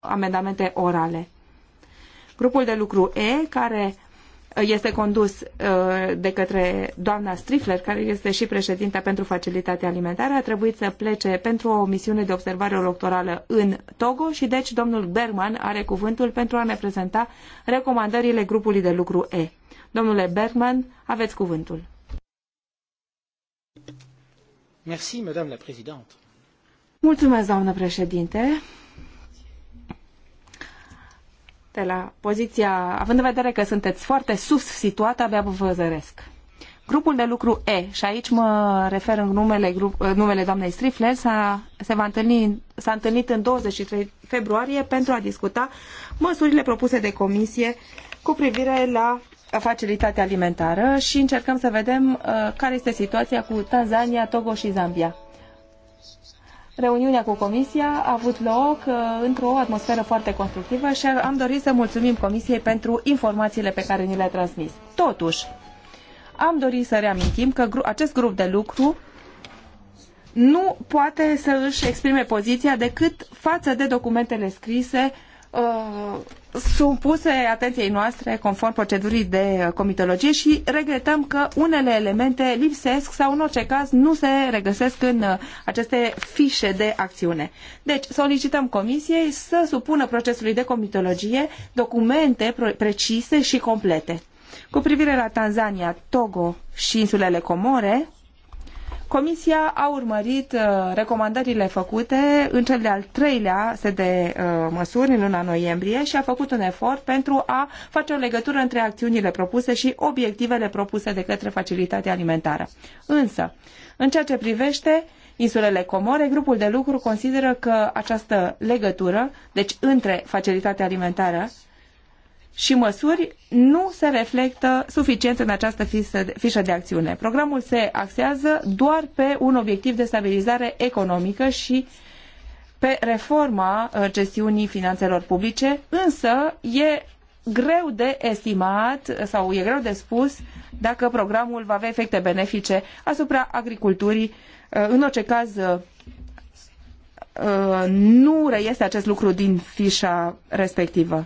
amendamente orale. Grupul de lucru E, care uh, este condus uh, de către doamna Strifler, care este și președinta pentru facilitatea alimentară, a trebuit să plece pentru o misiune de observare electorală în Togo și deci domnul Berman are cuvântul pentru a ne prezenta recomandările grupului de lucru E. Domnule Berman, aveți cuvântul. Merci, Mulțumesc, doamnă președinte de la poziția, având în vedere că sunteți foarte sus situată, abia vă văzăresc. Grupul de lucru E, și aici mă refer în numele, grup, numele doamnei Strifler s-a, se va întâlni, s-a întâlnit în 23 februarie pentru a discuta măsurile propuse de comisie cu privire la facilitatea alimentară și încercăm să vedem uh, care este situația cu Tanzania, Togo și Zambia. Reuniunea cu Comisia a avut loc uh, într-o atmosferă foarte constructivă și am dorit să mulțumim Comisiei pentru informațiile pe care ni le-a transmis. Totuși, am dorit să reamintim că acest grup de lucru nu poate să își exprime poziția decât față de documentele scrise uh, sunt puse atenției noastre conform procedurii de comitologie și regretăm că unele elemente lipsesc sau în orice caz nu se regăsesc în uh, aceste fișe de acțiune. Deci solicităm comisiei să supună procesului de comitologie documente precise și complete. Cu privire la Tanzania, Togo și insulele Comore, Comisia a urmărit uh, recomandările făcute în cel de-al treilea set de uh, măsuri în luna noiembrie și a făcut un efort pentru a face o legătură între acțiunile propuse și obiectivele propuse de către facilitatea alimentară. Însă, în ceea ce privește insulele Comore, grupul de lucru consideră că această legătură, deci între facilitatea alimentară și măsuri nu se reflectă suficient în această fișă de acțiune. Programul se axează doar pe un obiectiv de stabilizare economică și pe reforma uh, gestiunii finanțelor publice, însă e greu de estimat sau e greu de spus dacă programul va avea efecte benefice asupra agriculturii. Uh, în orice caz, uh, nu reiese acest lucru din fișa respectivă.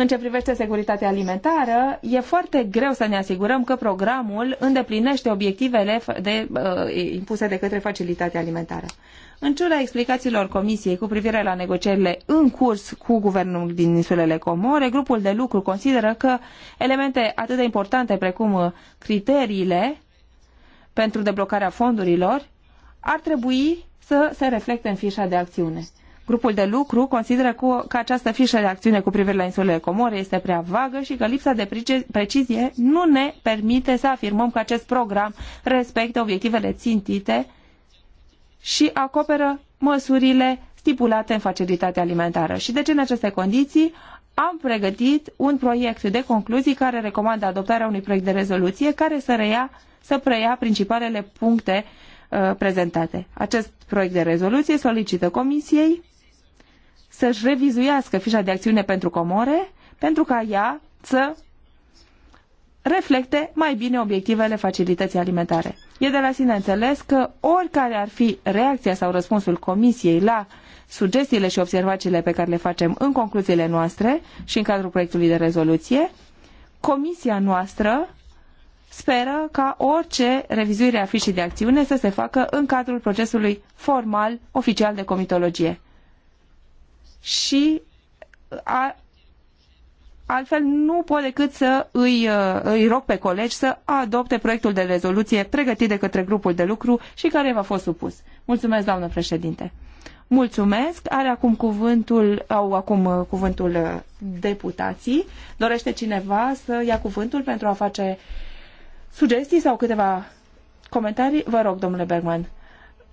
În ce privește securitatea alimentară, e foarte greu să ne asigurăm că programul îndeplinește obiectivele de, uh, impuse de către facilitatea alimentară. În ciuda explicațiilor Comisiei cu privire la negocierile în curs cu guvernul din insulele Comore, grupul de lucru consideră că elemente atât de importante precum uh, criteriile pentru deblocarea fondurilor ar trebui să se reflecte în fișa de acțiune. Grupul de lucru consideră cu, că această fișă de acțiune cu privire la insulele Comore este prea vagă și că lipsa de precizie nu ne permite să afirmăm că acest program respectă obiectivele țintite și acoperă măsurile stipulate în facilitatea alimentară. Și deci în aceste condiții am pregătit un proiect de concluzii care recomandă adoptarea unui proiect de rezoluție care să, reia, să preia principalele puncte uh, prezentate. Acest proiect de rezoluție solicită Comisiei să-și revizuiască fișa de acțiune pentru comore, pentru ca ea să reflecte mai bine obiectivele facilității alimentare. E de la sine înțeles că oricare ar fi reacția sau răspunsul comisiei la sugestiile și observațiile pe care le facem în concluziile noastre și în cadrul proiectului de rezoluție, comisia noastră speră ca orice revizuire a fișii de acțiune să se facă în cadrul procesului formal oficial de comitologie și a, altfel nu pot decât să îi, uh, îi rog pe colegi să adopte proiectul de rezoluție pregătit de către grupul de lucru și care v-a fost supus. Mulțumesc, doamnă președinte. Mulțumesc. Are acum cuvântul, au acum uh, cuvântul uh, deputații. Dorește cineva să ia cuvântul pentru a face sugestii sau câteva comentarii? Vă rog, domnule Bergman.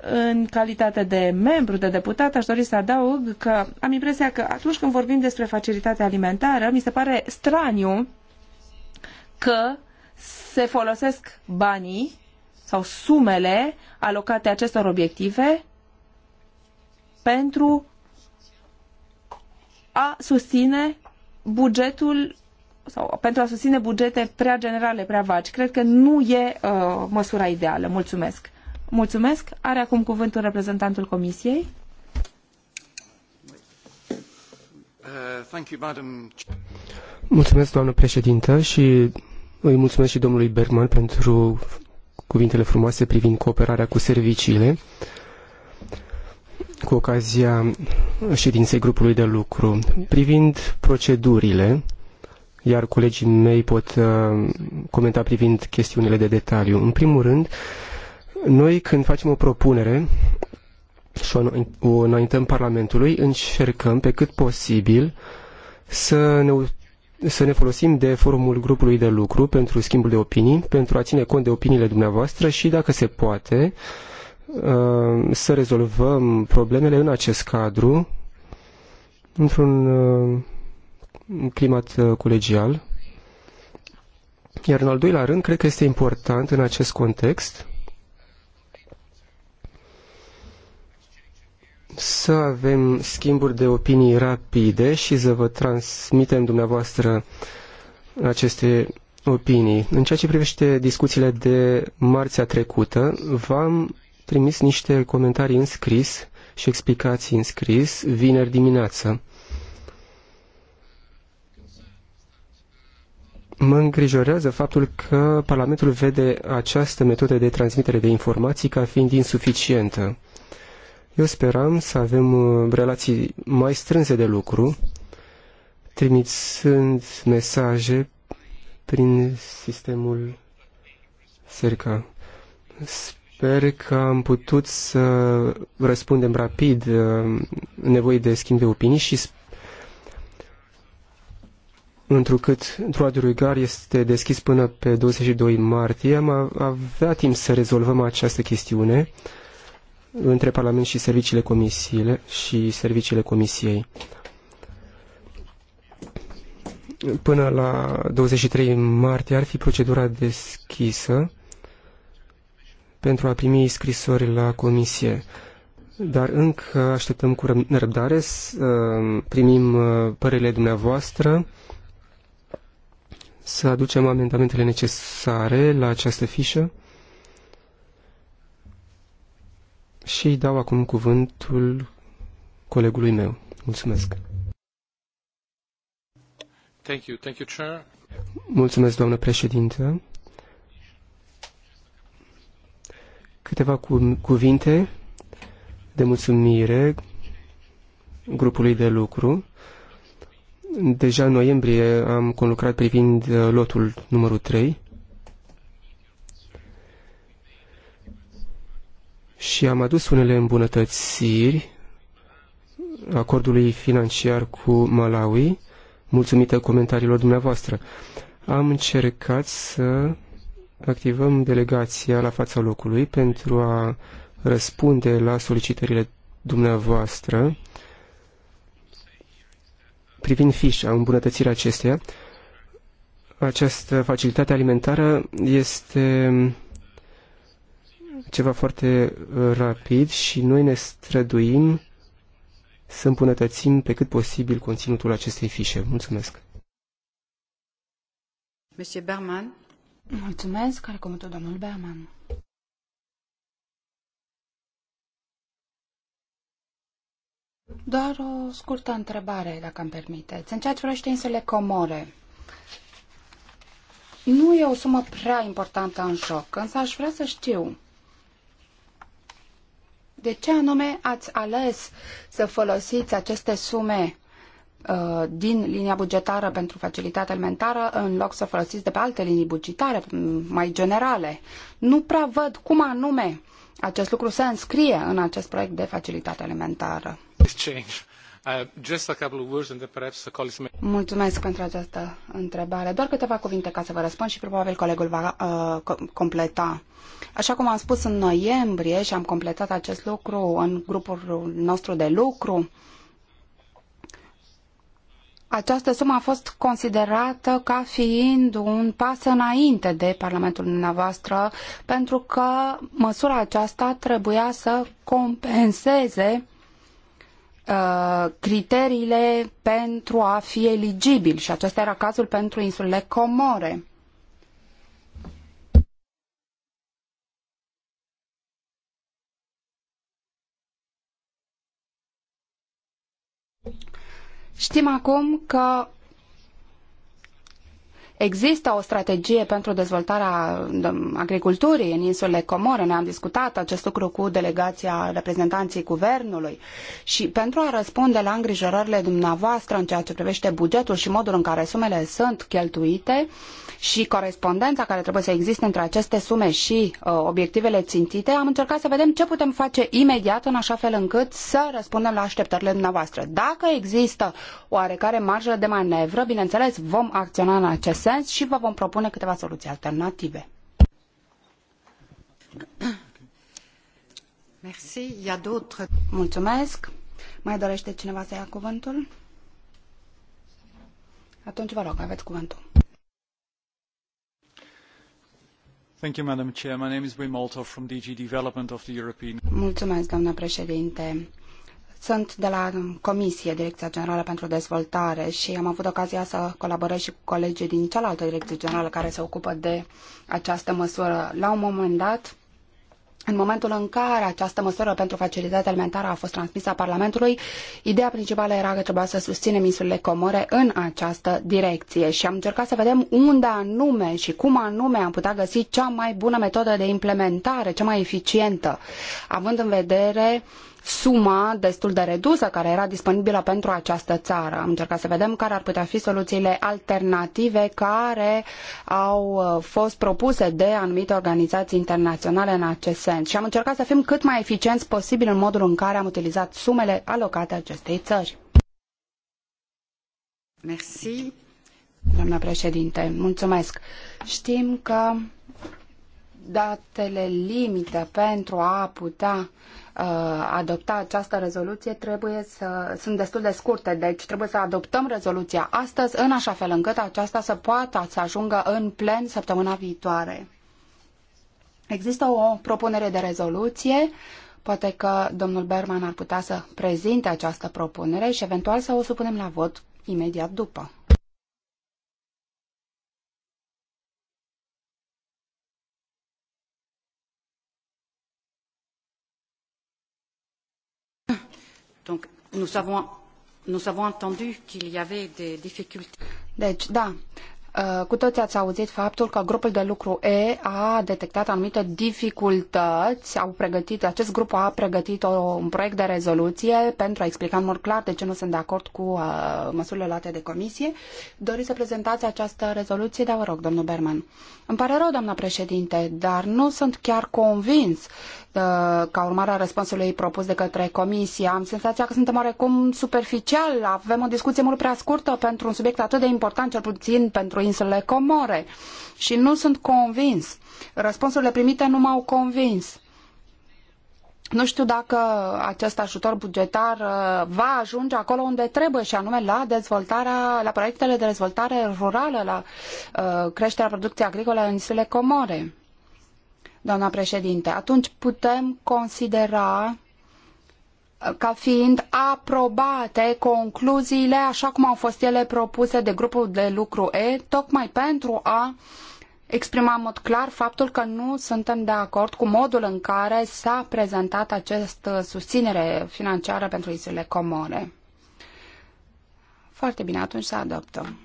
În calitate de membru, de deputat, aș dori să adaug că am impresia că atunci când vorbim despre facilitatea alimentară, mi se pare straniu că se folosesc banii sau sumele alocate acestor obiective pentru a susține bugetul sau pentru a susține bugete prea generale, prea vagi. Cred că nu e uh, măsura ideală. Mulțumesc. Mulțumesc. Are acum cuvântul reprezentantul Comisiei. Mulțumesc, doamnă președintă, și îi mulțumesc și domnului Bergman pentru cuvintele frumoase privind cooperarea cu serviciile cu ocazia ședinței grupului de lucru. Privind procedurile, iar colegii mei pot uh, comenta privind chestiunile de detaliu. În primul rând, noi, când facem o propunere și o înaintăm Parlamentului, încercăm pe cât posibil să ne să ne folosim de forumul grupului de lucru pentru schimbul de opinii, pentru a ține cont de opiniile dumneavoastră și, dacă se poate, uh, să rezolvăm problemele în acest cadru, într-un uh, climat uh, colegial. Iar în al doilea rând, cred că este important în acest context să avem schimburi de opinii rapide și să vă transmitem dumneavoastră aceste opinii. În ceea ce privește discuțiile de marțea trecută, v-am trimis niște comentarii în scris și explicații în scris vineri dimineață. Mă îngrijorează faptul că Parlamentul vede această metodă de transmitere de informații ca fiind insuficientă. Eu speram să avem uh, relații mai strânse de lucru, trimițând mesaje prin sistemul SERCA. Sper că am putut să răspundem rapid uh, nevoii de schimb de opinii și întrucât Droit Rugar este deschis până pe 22 martie, am avea timp să rezolvăm această chestiune între Parlament și serviciile comisiile și serviciile comisiei. Până la 23 martie ar fi procedura deschisă pentru a primi scrisori la comisie. Dar încă așteptăm cu nerăbdare să uh, primim uh, părerile dumneavoastră, să aducem amendamentele necesare la această fișă. și îi dau acum cuvântul colegului meu. Mulțumesc. Thank you. Thank you, Chair. Mulțumesc, doamnă președintă. Câteva cu cuvinte de mulțumire grupului de lucru. Deja în noiembrie am conlucrat privind lotul numărul 3 și am adus unele îmbunătățiri acordului financiar cu Malawi, mulțumită comentariilor dumneavoastră. Am încercat să activăm delegația la fața locului pentru a răspunde la solicitările dumneavoastră privind fișa, îmbunătățirea acesteia. Această facilitate alimentară este ceva foarte uh, rapid și noi ne străduim să îmbunătățim pe cât posibil conținutul acestei fișe. Mulțumesc! Monsieur Berman. Mulțumesc, care comentă domnul Berman. Doar o scurtă întrebare, dacă îmi permiteți. În ceea ce vrește insule Comore, nu e o sumă prea importantă în joc, însă aș vrea să știu de ce anume ați ales să folosiți aceste sume uh, din linia bugetară pentru facilitatea alimentară în loc să folosiți de pe alte linii bugetare mai generale. Nu prea văd cum anume acest lucru se înscrie în acest proiect de facilitate alimentară. Exchange. Mulțumesc pentru această întrebare. Doar câteva cuvinte ca să vă răspund și probabil colegul va uh, completa. Așa cum am spus în noiembrie și am completat acest lucru în grupul nostru de lucru, această sumă a fost considerată ca fiind un pas înainte de Parlamentul dumneavoastră, pentru că măsura aceasta trebuia să compenseze Uh, criteriile pentru a fi eligibil și acesta era cazul pentru insulele Comore. Știm acum că Există o strategie pentru dezvoltarea agriculturii în insulele Comore. Noi am discutat acest lucru cu delegația reprezentanții guvernului și pentru a răspunde la îngrijorările dumneavoastră în ceea ce privește bugetul și modul în care sumele sunt cheltuite și corespondența care trebuie să existe între aceste sume și uh, obiectivele țintite, am încercat să vedem ce putem face imediat în așa fel încât să răspundem la așteptările dumneavoastră. Dacă există oarecare marjă de manevră, bineînțeles vom acționa în acest sens și vă vom propune câteva soluții alternative. Mulțumesc. Mai dorește cineva să ia cuvântul? Atunci vă rog, aveți cuvântul. Thank you, Madam Chair. My name is Wim from DG Development of the European. Mulțumesc, doamna președinte. Sunt de la Comisie, Direcția Generală pentru Dezvoltare și am avut ocazia să colaborez și cu colegii din cealaltă direcție generală care se ocupă de această măsură. La un moment dat, în momentul în care această măsură pentru facilitatea alimentară a fost transmisă a Parlamentului, ideea principală era că trebuia să susținem insulele Comore în această direcție și am încercat să vedem unde anume și cum anume am putea găsi cea mai bună metodă de implementare, cea mai eficientă, având în vedere suma destul de redusă care era disponibilă pentru această țară. Am încercat să vedem care ar putea fi soluțiile alternative care au uh, fost propuse de anumite organizații internaționale în acest sens. Și am încercat să fim cât mai eficienți posibil în modul în care am utilizat sumele alocate acestei țări. Merci. Doamna președinte, mulțumesc. Știm că datele limită pentru a putea Uh, adopta această rezoluție trebuie să sunt destul de scurte, deci trebuie să adoptăm rezoluția astăzi în așa fel încât aceasta să poată să ajungă în plen săptămâna viitoare. Există o propunere de rezoluție, poate că domnul Berman ar putea să prezinte această propunere și eventual să o supunem la vot imediat după. Donc, nous avons, nous avons entendu qu'il y avait des difficultés. Deci, da, uh, cu toți ați auzit faptul că grupul de lucru E a detectat anumite dificultăți, au pregătit, acest grup a pregătit o, un proiect de rezoluție pentru a explica în mod clar de ce nu sunt de acord cu uh, măsurile luate de comisie. Doriți să prezentați această rezoluție, dar vă rog, domnul Berman. Îmi pare rău, doamna președinte, dar nu sunt chiar convins uh, ca urmare a răspunsului propus de către comisie. Am senzația că suntem oarecum superficial, avem o discuție mult prea scurtă pentru un subiect atât de important, cel puțin pentru insulele Comore. Și nu sunt convins. Răspunsurile primite nu m-au convins nu știu dacă acest ajutor bugetar uh, va ajunge acolo unde trebuie și anume la dezvoltarea, la proiectele de dezvoltare rurală, la uh, creșterea producției agricole în insulele Comore. Doamna președinte, atunci putem considera uh, ca fiind aprobate concluziile așa cum au fost ele propuse de grupul de lucru E, tocmai pentru a uh, exprima în mod clar faptul că nu suntem de acord cu modul în care s-a prezentat această uh, susținere financiară pentru insulele Comore. Foarte bine, atunci să adoptăm.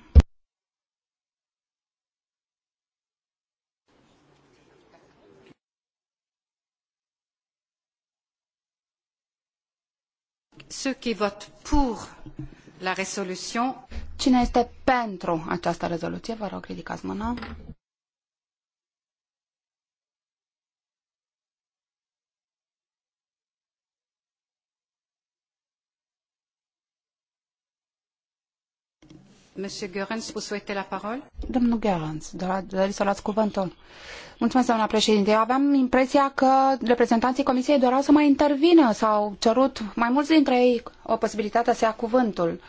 Ceux qui votent pour la résolution. Cine este pentru această rezoluție, vă rog, ridicați mâna. Monsieur Görens, vous souhaitez la parole? Domnul Görens, doriți să luați cuvântul. Mulțumesc, doamna președinte. Eu aveam impresia că reprezentanții Comisiei doreau să mai intervină sau cerut mai mulți dintre ei o posibilitate să ia cuvântul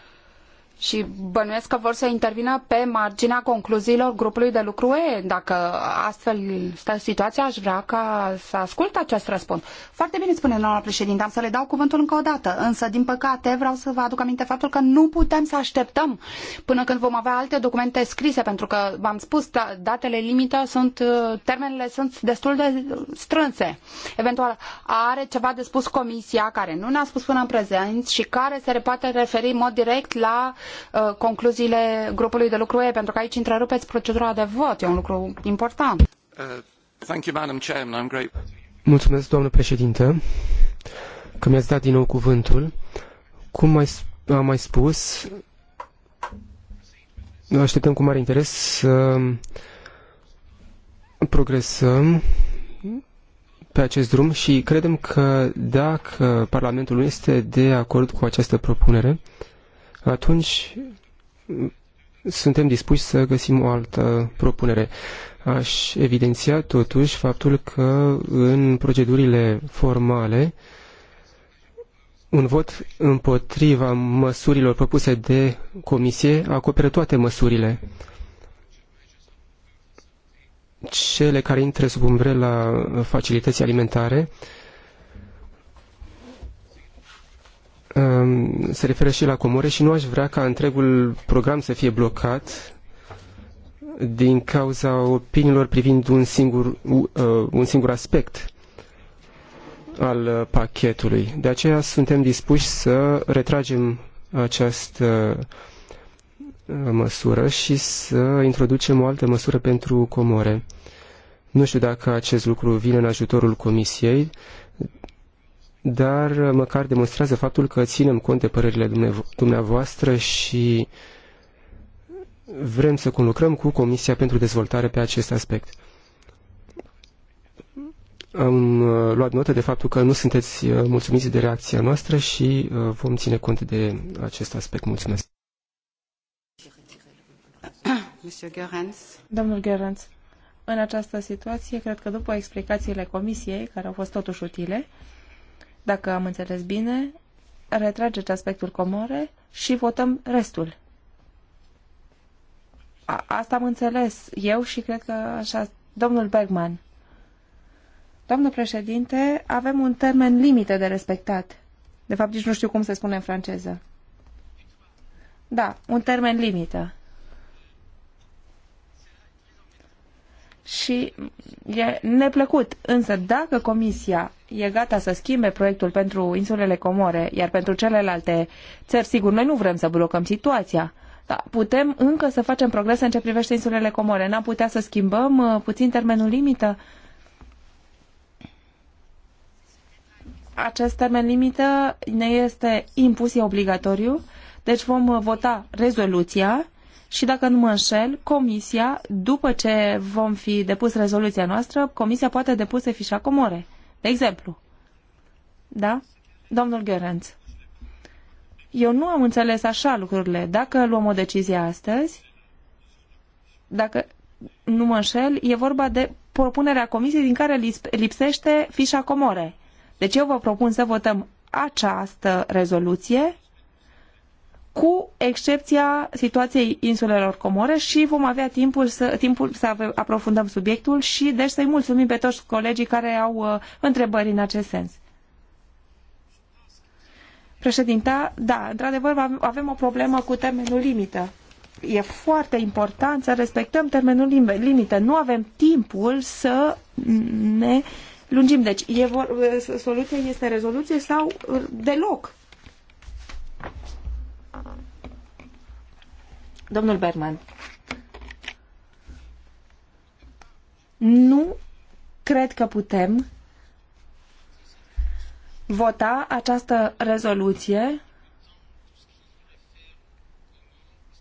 și bănuiesc că vor să intervină pe marginea concluziilor grupului de lucru E. Dacă astfel stă situația, aș vrea ca să ascult acest răspuns. Foarte bine spune doamna președinte, am să le dau cuvântul încă o dată, însă din păcate vreau să vă aduc aminte faptul că nu putem să așteptăm până când vom avea alte documente scrise, pentru că v-am spus, da, datele limită sunt, termenele sunt destul de strânse. Eventual, are ceva de spus comisia care nu ne-a spus până în prezent și care se poate referi în mod direct la Uh, concluziile grupului de lucru E, pentru că aici întrerupeți procedura de vot. E un lucru important. Uh, Mulțumesc, doamnă președintă, că mi-ați dat din nou cuvântul. Cum am mai spus, așteptăm cu mare interes să progresăm pe acest drum și credem că dacă Parlamentul nu este de acord cu această propunere, atunci suntem dispuși să găsim o altă propunere. Aș evidenția totuși faptul că în procedurile formale un vot împotriva măsurilor propuse de comisie acoperă toate măsurile. Cele care intră sub umbrela facilității alimentare uh, Um, se referă și la comore și nu aș vrea ca întregul program să fie blocat din cauza opiniilor privind un singur, uh, un singur aspect al uh, pachetului. De aceea suntem dispuși să retragem această uh, măsură și să introducem o altă măsură pentru comore. Nu știu dacă acest lucru vine în ajutorul Comisiei, dar măcar demonstrează faptul că ținem cont de părerile dumneavoastră și vrem să conlucrăm cu Comisia pentru Dezvoltare pe acest aspect. Am uh, luat notă de faptul că nu sunteți uh, mulțumiți de reacția noastră și uh, vom ține cont de acest aspect. Mulțumesc. Domnul Gerenț, în această situație, cred că după explicațiile Comisiei, care au fost totuși utile, dacă am înțeles bine, retrageți aspectul comore și votăm restul. A, asta am înțeles eu și cred că așa... Domnul Bergman. Domnul președinte, avem un termen limită de respectat. De fapt, nici nu știu cum se spune în franceză. Da, un termen limită. Și e neplăcut. Însă dacă comisia e gata să schimbe proiectul pentru insulele Comore, iar pentru celelalte țări, sigur, noi nu vrem să blocăm situația, dar putem încă să facem progrese în ce privește insulele Comore. N-am putea să schimbăm uh, puțin termenul limită? Acest termen limită ne este impus, e obligatoriu, deci vom uh, vota rezoluția și dacă nu mă înșel, comisia, după ce vom fi depus rezoluția noastră, comisia poate depuse fișa comore de exemplu. Da? Domnul Gerenț. Eu nu am înțeles așa lucrurile. Dacă luăm o decizie astăzi, dacă nu mă înșel, e vorba de propunerea comisiei din care lipsește fișa comore. Deci eu vă propun să votăm această rezoluție cu excepția situației insulelor Comore și vom avea timpul să, timpul să aprofundăm subiectul și deci să-i mulțumim pe toți colegii care au uh, întrebări în acest sens. Președinta, da, într-adevăr avem o problemă cu termenul limită. E foarte important să respectăm termenul limită. Nu avem timpul să ne lungim. Deci, e vor, soluția este rezoluție sau uh, deloc Domnul Berman, nu cred că putem vota această rezoluție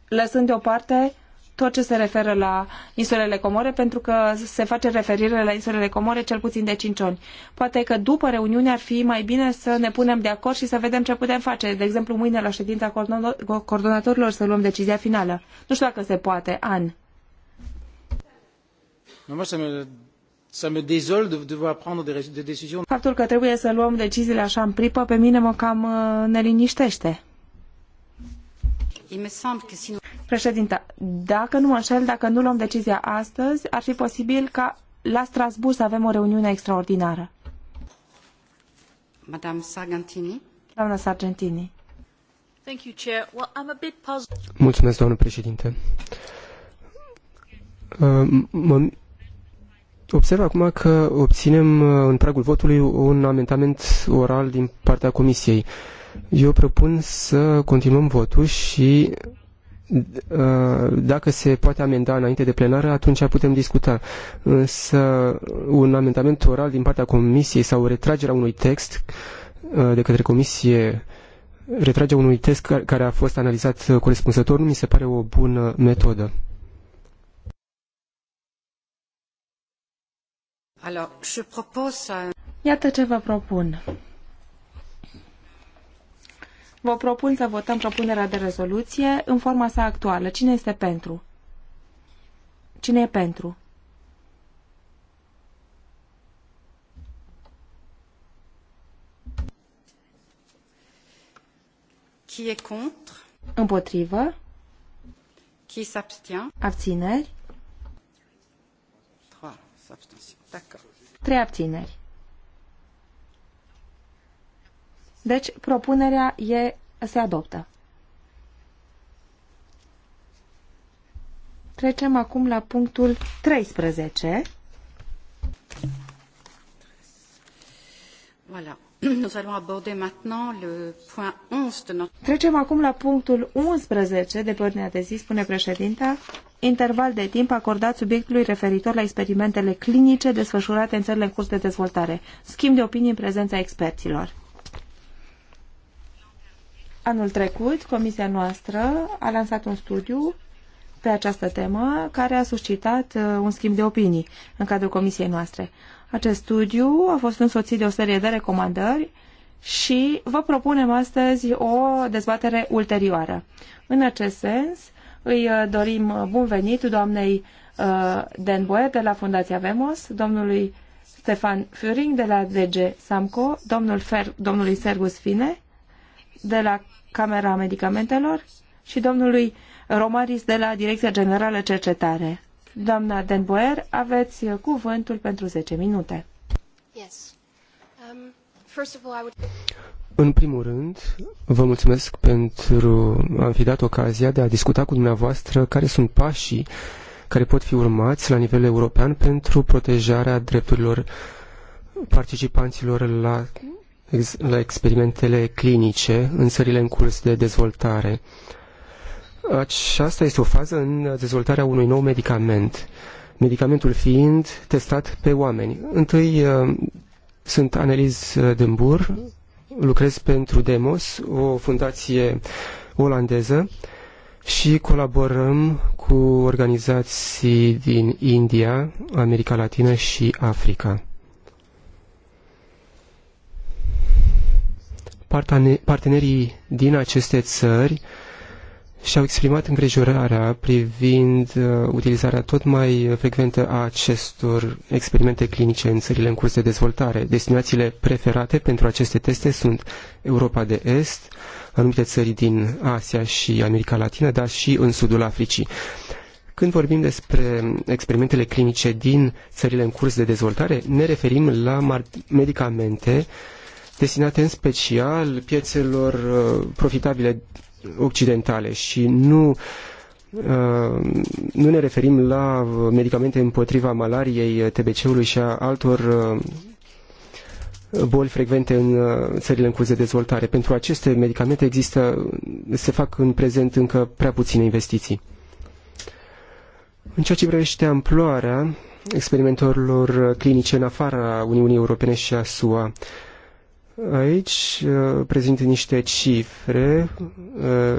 lăsând deoparte tot ce se referă la insulele Comore, pentru că se face referire la insulele Comore cel puțin de 5 ani. Poate că după reuniune ar fi mai bine să ne punem de acord și să vedem ce putem face. De exemplu, mâine la ședința coordonatorilor să luăm decizia finală. Nu știu dacă se poate. An. Faptul că trebuie să luăm deciziile așa în pripă, pe mine mă cam uh, neliniștește. Președinte, dacă nu mă înșel, dacă nu luăm decizia astăzi, ar fi posibil ca la Strasbourg să avem o reuniune extraordinară. Madame Sargentini. Doamna Sargentini. Thank you, Chair. Well, I'm a bit puzzled. Mulțumesc, doamnă președinte. Mă observ acum că obținem uh, în pragul votului un amendament oral din partea Comisiei. Eu propun să continuăm votul și Uh, dacă se poate amenda înainte de plenară, atunci putem discuta. Însă un amendament oral din partea comisiei sau retragerea unui text uh, de către comisie retragerea unui test care a fost analizat corespunzător nu mi se pare o bună metodă. Iată ce vă propun. Vă propun să votăm propunerea de rezoluție în forma sa actuală. Cine este pentru? Cine e pentru? Qui est contre? Împotrivă. Qui s'abstient? Abțineri. Trei abțineri. Deci, propunerea e, se adoptă. Trecem acum la punctul 13. Voilà. Nous allons aborder maintenant le point 11 de notre... Trecem acum la punctul 11 de pe ordinea de zi, spune președinta, interval de timp acordat subiectului referitor la experimentele clinice desfășurate în țările în curs de dezvoltare. Schimb de opinii în prezența experților. Anul trecut, comisia noastră a lansat un studiu pe această temă care a suscitat uh, un schimb de opinii în cadrul comisiei noastre. Acest studiu a fost însoțit de o serie de recomandări și vă propunem astăzi o dezbatere ulterioară. În acest sens, îi uh, dorim bun venit doamnei uh, Dan Boe de la Fundația Vemos, domnului Stefan Führing de la DG Samco, domnul Fer, domnului Sergus Fine de la Camera Medicamentelor și domnului Romaris de la Direcția Generală Cercetare. Doamna Denboer, aveți cuvântul pentru 10 minute. Yes. Um, first of all, I would... În primul rând, vă mulțumesc pentru am fi dat ocazia de a discuta cu dumneavoastră care sunt pașii care pot fi urmați la nivel european pentru protejarea drepturilor participanților la la experimentele clinice în țările în curs de dezvoltare. Aceasta este o fază în dezvoltarea unui nou medicament, medicamentul fiind testat pe oameni. Întâi uh, sunt analiz uh, Dembur, lucrez pentru Demos, o fundație olandeză și colaborăm cu organizații din India, America Latină și Africa. partenerii din aceste țări și-au exprimat îngrijorarea privind uh, utilizarea tot mai frecventă a acestor experimente clinice în țările în curs de dezvoltare. Destinațiile preferate pentru aceste teste sunt Europa de Est, anumite țări din Asia și America Latină, dar și în sudul Africii. Când vorbim despre experimentele clinice din țările în curs de dezvoltare, ne referim la medicamente uh, destinate în special piețelor uh, profitabile occidentale și nu uh, nu ne referim la medicamente împotriva malariei, uh, TBC-ului și a altor boli frecvente în țările în curs de dezvoltare. Pentru aceste medicamente există, se fac în prezent încă prea puține investiții. În ceea ce privește amploarea experimentelor clinice în afara Uniunii Europene și a SUA, Aici uh, prezint niște cifre uh,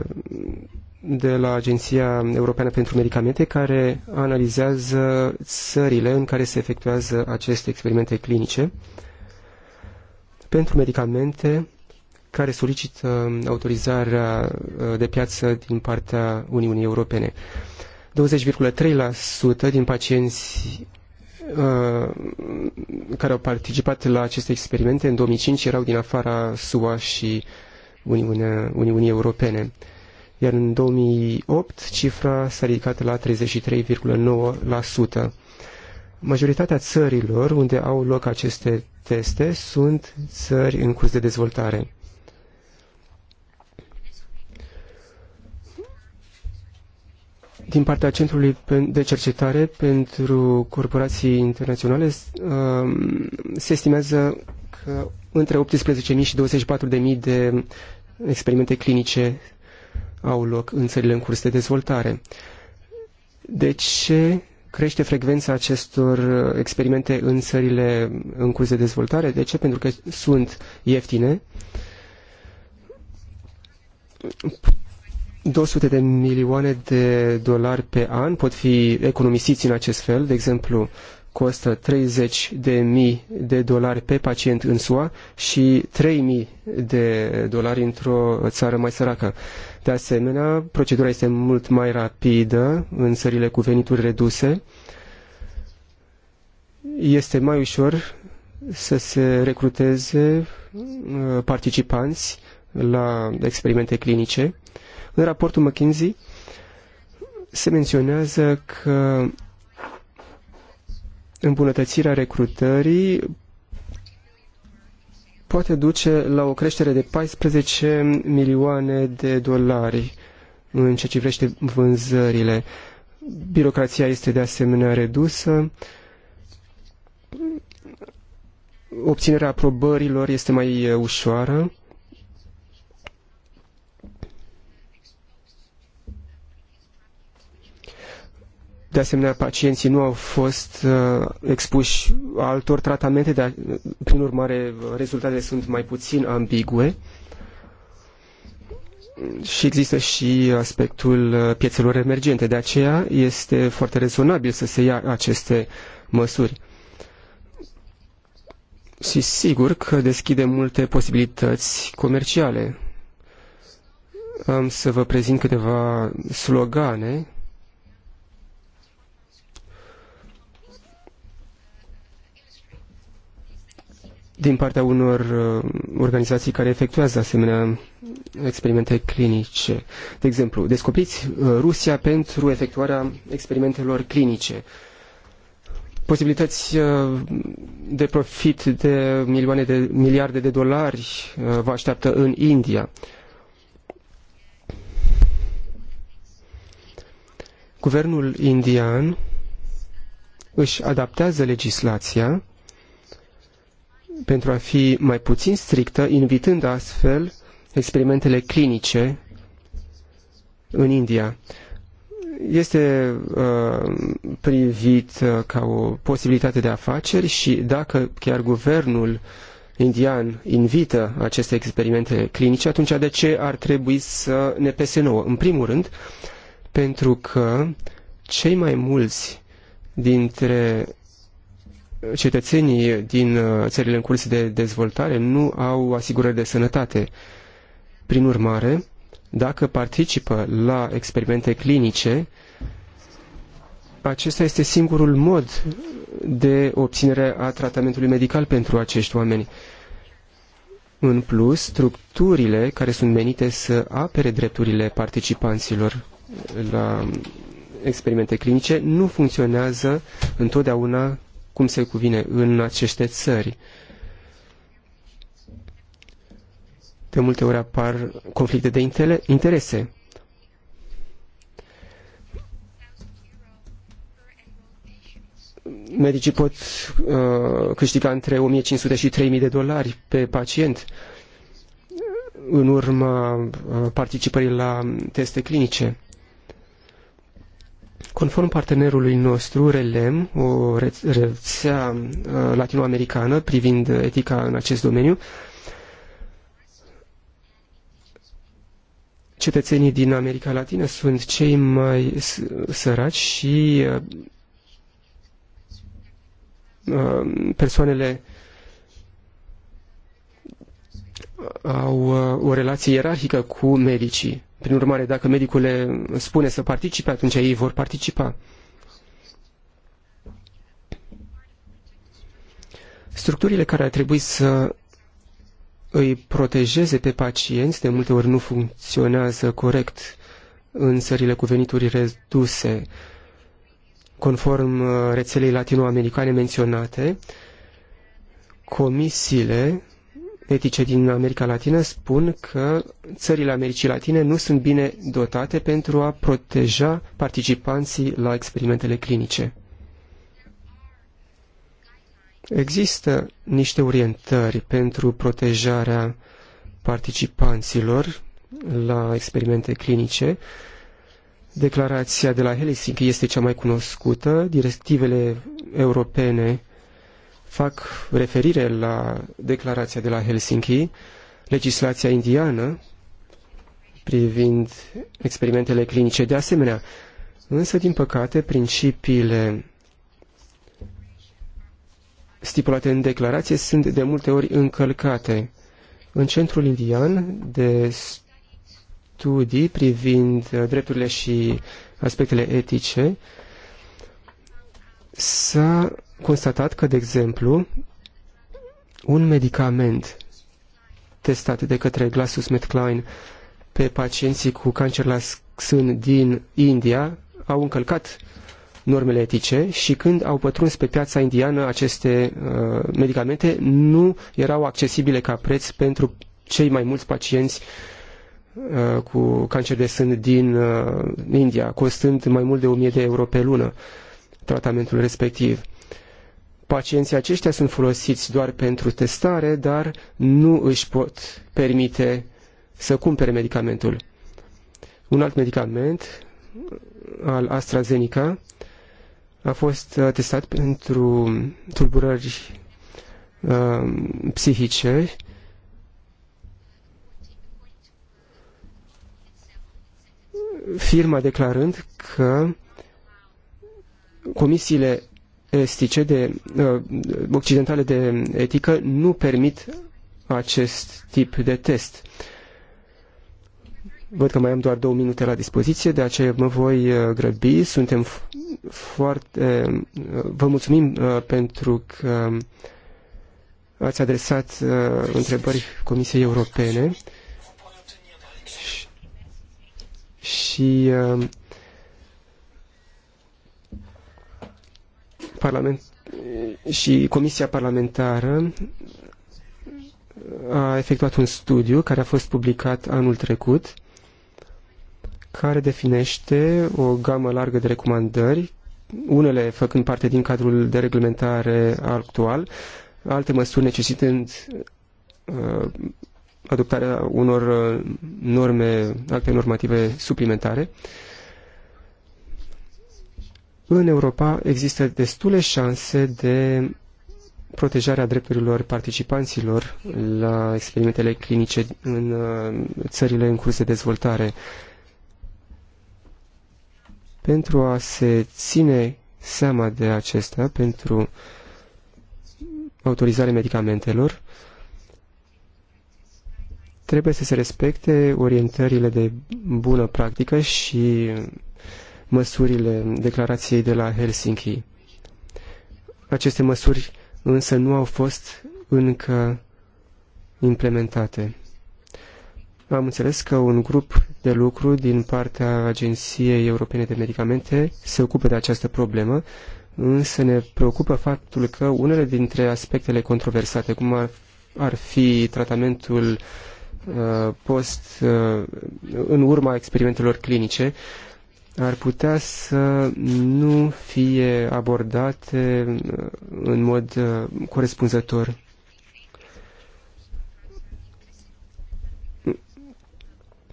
de la Agenția Europeană pentru Medicamente care analizează țările în care se efectuează aceste experimente clinice pentru medicamente care solicită um, autorizarea uh, de piață din partea Uniunii Europene. 20,3% din pacienți Uh, care au participat la aceste experimente în 2005 erau din afara SUA și Uniunea, Uniunii Europene. Iar în 2008 cifra s-a ridicat la 33,9%. Majoritatea țărilor unde au loc aceste teste sunt țări în curs de dezvoltare. din partea Centrului de Cercetare pentru Corporații Internaționale um, se estimează că între 18.000 și 24.000 de experimente clinice au loc în țările în curs de dezvoltare. De ce crește frecvența acestor uh, experimente în țările în curs de dezvoltare? De ce? Pentru că sunt ieftine 200 de milioane de dolari pe an pot fi economisiți în acest fel. De exemplu, costă 30 de mii de dolari pe pacient în SUA și 3 mii de dolari într-o țară mai săracă. De asemenea, procedura este mult mai rapidă în țările cu venituri reduse. Este mai ușor să se recruteze uh, participanți la experimente clinice în raportul McKinsey se menționează că îmbunătățirea recrutării poate duce la o creștere de 14 milioane de dolari în ceea ce privește vânzările. Birocrația este de asemenea redusă, obținerea aprobărilor este mai ușoară De asemenea, pacienții nu au fost uh, expuși altor tratamente, dar, uh, prin urmare, rezultatele sunt mai puțin ambigue. Și există și aspectul uh, piețelor emergente. De aceea este foarte rezonabil să se ia aceste măsuri. Și sigur că deschide multe posibilități comerciale. Am să vă prezint câteva slogane din partea unor uh, organizații care efectuează asemenea experimente clinice. De exemplu, descoperiți uh, Rusia pentru efectuarea experimentelor clinice. Posibilități uh, de profit de milioane de miliarde de dolari vă așteaptă în India. Guvernul indian își adaptează legislația pentru a fi mai puțin strictă, invitând astfel experimentele clinice în India. Este uh, privit uh, ca o posibilitate de afaceri și dacă chiar guvernul indian invită aceste experimente clinice, atunci de ce ar trebui să ne pese nouă? În primul rând, pentru că cei mai mulți dintre cetățenii din uh, țările în curs de dezvoltare nu au asigurări de sănătate. Prin urmare, dacă participă la experimente clinice, acesta este singurul mod de obținere a tratamentului medical pentru acești oameni. În plus, structurile care sunt menite să apere drepturile participanților la experimente clinice nu funcționează întotdeauna cum se cuvine în aceste țări. De multe ori apar conflicte de interese. Medicii pot uh, câștiga între 1500 și 3000 de dolari pe pacient în urma uh, participării la teste clinice. Conform partenerului nostru, RELEM, o rețea uh, latinoamericană privind etica în acest domeniu, cetățenii din America Latină sunt cei mai săraci și uh, uh, persoanele au o relație ierarhică cu medicii. Prin urmare, dacă medicul le spune să participe, atunci ei vor participa. Structurile care ar trebui să îi protejeze pe pacienți de multe ori nu funcționează corect în țările cu venituri reduse. Conform uh, rețelei latinoamericane menționate, comisiile etice din America Latină spun că țările Americii Latine nu sunt bine dotate pentru a proteja participanții la experimentele clinice. Există niște orientări pentru protejarea participanților la experimente clinice. Declarația de la Helsinki este cea mai cunoscută. Directivele europene fac referire la declarația de la Helsinki, legislația indiană privind experimentele clinice de asemenea. Însă, din păcate, principiile stipulate în declarație sunt de multe ori încălcate. În centrul indian de studii privind drepturile și aspectele etice, s-a constatat că, de exemplu, un medicament testat de către GlaxoSmithKline pe pacienții cu cancer la sân din India au încălcat normele etice și când au pătruns pe piața indiană aceste uh, medicamente nu erau accesibile ca preț pentru cei mai mulți pacienți uh, cu cancer de sân din uh, India, costând mai mult de 1000 de euro pe lună. Uh, tratamentul respectiv. Pacienții aceștia sunt folosiți doar pentru testare, dar nu își pot permite să cumpere medicamentul. Un alt medicament al AstraZeneca a fost uh, testat pentru tulburări uh, psihice firma declarând că comisiile estice de, uh, occidentale de etică nu permit acest tip de test. Văd că mai am doar două minute la dispoziție, de aceea mă voi uh, grăbi. Suntem foarte... Uh, vă mulțumim pentru că ați adresat întrebări Comisiei Europene și Parlament și Comisia Parlamentară a efectuat un studiu care a fost publicat anul trecut care definește o gamă largă de recomandări, unele făcând parte din cadrul de reglementare actual, alte măsuri necesitând uh, adoptarea unor uh, norme, alte normative suplimentare. Uh, în Europa există destule șanse de protejarea drepturilor participanților la experimentele clinice în uh, țările în curs de dezvoltare. Pentru a se ține seama de acesta, pentru autorizarea medicamentelor, trebuie să se respecte orientările de bună practică și măsurile declarației de la Helsinki. Aceste măsuri însă nu au fost încă implementate. Am înțeles că un grup de lucru din partea Agenției Europene de Medicamente se ocupă de această problemă, însă ne preocupă faptul că unele dintre aspectele controversate, cum ar, ar fi tratamentul uh, post uh, în urma experimentelor clinice, ar putea să nu fie abordate uh, în mod uh, corespunzător.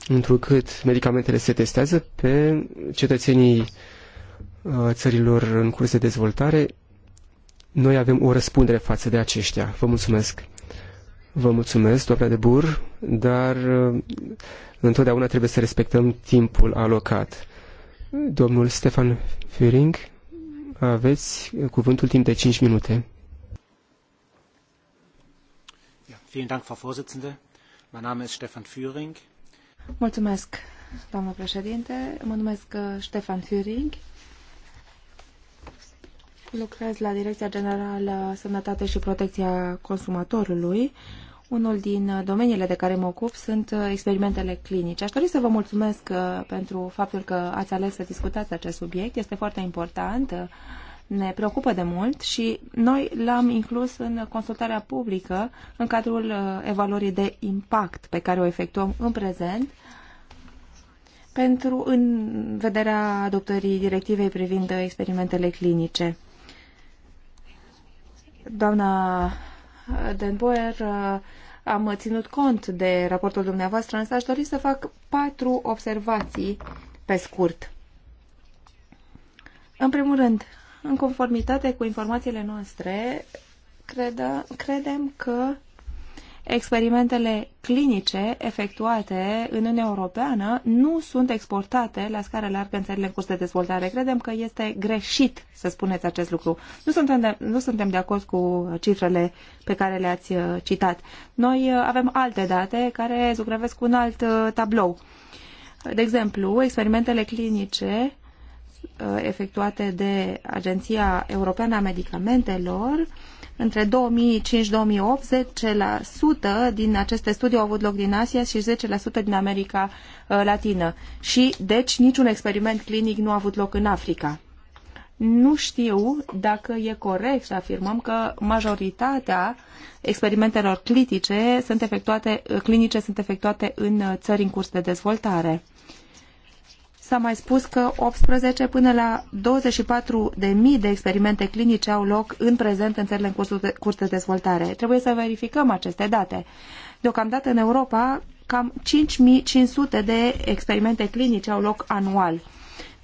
Întrucât medicamentele se testează pe cetățenii uh, țărilor în curs de dezvoltare, noi avem o răspundere față de aceștia. Vă mulțumesc! Vă mulțumesc, doamna de Bur, dar întotdeauna trebuie să respectăm timpul alocat. Domnul Stefan Führing, aveți cuvântul timp de 5 minute. Mulțumesc, doamnă președinte. Mă numesc uh, Stefan Führing. Lucrez la Direcția Generală Sănătate și Protecția Consumatorului unul din uh, domeniile de care mă ocup sunt uh, experimentele clinice. Aș dori să vă mulțumesc uh, pentru faptul că ați ales să discutați acest subiect. Este foarte important, ne preocupă de mult și noi l-am inclus în consultarea publică în cadrul evaluării de impact pe care o efectuăm în prezent pentru în vederea adoptării directivei privind experimentele clinice. Doamna Den Boer, uh, am ținut cont de raportul dumneavoastră, însă aș dori să fac patru observații pe scurt. În primul rând, în conformitate cu informațiile noastre, credă, credem că experimentele clinice efectuate în Uniunea Europeană nu sunt exportate la scară largă în țările în curs de dezvoltare. Credem că este greșit să spuneți acest lucru. Nu suntem de, nu suntem de acord cu cifrele pe care le-ați uh, citat. Noi uh, avem alte date care zugrăvesc un alt uh, tablou. De exemplu, experimentele clinice efectuate de Agenția Europeană a Medicamentelor între 2005-2008, 10% din aceste studii au avut loc din Asia și 10% din America uh, Latină. Și, deci, niciun experiment clinic nu a avut loc în Africa. Nu știu dacă e corect să afirmăm că majoritatea experimentelor clinice sunt efectuate, uh, clinice sunt efectuate în uh, țări în curs de dezvoltare. S-a mai spus că 18 până la 24 de mii de experimente clinice au loc în prezent în țările în curs de, curs de dezvoltare. Trebuie să verificăm aceste date. Deocamdată în Europa, cam 5.500 de experimente clinice au loc anual.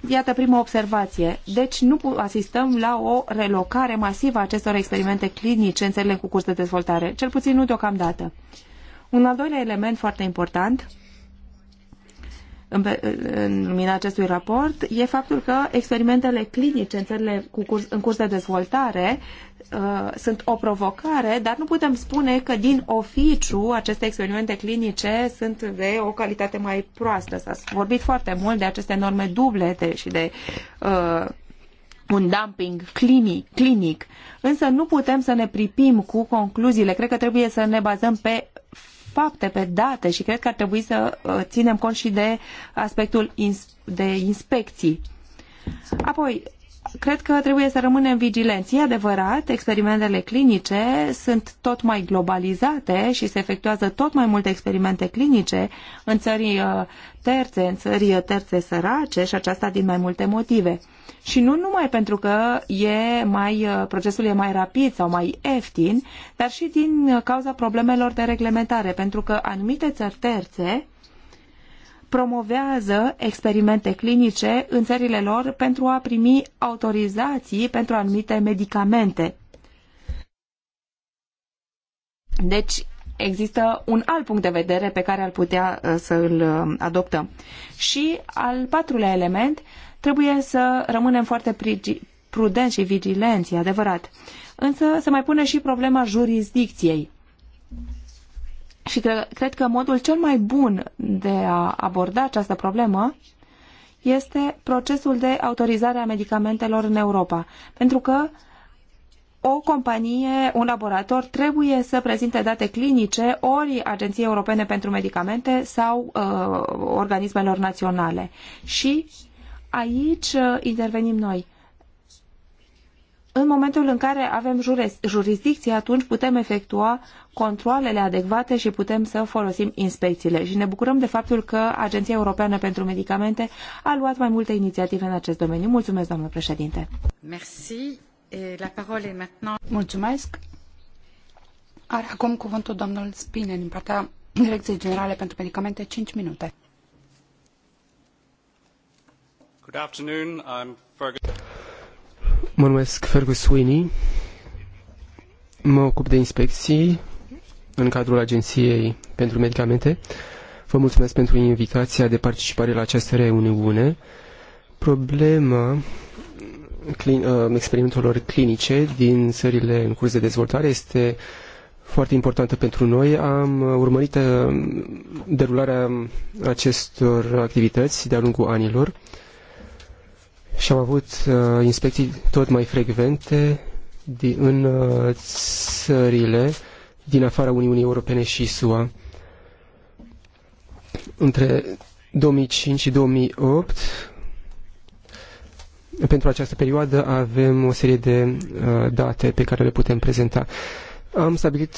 Iată prima observație. Deci nu asistăm la o relocare masivă a acestor experimente clinice în țările cu curs de dezvoltare, cel puțin nu deocamdată. Un al doilea element foarte important în lumina acestui raport e faptul că experimentele clinice în țările cu curs, în curs de dezvoltare uh, sunt o provocare, dar nu putem spune că din oficiu aceste experimente clinice sunt de o calitate mai proastă. S-a vorbit foarte mult de aceste norme duble de, și de uh, un dumping clinic, clinic, însă nu putem să ne pripim cu concluziile. Cred că trebuie să ne bazăm pe fapte, pe date și cred că ar trebui să uh, ținem cont și de aspectul de inspecții. Apoi, cred că trebuie să rămânem vigilenți. E adevărat, experimentele clinice sunt tot mai globalizate și se efectuează tot mai multe experimente clinice în țări uh, terțe, în țări uh, terțe sărace și aceasta din mai multe motive. Și nu numai pentru că e mai, uh, procesul e mai rapid sau mai ieftin, dar și din cauza problemelor de reglementare, pentru că anumite țări terțe promovează experimente clinice în țările lor pentru a primi autorizații pentru anumite medicamente. Deci, există un alt punct de vedere pe care ar putea uh, să îl uh, adoptăm. Și al patrulea element, Trebuie să rămânem foarte prudenți și vigilenți, e adevărat. Însă se mai pune și problema jurisdicției. Și cre- cred că modul cel mai bun de a aborda această problemă este procesul de autorizare a medicamentelor în Europa. Pentru că o companie, un laborator trebuie să prezinte date clinice ori Agenției Europene pentru Medicamente sau uh, organismelor naționale. Și aici uh, intervenim noi. În momentul în care avem jurisdicție, atunci putem efectua controlele adecvate și putem să folosim inspecțiile. Și ne bucurăm de faptul că Agenția Europeană pentru Medicamente a luat mai multe inițiative în acest domeniu. Mulțumesc, doamnă președinte. Merci. La parole maintenant. Mulțumesc. Are acum cuvântul domnul Spine din partea Direcției Generale pentru Medicamente 5 minute. Good afternoon. I'm Fergus. Mă numesc Fergus Sweeney. Mă ocup de inspecții în cadrul Agenției pentru Medicamente. Vă mulțumesc pentru invitația de participare la această reuniune. Problema uh, experimentelor clinice din țările în curs de dezvoltare este foarte importantă pentru noi. Am urmărit uh, derularea acestor activități de-a lungul anilor și am avut uh, inspecții tot mai frecvente din, în uh, țările din afara Uniunii Europene și SUA. Între 2005 și 2008, pentru această perioadă, avem o serie de uh, date pe care le putem prezenta. Am stabilit,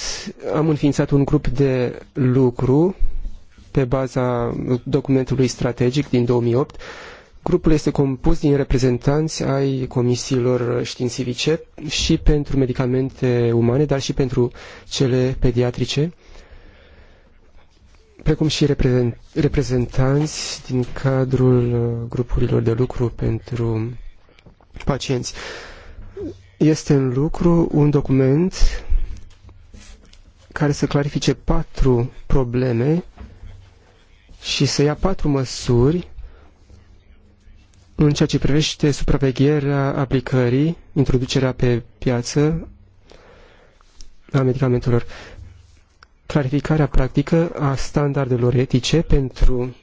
am înființat un grup de lucru pe baza documentului strategic din 2008, Grupul este compus din reprezentanți ai comisiilor științifice și pentru medicamente umane, dar și pentru cele pediatrice, precum și reprezentanți din cadrul uh, grupurilor de lucru pentru pacienți. Este în lucru un document care să clarifice patru probleme și să ia patru măsuri în ceea ce privește supravegherea aplicării, introducerea pe piață a medicamentelor, clarificarea practică a standardelor etice pentru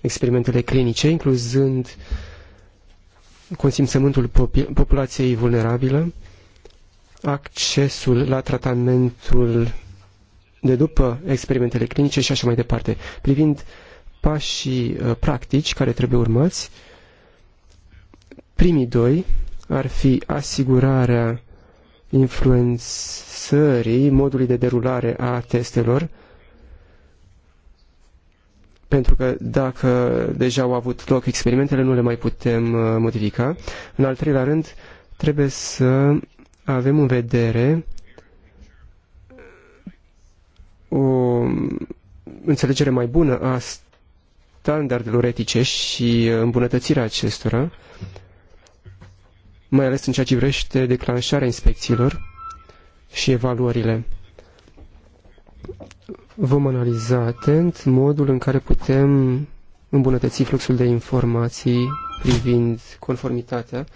experimentele clinice, incluzând consimțământul populației vulnerabile, accesul la tratamentul de după experimentele clinice și așa mai departe. Privind pașii uh, practici care trebuie urmați, Primii doi ar fi asigurarea influențării modului de derulare a testelor, pentru că dacă deja au avut loc experimentele, nu le mai putem uh, modifica. În al treilea rând, trebuie să avem în vedere o înțelegere mai bună a standardelor etice și uh, îmbunătățirea acestora mai ales în ceea ce privește declanșarea inspecțiilor și evaluările. Vom analiza atent modul în care putem îmbunătăți fluxul de informații privind conformitatea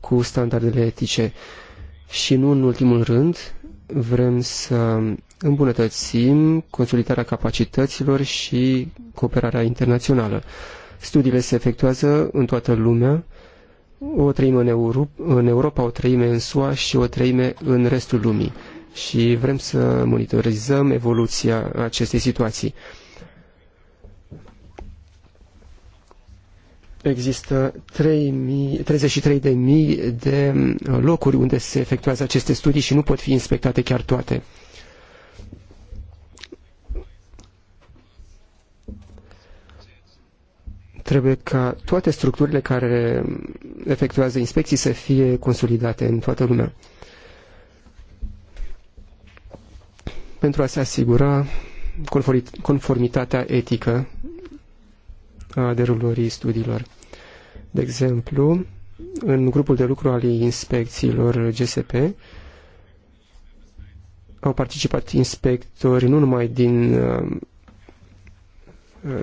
cu standardele etice. Și nu în ultimul rând, vrem să îmbunătățim consolidarea capacităților și cooperarea internațională. Studiile se efectuează în toată lumea o treime în, Euro- în Europa, o treime în SUA și o treime în restul lumii. Și vrem să monitorizăm evoluția acestei situații. Există 33.000 de locuri unde se efectuează aceste studii și nu pot fi inspectate chiar toate. Trebuie ca toate structurile care efectuează inspecții să fie consolidate în toată lumea. Pentru a se asigura conformitatea etică a derulării studiilor. De exemplu, în grupul de lucru al inspecțiilor GSP au participat inspectori nu numai din uh,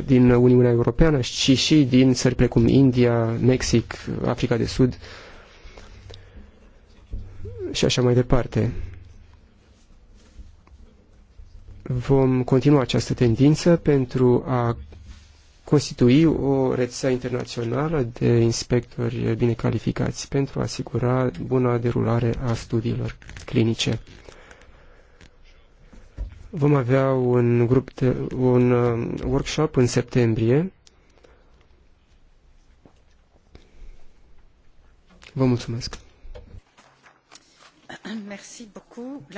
din Uniunea Europeană, ci și din țări precum India, Mexic, Africa de Sud și așa mai departe. Vom continua această tendință pentru a constitui o rețea internațională de inspectori bine calificați pentru a asigura buna derulare a studiilor clinice. Vom avea un, grup de, un um, workshop în septembrie. Vă mulțumesc.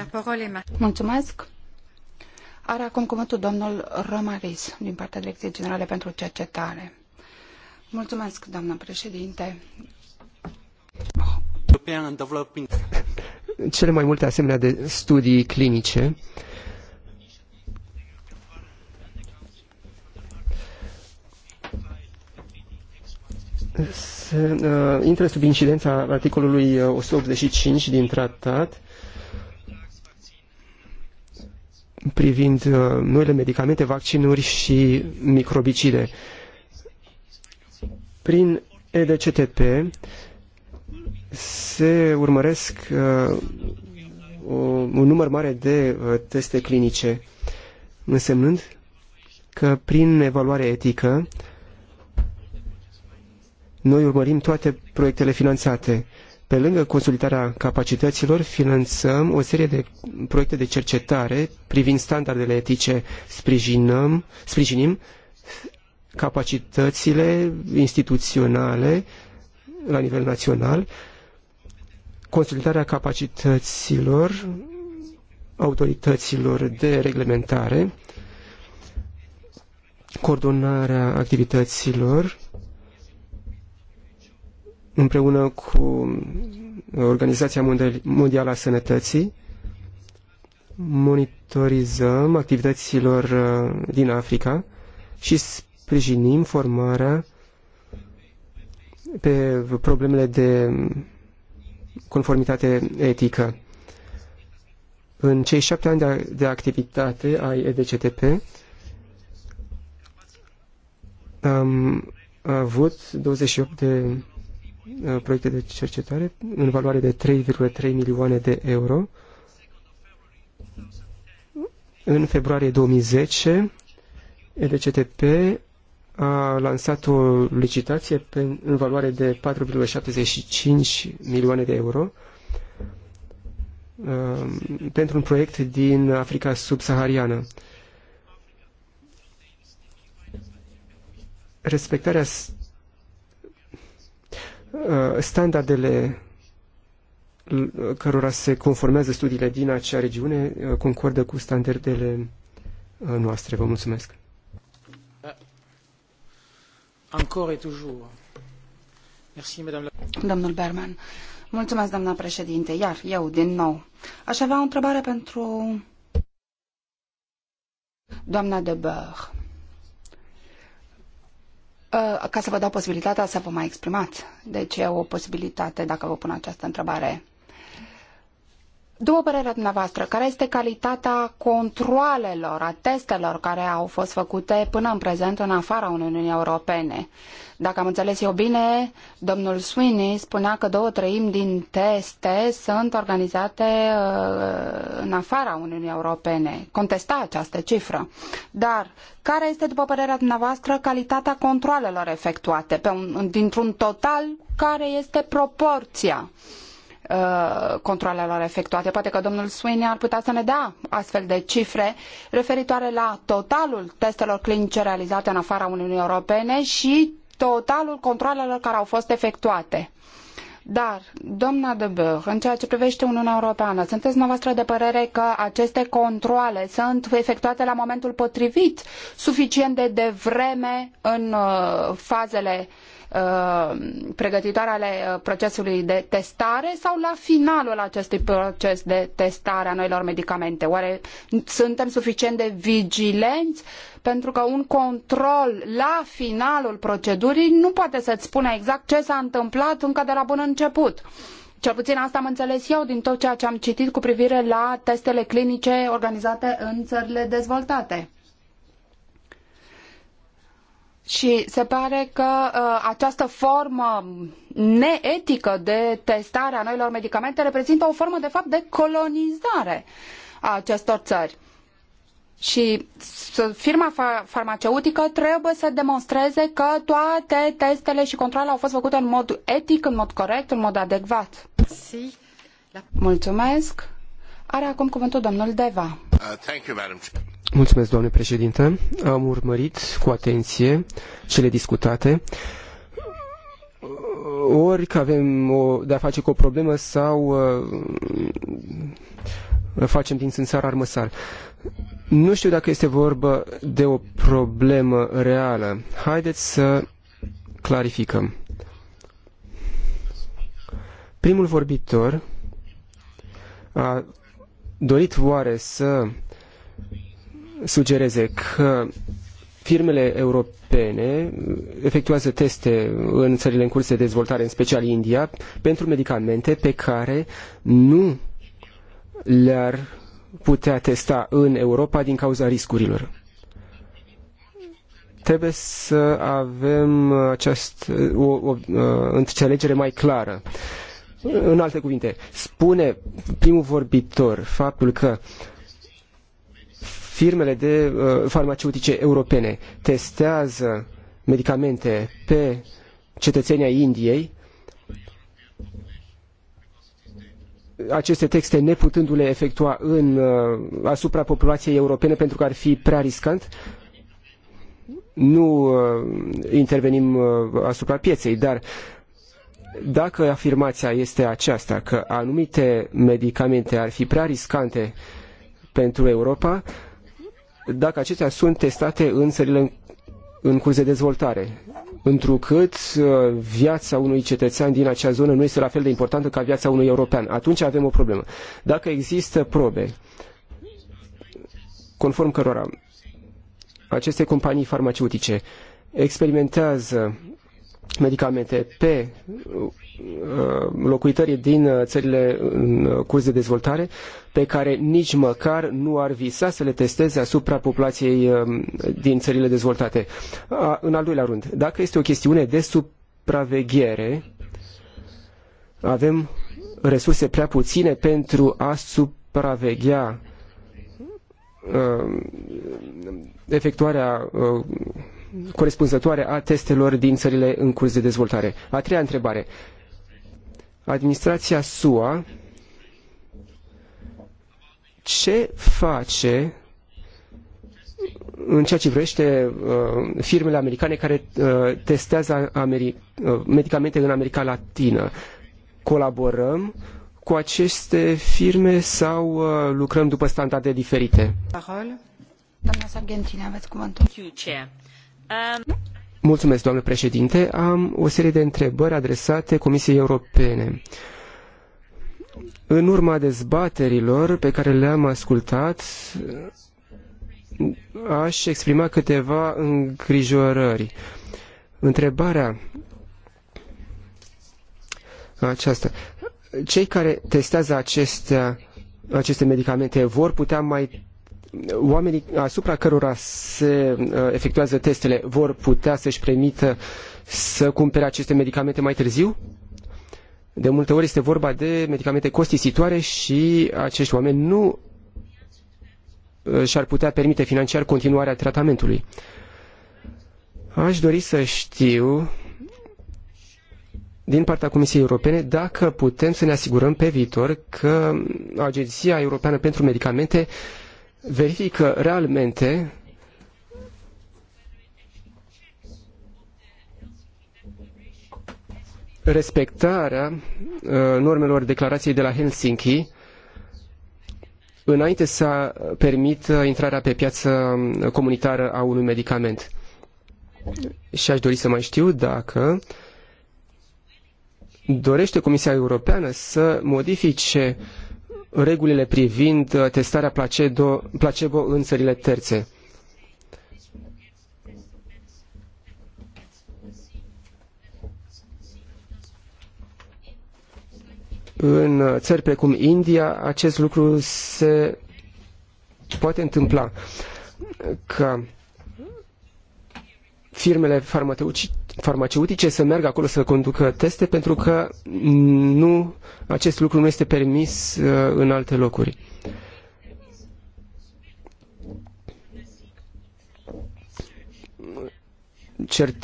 Mulțumesc. Are acum cuvântul domnul Romaris din partea Direcției Generale pentru Cercetare. Mulțumesc, doamnă președinte. Cele mai multe asemenea de studii clinice se uh, intră sub incidența articolului 185 uh, din tratat privind uh, noile medicamente, vaccinuri și microbicide. Prin EDCTP se urmăresc uh, o, un număr mare de uh, teste clinice, însemnând că prin evaluare etică uh, noi urmărim toate proiectele finanțate. Pe lângă consolidarea capacităților, finanțăm o serie de proiecte de cercetare privind standardele etice, sprijinăm, sprijinim capacitățile instituționale la nivel național, consolidarea capacităților autorităților de reglementare, coordonarea activităților împreună cu uh, Organizația Mondială a Sănătății, monitorizăm activităților uh, din Africa și sprijinim formarea pe problemele de conformitate etică. În cei șapte ani de, activitate ai EDCTP am avut 28 de Uh, proiecte de cercetare în valoare de 3,3 milioane de euro. În februarie 2010, EDCTP a lansat o licitație pe, în valoare de 4,75 milioane de euro um, pentru un proiect din Africa subsahariană. Respectarea Uh, standardele uh, cărora se conformează studiile din acea regiune uh, concordă cu standardele noastre. Vă mulțumesc. Encore et toujours. Merci, madame la... Domnul Berman. Mulțumesc, doamna președinte. Iar eu, din nou. Aș avea o întrebare pentru doamna de Beur. Uh, ca să vă dau posibilitatea să vă mai exprimați. Deci e o posibilitate dacă vă pun această întrebare. După părerea dumneavoastră, care este calitatea controalelor, a testelor care au fost făcute până în prezent în afara Uniunii Europene? Dacă am înțeles eu bine, domnul Sweeney spunea că două treimi din teste sunt organizate uh, în afara Uniunii Europene. Contesta această cifră. Dar care este, după părerea dumneavoastră, calitatea controalelor efectuate? dintr-un total, care este proporția? Uh, Uh, controalelor efectuate. Poate că domnul Sweeney ar putea să ne dea astfel de cifre referitoare la totalul testelor clinice realizate în afara Uniunii Europene și totalul controlelor care au fost efectuate. Dar, doamna de Beur, în ceea ce privește Uniunea Europeană, sunteți dumneavoastră de părere că aceste controle sunt efectuate la momentul potrivit, suficient de devreme în uh, fazele uh, Uh, pregătitoare ale uh, procesului de testare sau la finalul acestui proces de testare a noilor medicamente? Oare suntem suficient de vigilenți? Pentru că un control la finalul procedurii nu poate să-ți spună exact ce s-a întâmplat încă de la bun început. Cel puțin asta am înțeles eu din tot ceea ce am citit cu privire la testele clinice organizate în țările dezvoltate. Și se pare că uh, această formă neetică de testare a noilor medicamente reprezintă o formă, de fapt, de colonizare a acestor țări. Și firma farmaceutică trebuie să demonstreze că toate testele și controlele au fost făcute în mod etic, în mod corect, în mod adecvat. Mulțumesc. Are acum cuvântul domnul Deva. Uh, Mulțumesc, doamne președinte. Am urmărit cu atenție cele discutate. Ori că avem de a face cu o problemă sau uh, facem din sânsar armăsar. Nu știu dacă este vorba de o problemă reală. Haideți să clarificăm. Primul vorbitor a dorit oare să sugereze că firmele europene efectuează teste în țările în curs de dezvoltare, în special India, pentru medicamente pe care nu le-ar putea testa în Europa din cauza riscurilor. Trebuie să avem aceast, o, o, o înțelegere mai clară. În alte cuvinte, spune primul vorbitor faptul că uh, firmele de uh, farmaceutice europene testează medicamente pe cetățenia Indiei, aceste texte neputându-le efectua în, uh, asupra populației europene pentru că ar fi prea riscant, nu uh, intervenim asupra pieței, dar dacă afirmația este aceasta, că anumite medicamente ar fi prea riscante pentru Europa, dacă acestea sunt testate în țările în, curs de dezvoltare, întrucât uh, viața unui cetățean din acea zonă nu este la fel de importantă ca viața unui european. Atunci avem o problemă. Dacă există probe conform cărora aceste companii farmaceutice experimentează medicamente pe Uh, locuitorii din uh, țările în uh, curs de dezvoltare pe care nici măcar nu ar visa să le testeze asupra populației din țările dezvoltate. În al doilea rând, dacă este o chestiune de supraveghere, avem resurse prea puține pentru a supraveghea efectuarea corespunzătoare a testelor din țările în curs de dezvoltare. A treia întrebare administrația SUA ce face în ceea ce vrește uh, firmele americane care uh, testează Ameri uh, medicamente în America Latină. Colaborăm cu aceste firme sau uh, lucrăm după standarde diferite? Parol. Doamna Sargentini, aveți cuvântul. Thank you, Chair. Um... Mulțumesc, doamnă președinte. Am o serie de întrebări adresate Comisiei Europene. În urma dezbaterilor pe care le-am ascultat, aș exprima câteva îngrijorări. Întrebarea aceasta. Cei care testează acestea, aceste medicamente vor putea mai oamenii asupra cărora se uh, efectuează testele vor putea să-și permită să cumpere aceste medicamente mai târziu? De multe ori este vorba de medicamente costisitoare și acești oameni nu uh, și-ar putea permite financiar continuarea tratamentului. Aș dori să știu din partea Comisiei Europene dacă putem să ne asigurăm pe viitor că Agenția Europeană pentru Medicamente verifică realmente respectarea uh, normelor declarației de la Helsinki înainte să permită intrarea pe piață uh, comunitară a unui medicament. Și aș dori să mai știu dacă dorește Comisia Europeană să modifice uh, regulile privind uh, testarea placebo, placebo în țările terțe. În uh, țări precum India, acest lucru se poate întâmpla ca firmele farmaceutice farmaceutice să meargă acolo să conducă teste pentru că nu, acest lucru nu este permis uh, în alte locuri.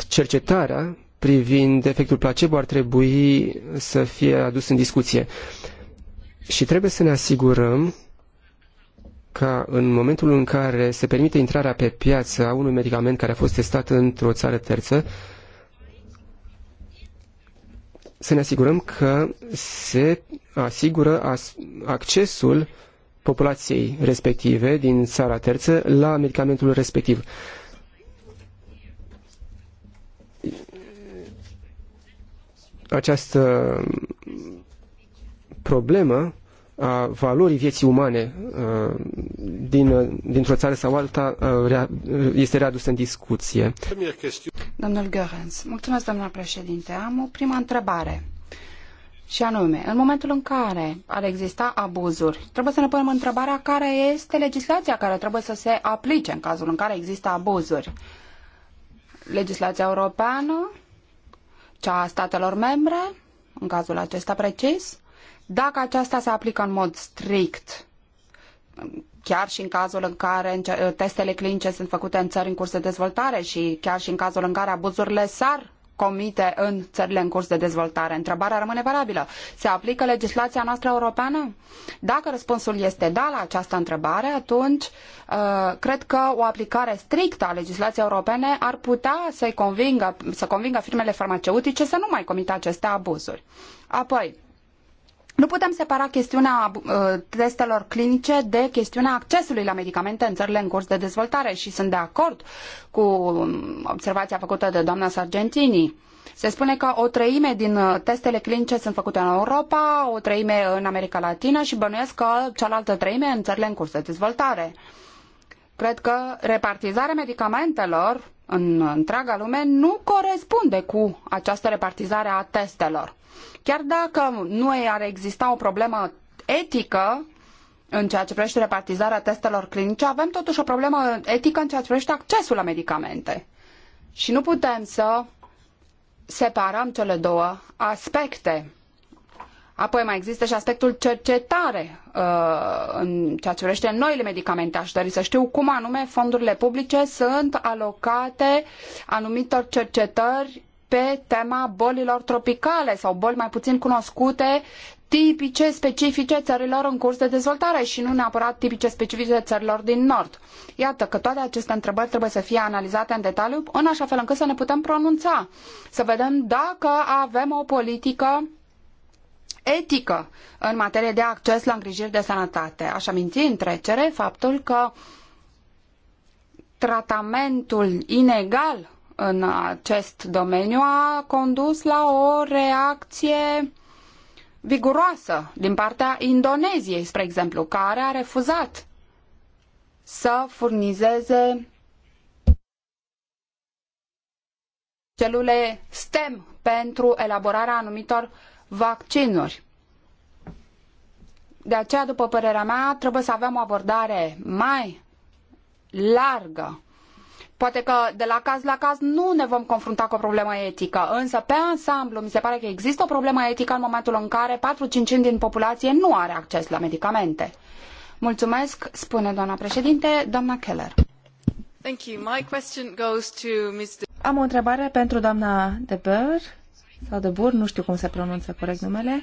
Cercetarea privind efectul placebo ar trebui să fie adus în discuție. Și trebuie să ne asigurăm ca în momentul în care se permite intrarea pe piață a unui medicament care a fost testat într-o țară terță, să ne asigurăm că se asigură accesul populației respective din țara terță la medicamentul respectiv. Această problemă a valorii vieții umane din, dintr-o țară sau alta este readusă în discuție. Domnul Görens, mulțumesc, domnul președinte. Am o prima întrebare. Și anume, în momentul în care ar exista abuzuri, trebuie să ne punem întrebarea care este legislația care trebuie să se aplice în cazul în care există abuzuri. Legislația europeană, cea a statelor membre, în cazul acesta precis, dacă aceasta se aplică în mod strict, chiar și în cazul în care testele clinice sunt făcute în țări în curs de dezvoltare și chiar și în cazul în care abuzurile s-ar comite în țările în curs de dezvoltare. Întrebarea rămâne valabilă. Se aplică legislația noastră europeană? Dacă răspunsul este da la această întrebare, atunci uh, cred că o aplicare strictă a legislației europene ar putea să-i convingă, să convingă firmele farmaceutice să nu mai comită aceste abuzuri. Apoi, nu putem separa chestiunea uh, testelor clinice de chestiunea accesului la medicamente în țările în curs de dezvoltare și sunt de acord cu um, observația făcută de doamna Sargentini. Se spune că o treime din uh, testele clinice sunt făcute în Europa, o treime în America Latină și bănuiesc că cealaltă treime în țările în curs de dezvoltare. Cred că repartizarea medicamentelor în întreaga lume nu corespunde cu această repartizare a testelor. Chiar dacă nu ar exista o problemă etică în ceea ce privește repartizarea testelor clinice, avem totuși o problemă etică în ceea ce privește accesul la medicamente. Și nu putem să separăm cele două aspecte. Apoi mai există și aspectul cercetare uh, în ceea ce privește noile medicamente. Aș dori să știu cum anume fondurile publice sunt alocate anumitor cercetări pe tema bolilor tropicale sau boli mai puțin cunoscute tipice, specifice țărilor în curs de dezvoltare și nu neapărat tipice, specifice țărilor din Nord. Iată că toate aceste întrebări trebuie să fie analizate în detaliu, în așa fel încât să ne putem pronunța, să vedem dacă avem o politică etică în materie de acces la îngrijiri de sănătate. Aș aminti în trecere faptul că tratamentul inegal în acest domeniu a condus la o reacție viguroasă din partea Indoneziei, spre exemplu, care a refuzat să furnizeze celule STEM pentru elaborarea anumitor vaccinuri. De aceea, după părerea mea, trebuie să avem o abordare mai largă. Poate că de la caz la caz nu ne vom confrunta cu o problemă etică, însă pe ansamblu mi se pare că există o problemă etică în momentul în care 4-5 din populație nu are acces la medicamente. Mulțumesc, spune doamna președinte, doamna Keller. Thank you. My question goes to Mr. Am o întrebare pentru doamna De Beur sau de Bur, nu știu cum se pronunță corect numele,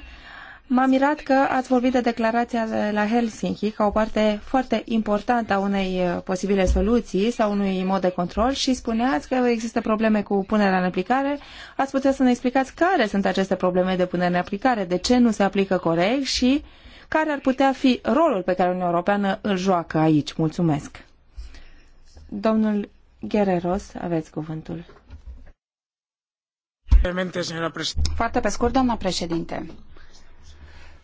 m-a mirat că ați vorbit de declarația de la Helsinki ca o parte foarte importantă a unei uh, posibile soluții sau unui mod de control și spuneați că există probleme cu punerea în aplicare. Ați putea să ne explicați care sunt aceste probleme de punere în aplicare, de ce nu se aplică corect și care ar putea fi rolul pe care Uniunea Europeană îl joacă aici. Mulțumesc. Domnul Guerreros, aveți cuvântul. Foarte pe scurt, doamna președinte.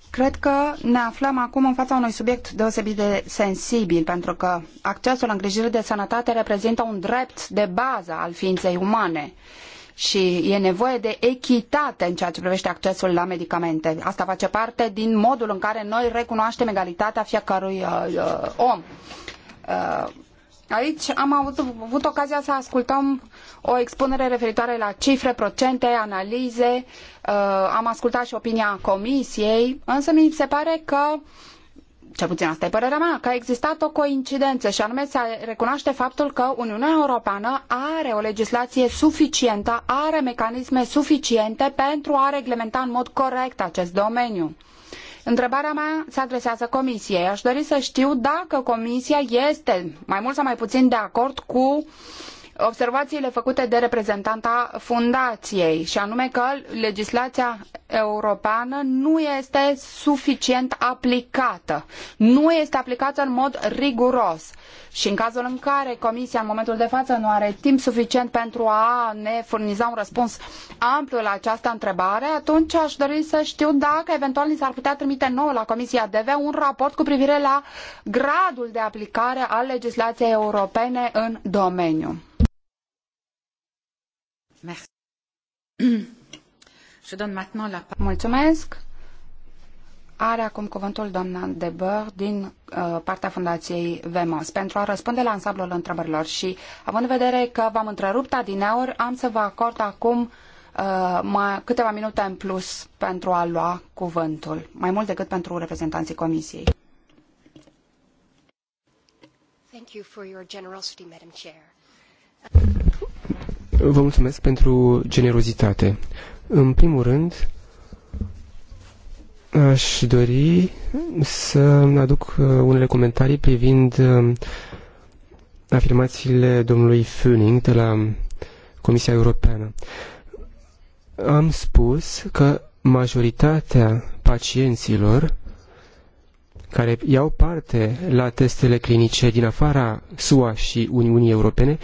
Cred că ne aflăm acum în fața unui subiect deosebit de sensibil, pentru că accesul la îngrijire de sănătate reprezintă un drept de bază al ființei umane și e nevoie de echitate în ceea ce privește accesul la medicamente. Asta face parte din modul în care noi recunoaștem egalitatea fiecărui uh, uh om. Uh, Aici am avut, avut ocazia să ascultăm o expunere referitoare la cifre, procente, analize, uh, am ascultat și opinia comisiei, însă mi se pare că cel puțin asta e părerea mea, că a existat o coincidență și anume se recunoaște faptul că Uniunea Europeană are o legislație suficientă, are mecanisme suficiente pentru a reglementa în mod corect acest domeniu. Întrebarea mea se adresează Comisiei. Aș dori să știu dacă Comisia este mai mult sau mai puțin de acord cu observațiile făcute de reprezentanta fundației, și anume că legislația europeană nu este suficient aplicată. Nu este aplicată în mod riguros. Și în cazul în care Comisia în momentul de față nu are timp suficient pentru a ne furniza un răspuns amplu la această întrebare, atunci aș dori să știu dacă eventual ni s-ar putea trimite nouă la Comisia DV un raport cu privire la gradul de aplicare al legislației europene în domeniu. Mulțumesc. Are acum cuvântul doamna Debăr din uh, partea Fundației VEMOS pentru a răspunde la ansamblul întrebărilor și având în vedere că v-am întrerupt adineauri, am să vă acord acum uh, mai, câteva minute în plus pentru a lua cuvântul, mai mult decât pentru reprezentanții Comisiei. Thank you for your generosity, Madam Chair. Vă mulțumesc pentru generozitate. În primul rând, Aș dori să aduc uh, unele comentarii privind um, afirmațiile domnului Funing de la Comisia Europeană. Am spus că majoritatea pacienților care iau parte la testele clinice din afara SUA și Uniunii Europene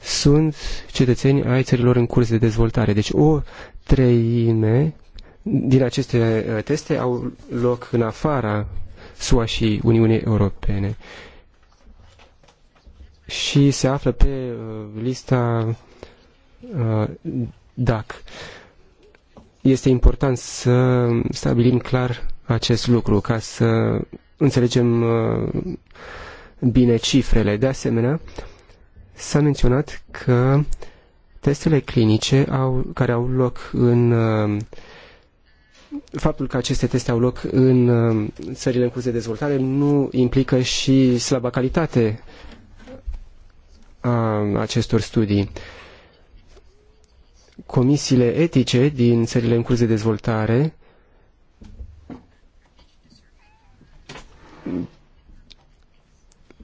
sunt cetățeni ai țărilor în curs de dezvoltare. Deci o treime din aceste uh, teste au loc în afara SUA și Uniunii Europene și se află pe uh, lista uh, DAC. Este important să stabilim clar acest lucru ca să înțelegem bine cifrele. De asemenea, s-a menționat că testele clinice au, care au loc în faptul că aceste teste au loc în um, țările în curs de dezvoltare nu implică și slaba calitate a acestor studii. Comisiile etice din țările în curs de dezvoltare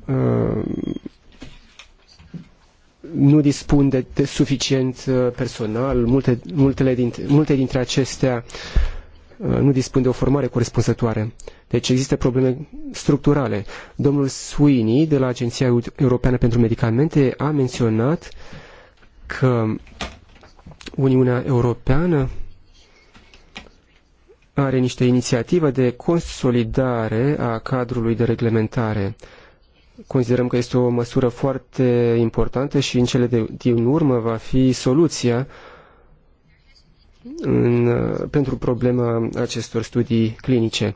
um, nu dispun de, de suficient uh, personal, multe, multele dintre, multe dintre acestea uh, Uh, nu dispun de o formare corespunzătoare. Deci există probleme structurale. Domnul Sweeney de la Agenția Europeană pentru Medicamente a menționat că Uniunea Europeană are niște inițiative de consolidare a cadrului de reglementare. Considerăm că este o măsură foarte importantă și în cele de, din urmă va fi soluția uh, în, pentru problema acestor studii clinice.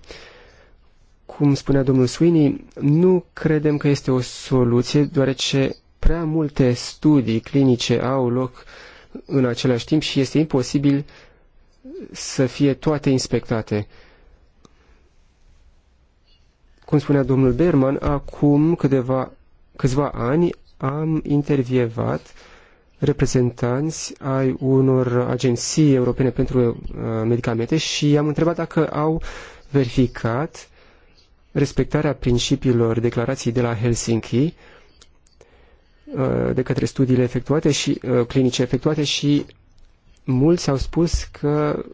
Cum spunea domnul Sweeney, nu credem că este o soluție, deoarece prea multe studii clinice au loc în același timp și este imposibil să fie toate inspectate. Cum spunea domnul Berman, acum câteva, câțiva ani am intervievat reprezentanți ai unor agenții europene pentru uh, medicamente și am întrebat dacă au verificat respectarea principiilor declarației de la Helsinki uh, de către studiile efectuate și uh, clinice efectuate și mulți au spus că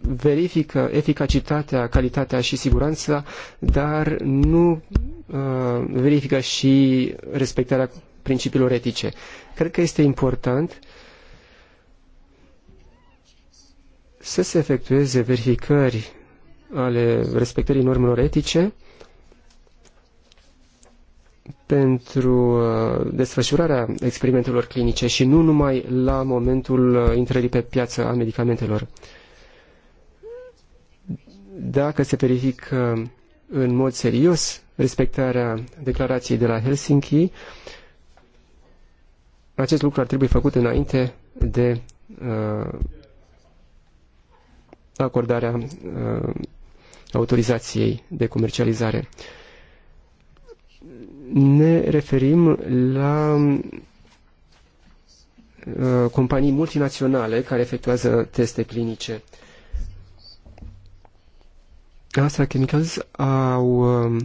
verifică eficacitatea, calitatea și siguranța, dar nu uh, verifică și respectarea principiilor etice. Cred că este important să se efectueze verificări ale respectării normelor etice pentru uh, desfășurarea experimentelor clinice și nu numai la momentul uh, intrării pe piață a medicamentelor. Dacă se verifică în mod serios respectarea declarației de la Helsinki, acest lucru ar trebui făcut înainte de uh, acordarea uh, autorizației de comercializare. Ne referim la uh, companii multinaționale care efectuează teste clinice. Asta Chemicals au uh,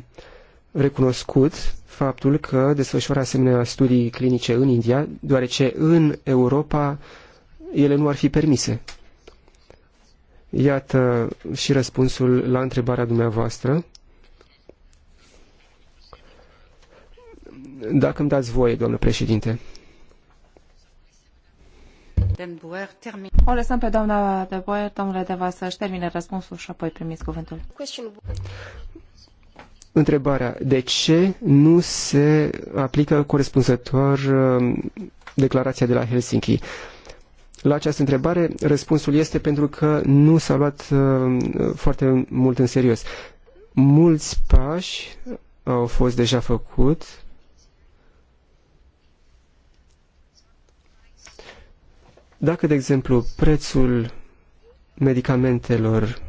recunoscut faptul că desfășoară asemenea studii clinice în India, deoarece în Europa ele nu ar fi permise. Iată și răspunsul la întrebarea dumneavoastră. Dacă îmi dați voie, domnule președinte. O lăsăm pe doamna de Boer, domnule Deva, să-și termine răspunsul și apoi primiți cuvântul întrebarea de ce nu se aplică corespunzător um, declarația de la Helsinki. La această întrebare, răspunsul este pentru că nu s-a luat um, foarte mult în serios. Mulți pași au fost deja făcut. Dacă, de exemplu, prețul medicamentelor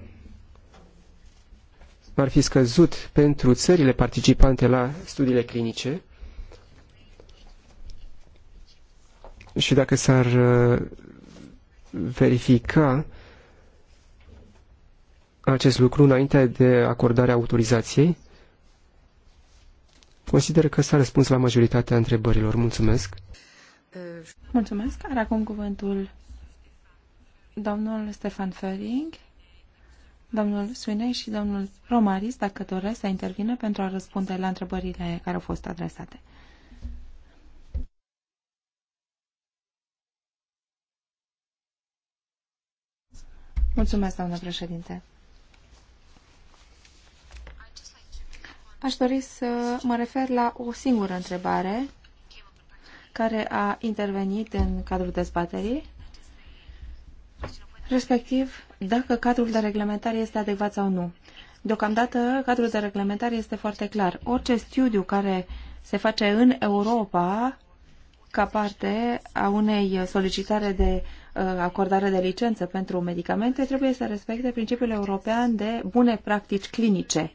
ar fi scăzut pentru țările participante la studiile clinice și dacă s-ar uh, verifica acest lucru înainte de acordarea autorizației, consider că s-a răspuns la majoritatea întrebărilor. Mulțumesc! Mulțumesc! Are acum cuvântul domnul Stefan Fering domnul Suinei și domnul Romaris, dacă doresc să intervină pentru a răspunde la întrebările care au fost adresate. Mulțumesc, doamnă președinte. Aș dori să mă refer la o singură întrebare care a intervenit în cadrul dezbaterii respectiv dacă cadrul de reglementare este adecvat sau nu. Deocamdată, cadrul de reglementare este foarte clar. Orice studiu care se face în Europa ca parte a unei solicitare de uh, acordare de licență pentru medicamente trebuie să respecte principiul european de bune practici clinice.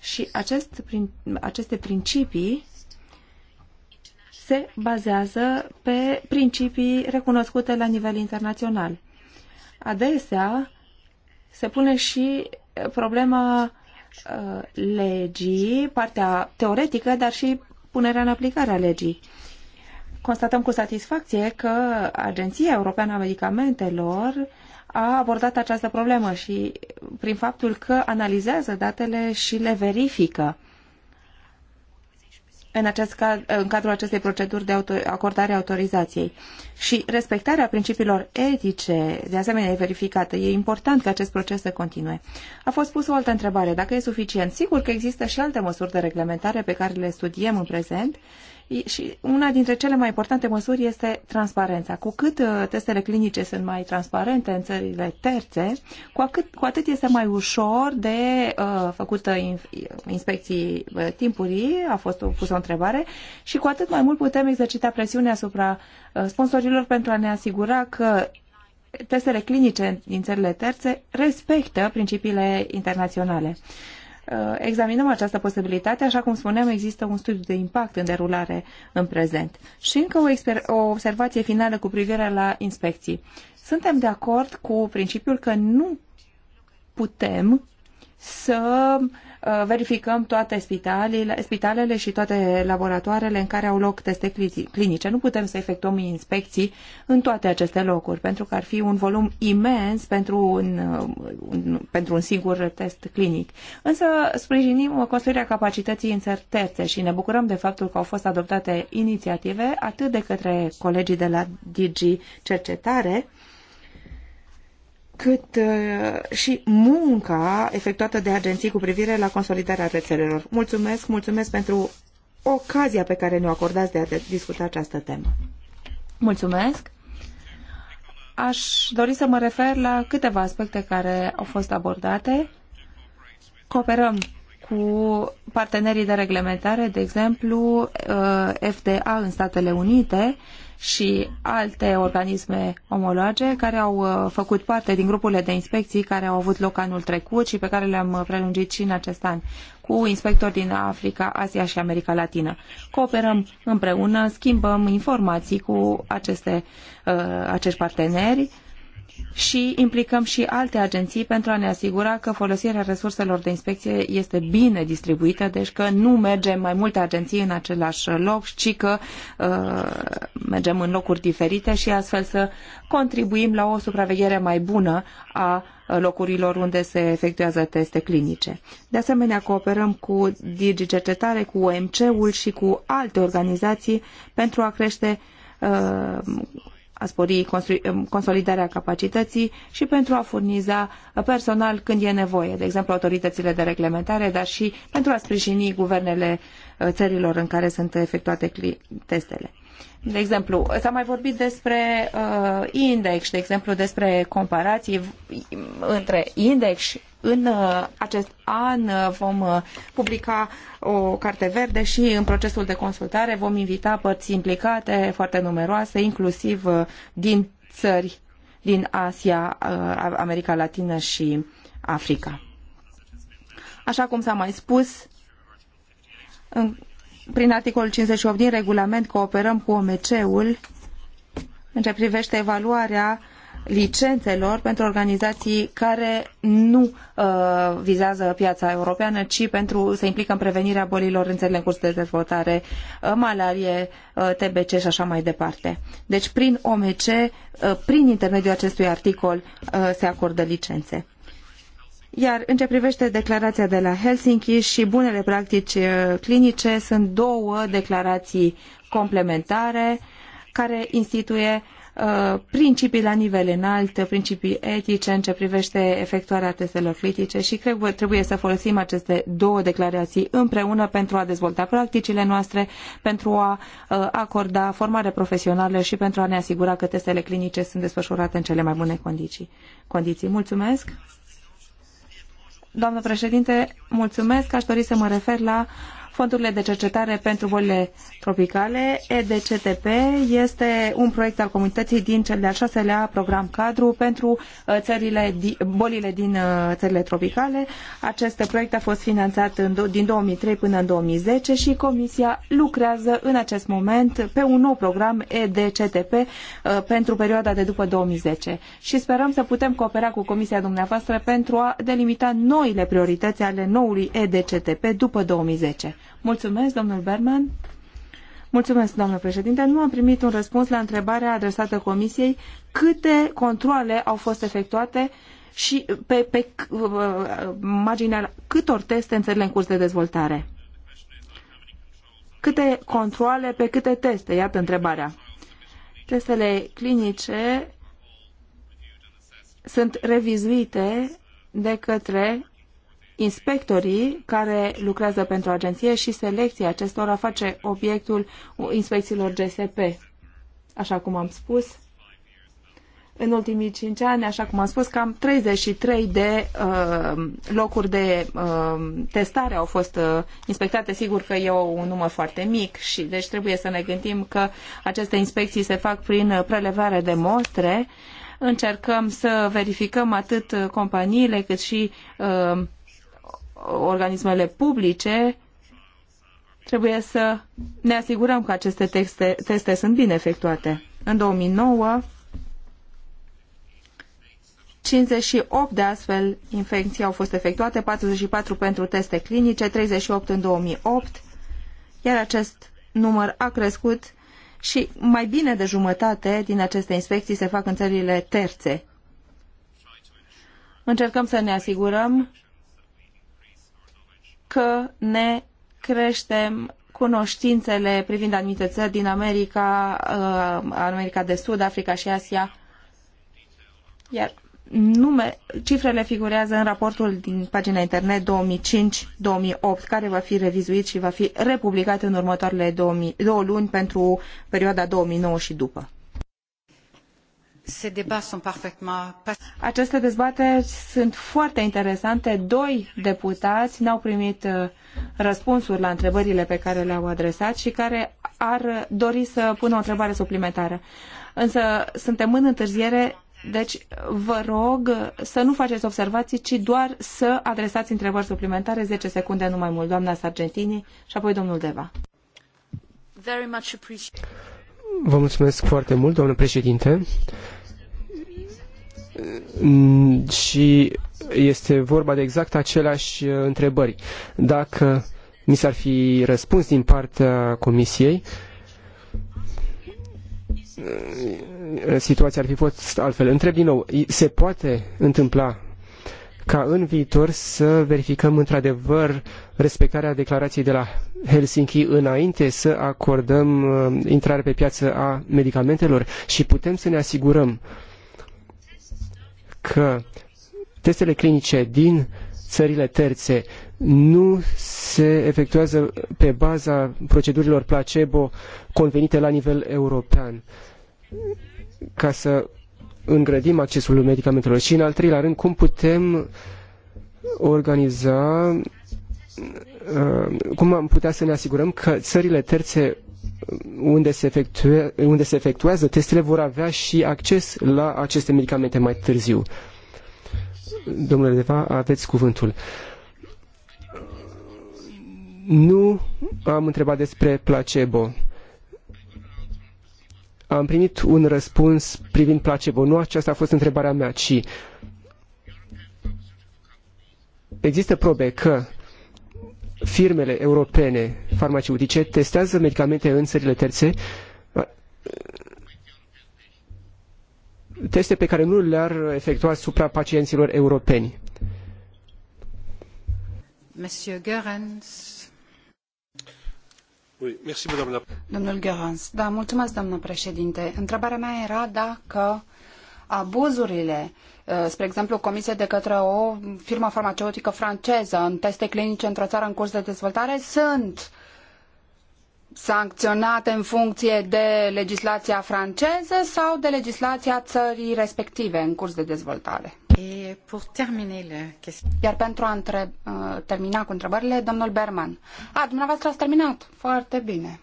Și acest, prin, aceste principii se bazează pe principii recunoscute la nivel internațional adesea se pune și problema uh, legii, partea teoretică, dar și punerea în aplicare a legii. Constatăm cu satisfacție că Agenția Europeană a Medicamentelor a abordat această problemă și prin faptul că analizează datele și le verifică în, acest în cadrul acestei proceduri de auto, acordare a autorizației. Și respectarea principiilor etice, de asemenea, e verificată. E important ca acest proces să continue. A fost pusă o altă întrebare. Dacă e suficient? Sigur că există și alte măsuri de reglementare pe care le studiem în prezent și una dintre cele mai importante măsuri este transparența. Cu cât uh, testele clinice sunt mai transparente în țările terțe, cu, atât, cu atât este mai ușor de uh, făcută inspecții uh, timpurii, a fost pusă o întrebare, și cu atât mai mult putem exercita presiunea asupra uh, sponsorilor pentru a ne asigura că testele clinice din țările terțe respectă principiile internaționale. Uh, examinăm această posibilitate. Așa cum spuneam, există un studiu de impact în derulare în prezent. Și încă o, o observație finală cu privire la inspecții. Suntem de acord cu principiul că nu putem să Uh, verificăm toate spitalele, spitalele și toate laboratoarele în care au loc teste clinice. Nu putem să efectuăm inspecții în toate aceste locuri, pentru că ar fi un volum imens pentru un, uh, un, pentru un singur test clinic. Însă sprijinim construirea capacității în țări și ne bucurăm de faptul că au fost adoptate inițiative atât de către colegii de la DG Cercetare, cât uh, și munca efectuată de agenții cu privire la consolidarea rețelelor. Mulțumesc, mulțumesc pentru ocazia pe care ne-o acordați de a discuta această temă. Mulțumesc! Aș dori să mă refer la câteva aspecte care au fost abordate. Cooperăm cu partenerii de reglementare, de exemplu uh, FDA în Statele Unite, și alte organisme omologe care au uh, făcut parte din grupurile de inspecții care au avut loc anul trecut și pe care le-am uh, prelungit și în acest an cu inspectori din Africa, Asia și America Latină. Cooperăm împreună, schimbăm informații cu aceste, uh, acești parteneri și implicăm și alte agenții pentru a ne asigura că folosirea resurselor de inspecție este bine distribuită, deci că nu mergem mai multe agenții în același loc, ci că uh, mergem în locuri diferite și astfel să contribuim la o supraveghere mai bună a locurilor unde se efectuează teste clinice. De asemenea, cooperăm cu Digi Cercetare, cu OMC-ul și cu alte organizații pentru a crește uh, a spori um, consolidarea capacității și pentru a furniza personal când e nevoie, de exemplu autoritățile de reglementare, dar și pentru a sprijini guvernele uh, țărilor în care sunt efectuate testele. De exemplu, s-a mai vorbit despre uh, index, de exemplu, despre comparații între index. În uh, acest an uh, vom uh, publica o carte verde și în procesul de consultare vom invita părți implicate foarte numeroase, inclusiv uh, din țări din Asia, uh, America Latină și Africa. Așa cum s-a mai spus, în prin articolul 58 din regulament cooperăm cu OMC-ul în ce privește evaluarea licențelor pentru organizații care nu uh, vizează piața europeană, ci pentru se implică în prevenirea bolilor în țările în curs de dezvoltare, uh, malarie, uh, TBC și așa mai departe. Deci prin OMC, uh, prin intermediul acestui articol, uh, se acordă licențe. Iar în ce privește declarația de la Helsinki și bunele practici uh, clinice, sunt două declarații complementare care instituie uh, principii la nivel înalt, principii etice în ce privește efectuarea testelor critice și cred că trebuie să folosim aceste două declarații împreună pentru a dezvolta practicile noastre, pentru a uh, acorda formare profesională și pentru a ne asigura că testele clinice sunt desfășurate în cele mai bune condiții. condiții. Mulțumesc! Doamnă președinte, mulțumesc. Aș dori să mă refer la fondurile de cercetare pentru bolile tropicale, EDCTP, este un proiect al comunității din cel de-al șaselea program cadru pentru uh, țările, bolile din uh, țările tropicale. Acest proiect a fost finanțat în, din 2003 până în 2010 și Comisia lucrează în acest moment pe un nou program EDCTP uh, pentru perioada de după 2010 și sperăm să putem coopera cu Comisia dumneavoastră pentru a delimita noile priorități ale noului EDCTP după 2010. Mulțumesc, domnul Berman. Mulțumesc, doamnă președinte. Nu am primit un răspuns la întrebarea adresată Comisiei câte controle au fost efectuate și pe, pe uh, marginea câtor teste în țările în curs de dezvoltare. Câte controle pe câte teste? Iată întrebarea. Testele clinice sunt revizuite de către inspectorii care lucrează pentru agenție și selecția acestora face obiectul inspecțiilor GSP. Așa cum am spus, în ultimii 5 ani, așa cum am spus, cam 33 de uh, locuri de uh, testare au fost uh, inspectate. Sigur că e un număr foarte mic și deci trebuie să ne gândim că aceste inspecții se fac prin uh, prelevare de mostre. Încercăm să verificăm atât uh, companiile cât și uh, organismele publice, trebuie să ne asigurăm că aceste texte, teste sunt bine efectuate. În 2009, 58 de astfel infecții au fost efectuate, 44 pentru teste clinice, 38 în 2008, iar acest număr a crescut și mai bine de jumătate din aceste inspecții se fac în țările terțe. Încercăm să ne asigurăm că ne creștem cunoștințele privind anumite țări din America, uh, America de Sud, Africa și Asia. Iar nume, cifrele figurează în raportul din pagina internet 2005-2008, care va fi revizuit și va fi republicat în următoarele 2000, două luni pentru perioada 2009 și după. Aceste dezbateri sunt foarte interesante. Doi deputați n-au primit uh, răspunsuri la întrebările pe care le-au adresat și care ar dori să pună o întrebare suplimentară. Însă suntem în întârziere, deci vă rog să nu faceți observații, ci doar să adresați întrebări suplimentare, 10 secunde, nu mai mult, doamna Sargentini și apoi domnul Deva. Vă mulțumesc foarte mult, domnule președinte. Mm, și este vorba de exact aceleași uh, întrebări. Dacă mi s-ar fi răspuns din partea Comisiei, uh, situația ar fi fost altfel. Întreb din nou, se poate întâmpla ca în viitor să verificăm într-adevăr respectarea declarației de la Helsinki înainte să acordăm uh, intrare pe piață a medicamentelor și putem să ne asigurăm că testele clinice din țările terțe nu se efectuează pe baza procedurilor placebo convenite la nivel european ca să îngrădim accesul medicamentelor și în al treilea rând cum putem organiza uh, cum am putea să ne asigurăm că țările terțe unde se, efectue, unde se efectuează testele vor avea și acces la aceste medicamente mai târziu. Domnule Deva, aveți cuvântul. Nu am întrebat despre placebo. Am primit un răspuns privind placebo. Nu aceasta a fost întrebarea mea, ci există probe că firmele europene farmaceutice testează medicamente în țările terțe, teste pe care nu le-ar efectua supra pacienților europeni. Domnul da, mulțumesc, doamnă președinte. Întrebarea mea era dacă abuzurile Uh, spre exemplu, comise de către o firmă farmaceutică franceză în teste clinice într-o țară în curs de dezvoltare sunt sancționate în funcție de legislația franceză sau de legislația țării respective în curs de dezvoltare. Iar pentru a uh, termina cu întrebările, domnul Berman. A, dumneavoastră ați terminat. Foarte bine.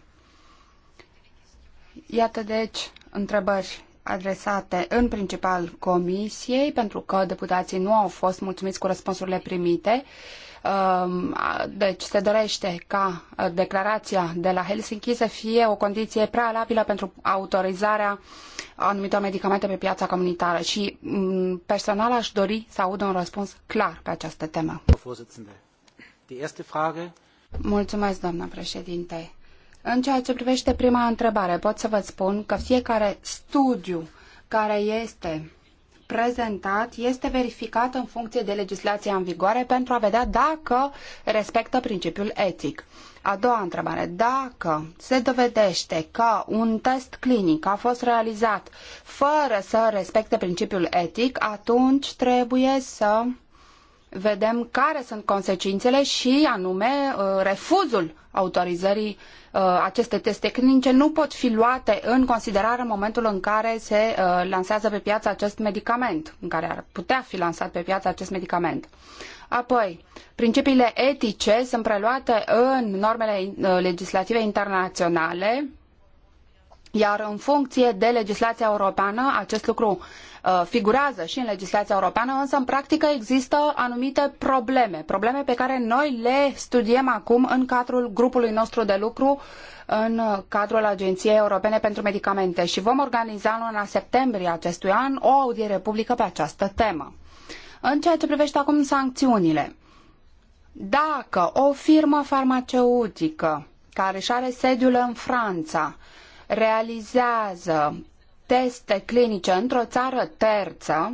Iată deci întrebări adresate în principal comisiei, pentru că deputații nu au fost mulțumiți cu răspunsurile primite. Um, deci se dorește ca declarația de la Helsinki să fie o condiție prealabilă pentru autorizarea anumitor medicamente pe piața comunitară și mm, personal aș dori să aud un răspuns clar pe această temă. Mulțumesc, doamna președinte. În ceea ce privește prima întrebare, pot să vă spun că fiecare studiu care este prezentat este verificat în funcție de legislația în vigoare pentru a vedea dacă respectă principiul etic. A doua întrebare. Dacă se dovedește că un test clinic a fost realizat fără să respecte principiul etic, atunci trebuie să vedem care sunt consecințele și anume uh, refuzul autorizării uh, aceste teste clinice nu pot fi luate în considerare în momentul în care se uh, lansează pe piață acest medicament, în care ar putea fi lansat pe piață acest medicament. Apoi, principiile etice sunt preluate în normele uh, legislative internaționale, iar în funcție de legislația europeană, acest lucru uh, figurează și în legislația europeană, însă în practică există anumite probleme, probleme pe care noi le studiem acum în cadrul grupului nostru de lucru, în cadrul Agenției Europene pentru Medicamente și vom organiza în luna septembrie acestui an o audiere publică pe această temă. În ceea ce privește acum sancțiunile, dacă o firmă farmaceutică care își are sediul în Franța realizează teste clinice într-o țară terță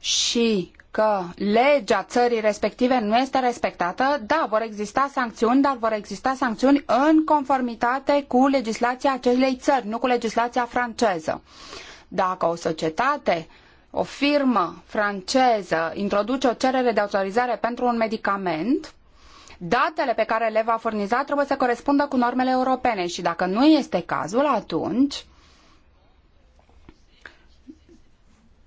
și că legea țării respective nu este respectată, da, vor exista sancțiuni, dar vor exista sancțiuni în conformitate cu legislația acelei țări, nu cu legislația franceză. Dacă o societate, o firmă franceză introduce o cerere de autorizare pentru un medicament, datele pe care le va furniza trebuie să corespundă cu normele europene și dacă nu este cazul, atunci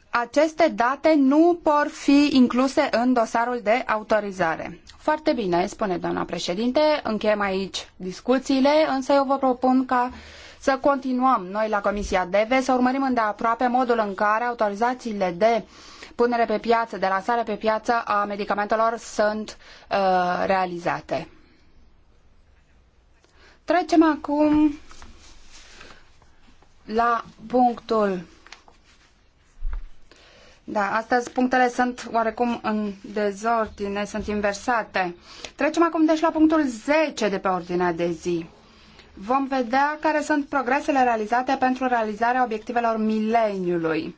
aceste date nu pot fi incluse în dosarul de autorizare. Foarte bine, spune doamna președinte, încheiem aici discuțiile, însă eu vă propun ca să continuăm noi la Comisia DEVE, să urmărim îndeaproape modul în care autorizațiile de uh, punere pe piață, de lansare pe piață a medicamentelor sunt uh, realizate. Trecem acum la punctul. Da, astăzi punctele sunt oarecum în dezordine, sunt inversate. Trecem acum deci la punctul 10 de pe ordinea de zi. Vom vedea care sunt progresele realizate pentru realizarea obiectivelor mileniului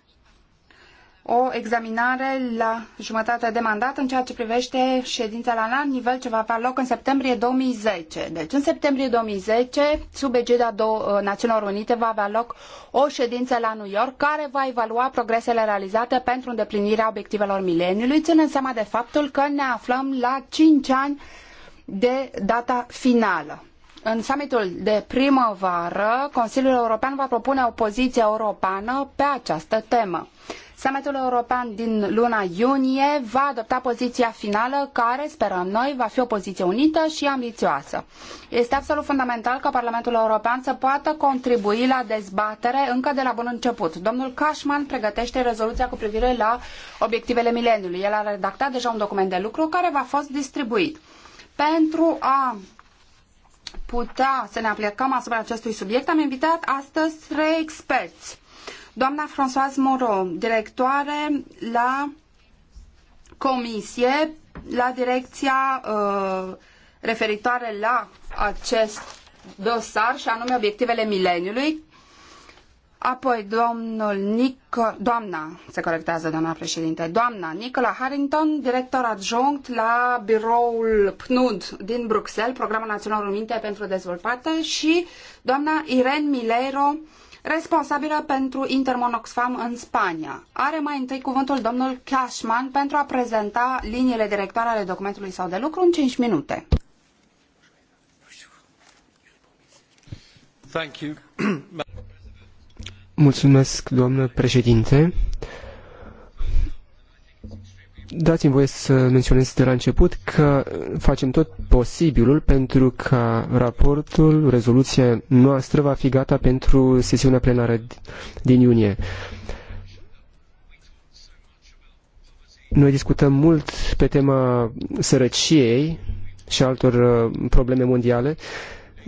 o examinare la jumătate de mandat în ceea ce privește ședința la înalt nivel ce va avea loc în septembrie 2010. Deci în septembrie 2010, sub egida uh, Națiunilor Unite, va avea loc o ședință la New York care va evalua progresele realizate pentru îndeplinirea obiectivelor mileniului, ținând seama de faptul că ne aflăm la cinci ani de data finală. În summitul de primăvară, Consiliul European va propune o poziție europeană pe această temă. Summitul European din luna iunie va adopta poziția finală care, sperăm noi, va fi o poziție unită și ambițioasă. Este absolut fundamental ca Parlamentul European să poată contribui la dezbatere încă de la bun început. Domnul Cashman pregătește rezoluția cu privire la obiectivele mileniului. El a redactat deja un document de lucru care va fost distribuit. Pentru a putea să ne aplicăm asupra acestui subiect, am invitat astăzi trei experți doamna Françoise Moreau, directoare la comisie, la direcția uh, referitoare la acest dosar și anume obiectivele mileniului. Apoi domnul Nico, doamna, se corectează doamna președinte, doamna Nicola Harrington, director adjunct la biroul PNUD din Bruxelles, Programul Național Minte pentru Dezvoltare și doamna Irene Milero, responsabilă pentru Intermon Oxfam în Spania. Are mai întâi cuvântul domnul Cashman pentru a prezenta liniile directoare ale documentului sau de lucru în cinci minute. Mulțumesc, doamnă președinte. Dați-mi voie să menționez de la început că facem tot posibilul pentru ca raportul, rezoluția noastră va fi gata pentru sesiunea plenară din iunie. Noi discutăm mult pe tema sărăciei și altor uh, probleme mondiale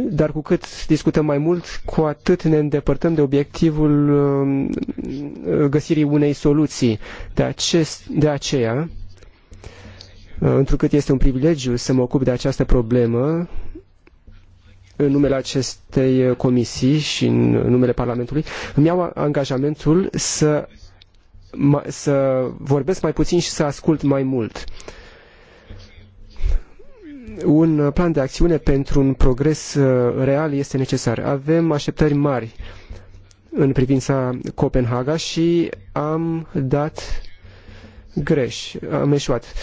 dar cu cât discutăm mai mult, cu atât ne îndepărtăm de obiectivul um, găsirii unei soluții. De, acest, de aceea, uh, întrucât este un privilegiu să mă ocup de această problemă, în numele acestei comisii și în numele Parlamentului, îmi iau angajamentul să, să vorbesc mai puțin și să ascult mai mult. Uh, un plan de acțiune pentru un progres uh, real este necesar. Avem așteptări mari în privința Copenhaga și am dat greș, am eșuat.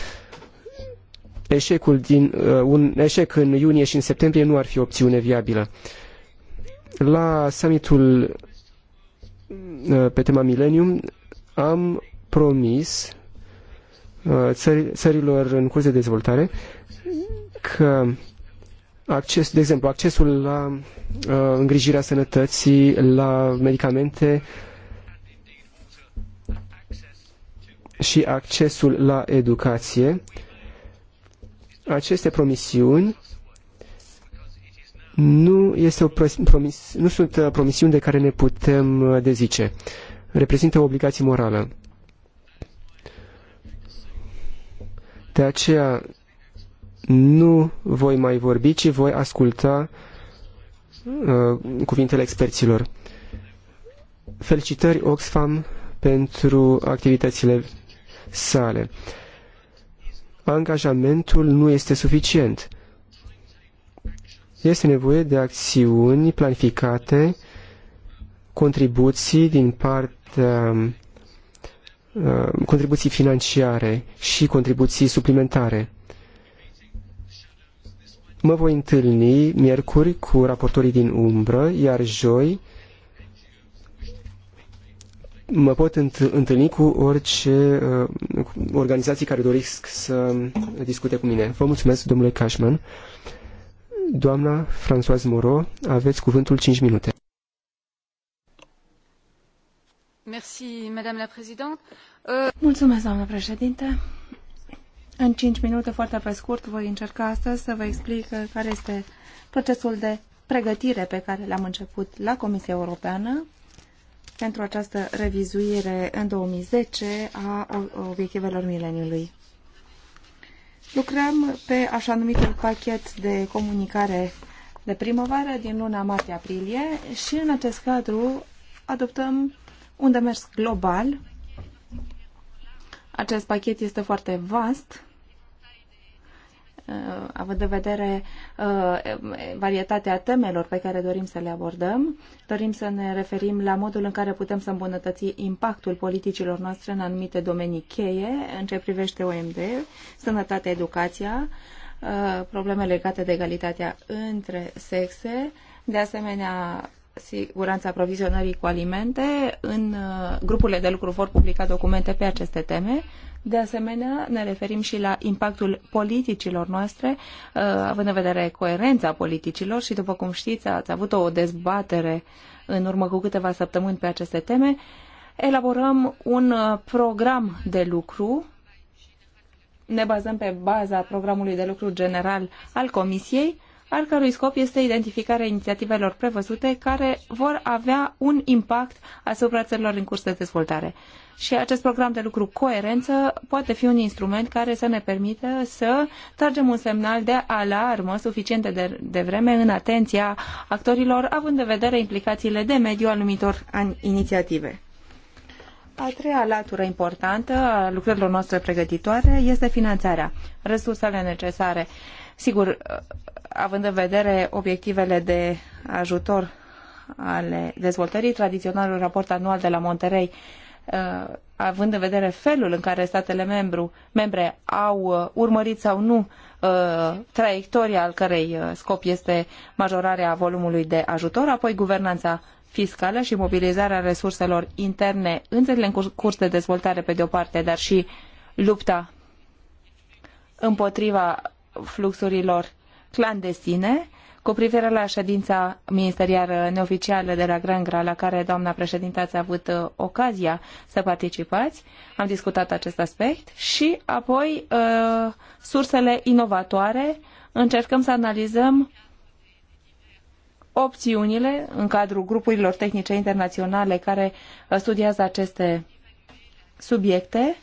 Eșecul din, uh, un eșec în iunie și în septembrie nu ar fi opțiune viabilă. La summitul uh, pe tema Millennium am promis țărilor în curs de dezvoltare că acces, de exemplu, accesul la uh, îngrijirea sănătății, la medicamente și accesul la educație, aceste promisiuni nu, este o promis, nu sunt uh, promisiuni de care ne putem uh, dezice. Reprezintă o obligație morală. De aceea nu voi mai vorbi, ci voi asculta uh, cuvintele experților. Felicitări Oxfam pentru activitățile sale. Angajamentul nu este suficient. Este nevoie de acțiuni planificate, contribuții din partea uh, contribuții financiare și contribuții suplimentare. Mă voi întâlni miercuri cu raportorii din umbră, iar joi mă pot întâlni cu orice uh, organizații care doresc să discute cu mine. Vă mulțumesc, domnule Cashman. Doamna Françoise Moreau, aveți cuvântul 5 minute. Merci, Mulțumesc, doamna președinte. În 5 minute, foarte pe scurt, voi încerca astăzi să vă explic care este procesul de pregătire pe care l-am început la Comisia Europeană pentru această revizuire în 2010 a obiectivelor mileniului. Lucrăm pe așa numitul pachet de comunicare de primăvară din luna martie-aprilie și în acest cadru adoptăm un demers global. Acest pachet este foarte vast Uh, având în vedere uh, varietatea temelor pe care dorim să le abordăm, dorim să ne referim la modul în care putem să îmbunătăți impactul politicilor noastre în anumite domenii cheie, în ce privește OMD, sănătatea, educația, uh, probleme legate de egalitatea între sexe, de asemenea siguranța aprovizionării cu alimente. În grupurile de lucru vor publica documente pe aceste teme. De asemenea, ne referim și la impactul politicilor noastre, uh, având în vedere coerența politicilor și, după cum știți, ați avut o dezbatere în urmă cu câteva săptămâni pe aceste teme, elaborăm un uh, program de lucru ne bazăm pe baza programului de lucru general al Comisiei al cărui scop este identificarea inițiativelor prevăzute care vor avea un impact asupra țărilor în curs de dezvoltare. Și acest program de lucru coerență poate fi un instrument care să ne permită să tragem un semnal de alarmă suficient de, de vreme în atenția actorilor, având în vedere implicațiile de mediu al numitor inițiative. A treia latură importantă a lucrărilor noastre pregătitoare este finanțarea, resursele necesare. Uh, Sigur, având în vedere obiectivele de ajutor ale dezvoltării, tradiționalul raport anual de la Monterey uh, având în vedere felul în care statele membru, membre au uh, urmărit sau nu uh, traiectoria al cărei scop este majorarea volumului de ajutor, apoi guvernanța fiscală și mobilizarea resurselor interne în țările în curs de dezvoltare pe de o parte, dar și lupta împotriva fluxurilor clandestine, cu privire la ședința ministerială neoficială de la Grangra, la care, doamna președinte, ați avut uh, ocazia să participați, am discutat acest aspect și apoi uh, sursele inovatoare, încercăm să analizăm opțiunile în cadrul grupurilor tehnice internaționale care uh, studiază aceste subiecte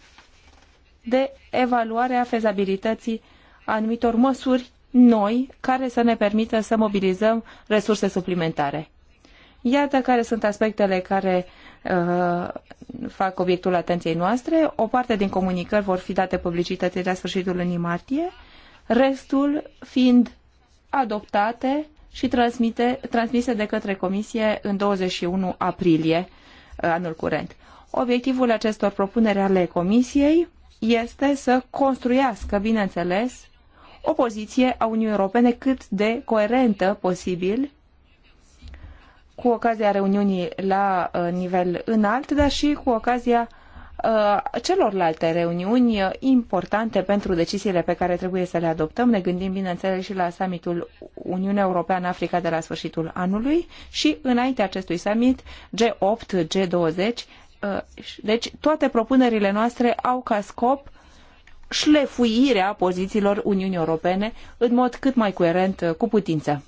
de evaluare a fezabilității anumitor măsuri noi care să ne permită să mobilizăm resurse suplimentare. Iată care sunt aspectele care uh, fac obiectul atenției noastre. O parte din comunicări vor fi date publicității la sfârșitul lunii martie, restul fiind adoptate și transmite, transmise de către Comisie în 21 aprilie uh, anul curent. Obiectivul acestor propuneri ale Comisiei este să construiască, bineînțeles, o poziție a Uniunii Europene cât de coerentă posibil cu ocazia reuniunii la uh, nivel înalt, dar și cu ocazia uh, celorlalte reuniuni importante pentru deciziile pe care trebuie să le adoptăm. Ne gândim, bineînțeles, și la summitul Uniunea Europeană-Africa de la sfârșitul anului și înainte acestui summit G8, G20. Uh, deci toate propunerile noastre au ca scop șlefuirea pozițiilor Uniunii Europene în mod cât mai coerent uh, cu putință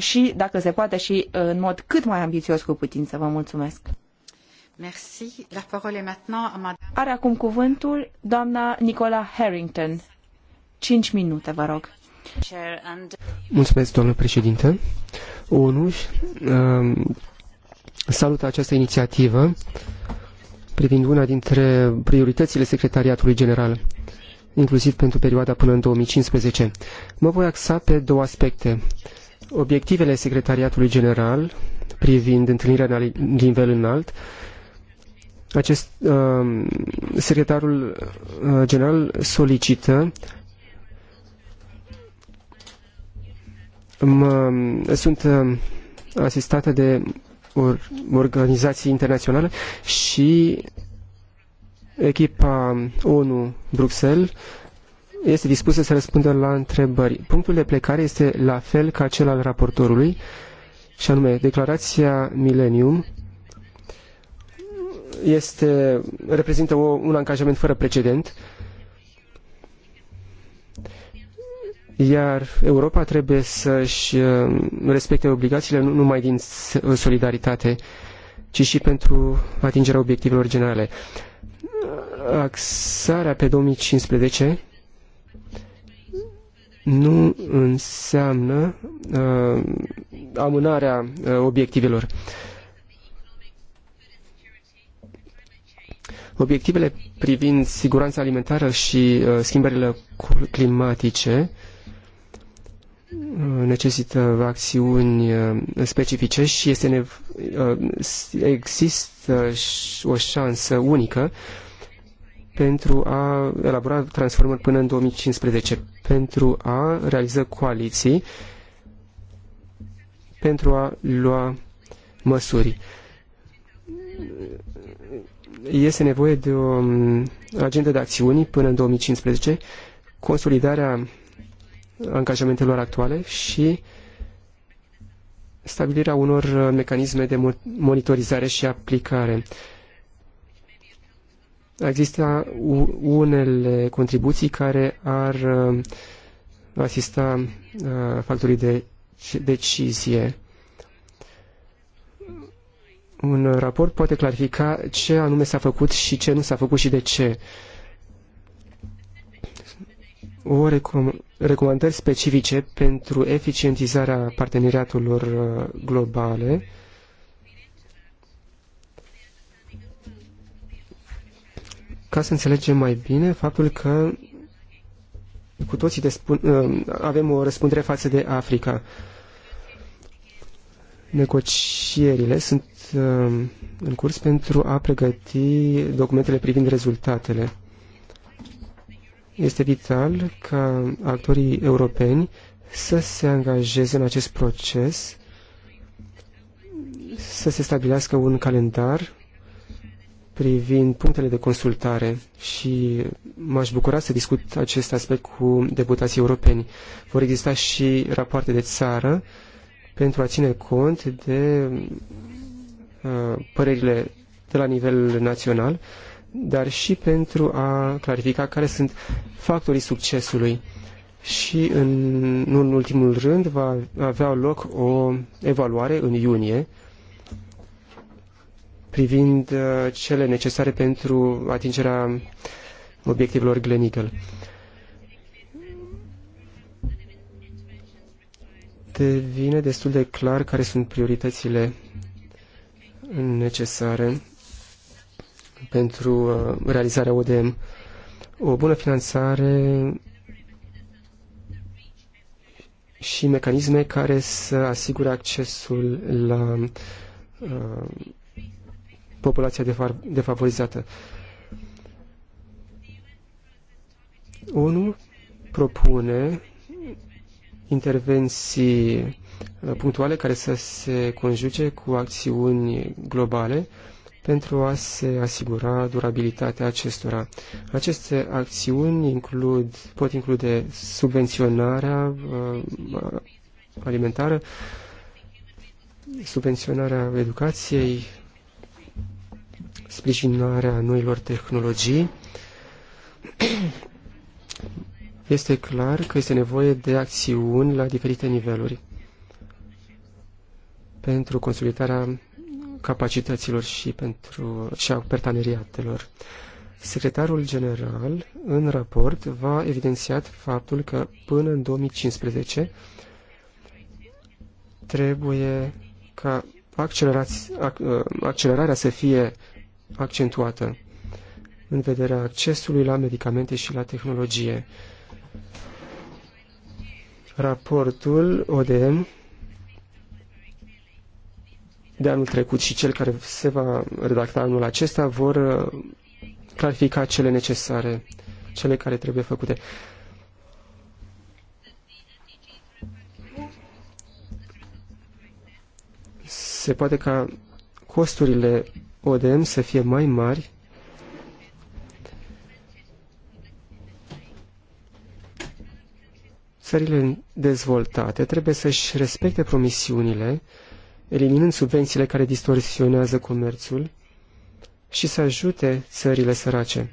și, dacă se poate, și uh, în mod cât mai ambițios cu putință. Vă mulțumesc! Are acum cuvântul doamna Nicola Harrington. Cinci minute, vă rog. Mulțumesc, doamnă președinte. ONU um, salută această inițiativă privind una dintre prioritățile Secretariatului General inclusiv pentru perioada până în 2015. Mă voi axa pe două aspecte. Obiectivele Secretariatului General privind întâlnirea la nivel înalt acest uh, secretarul uh, general solicită mă, sunt uh, um, asistată de or, organizații internaționale și echipa ONU Bruxelles este dispusă să răspundă la întrebări. Punctul de plecare este la fel ca cel al raportorului, și anume declarația Millennium este, reprezintă o, un angajament fără precedent, iar Europa trebuie să-și uh, respecte obligațiile nu numai din solidaritate, ci și pentru atingerea obiectivelor generale axarea pe 2015 nu înseamnă uh, amânarea uh, obiectivelor. Obiectivele privind siguranța alimentară și uh, schimbările climatice uh, necesită acțiuni uh, specifice și este nev- uh, există o șansă unică pentru a elabora transformări până în 2015, pentru a realiza coaliții, pentru a lua măsuri. Este nevoie de o um, agendă de acțiuni până în 2015, consolidarea angajamentelor actuale și stabilirea unor uh, mecanisme de monitorizare și aplicare. Există unele contribuții care ar uh, asista uh, factorii de decizie. Un raport poate clarifica ce anume s-a făcut și ce nu s-a făcut și de ce. O recom recomandări specifice pentru eficientizarea parteneriatelor uh, globale ca să înțelegem mai bine faptul că cu toții ă, avem o răspundere față de Africa. Negocierile sunt ă, în curs pentru a pregăti documentele privind rezultatele. Este vital ca actorii europeni să se angajeze în acest proces, să se stabilească un calendar privind punctele de consultare și m-aș bucura să discut acest aspect cu deputații europeni. Vor exista și rapoarte de țară pentru a ține cont de uh, părerile de la nivel național, dar și pentru a clarifica care sunt factorii succesului. Și în, în ultimul rând va avea loc o evaluare în iunie privind uh, cele necesare pentru atingerea obiectivelor Glen Eagle. Devine destul de clar care sunt prioritățile necesare pentru uh, realizarea ODM. O bună finanțare și mecanisme care să asigure accesul la uh, populația defavorizată. 1 propune intervenții uh, punctuale care să se conjuge cu acțiuni globale pentru a se asigura durabilitatea acestora. Aceste acțiuni includ, pot include subvenționarea uh, alimentară, subvenționarea educației, sprijinarea noilor tehnologii, este clar că este nevoie de acțiuni la diferite niveluri pentru consolidarea capacităților și, pentru, și a parteneriatelor. Secretarul general, în raport, va evidențiat faptul că până în 2015 trebuie ca accelerarea să fie accentuată în vederea accesului la medicamente și la tehnologie. Raportul ODM de anul trecut și cel care se va redacta anul acesta vor uh, clarifica cele necesare, cele care trebuie făcute. Se poate ca costurile ODM să fie mai mari Țările dezvoltate trebuie să-și respecte promisiunile, eliminând subvențiile care distorsionează comerțul și să ajute țările sărace.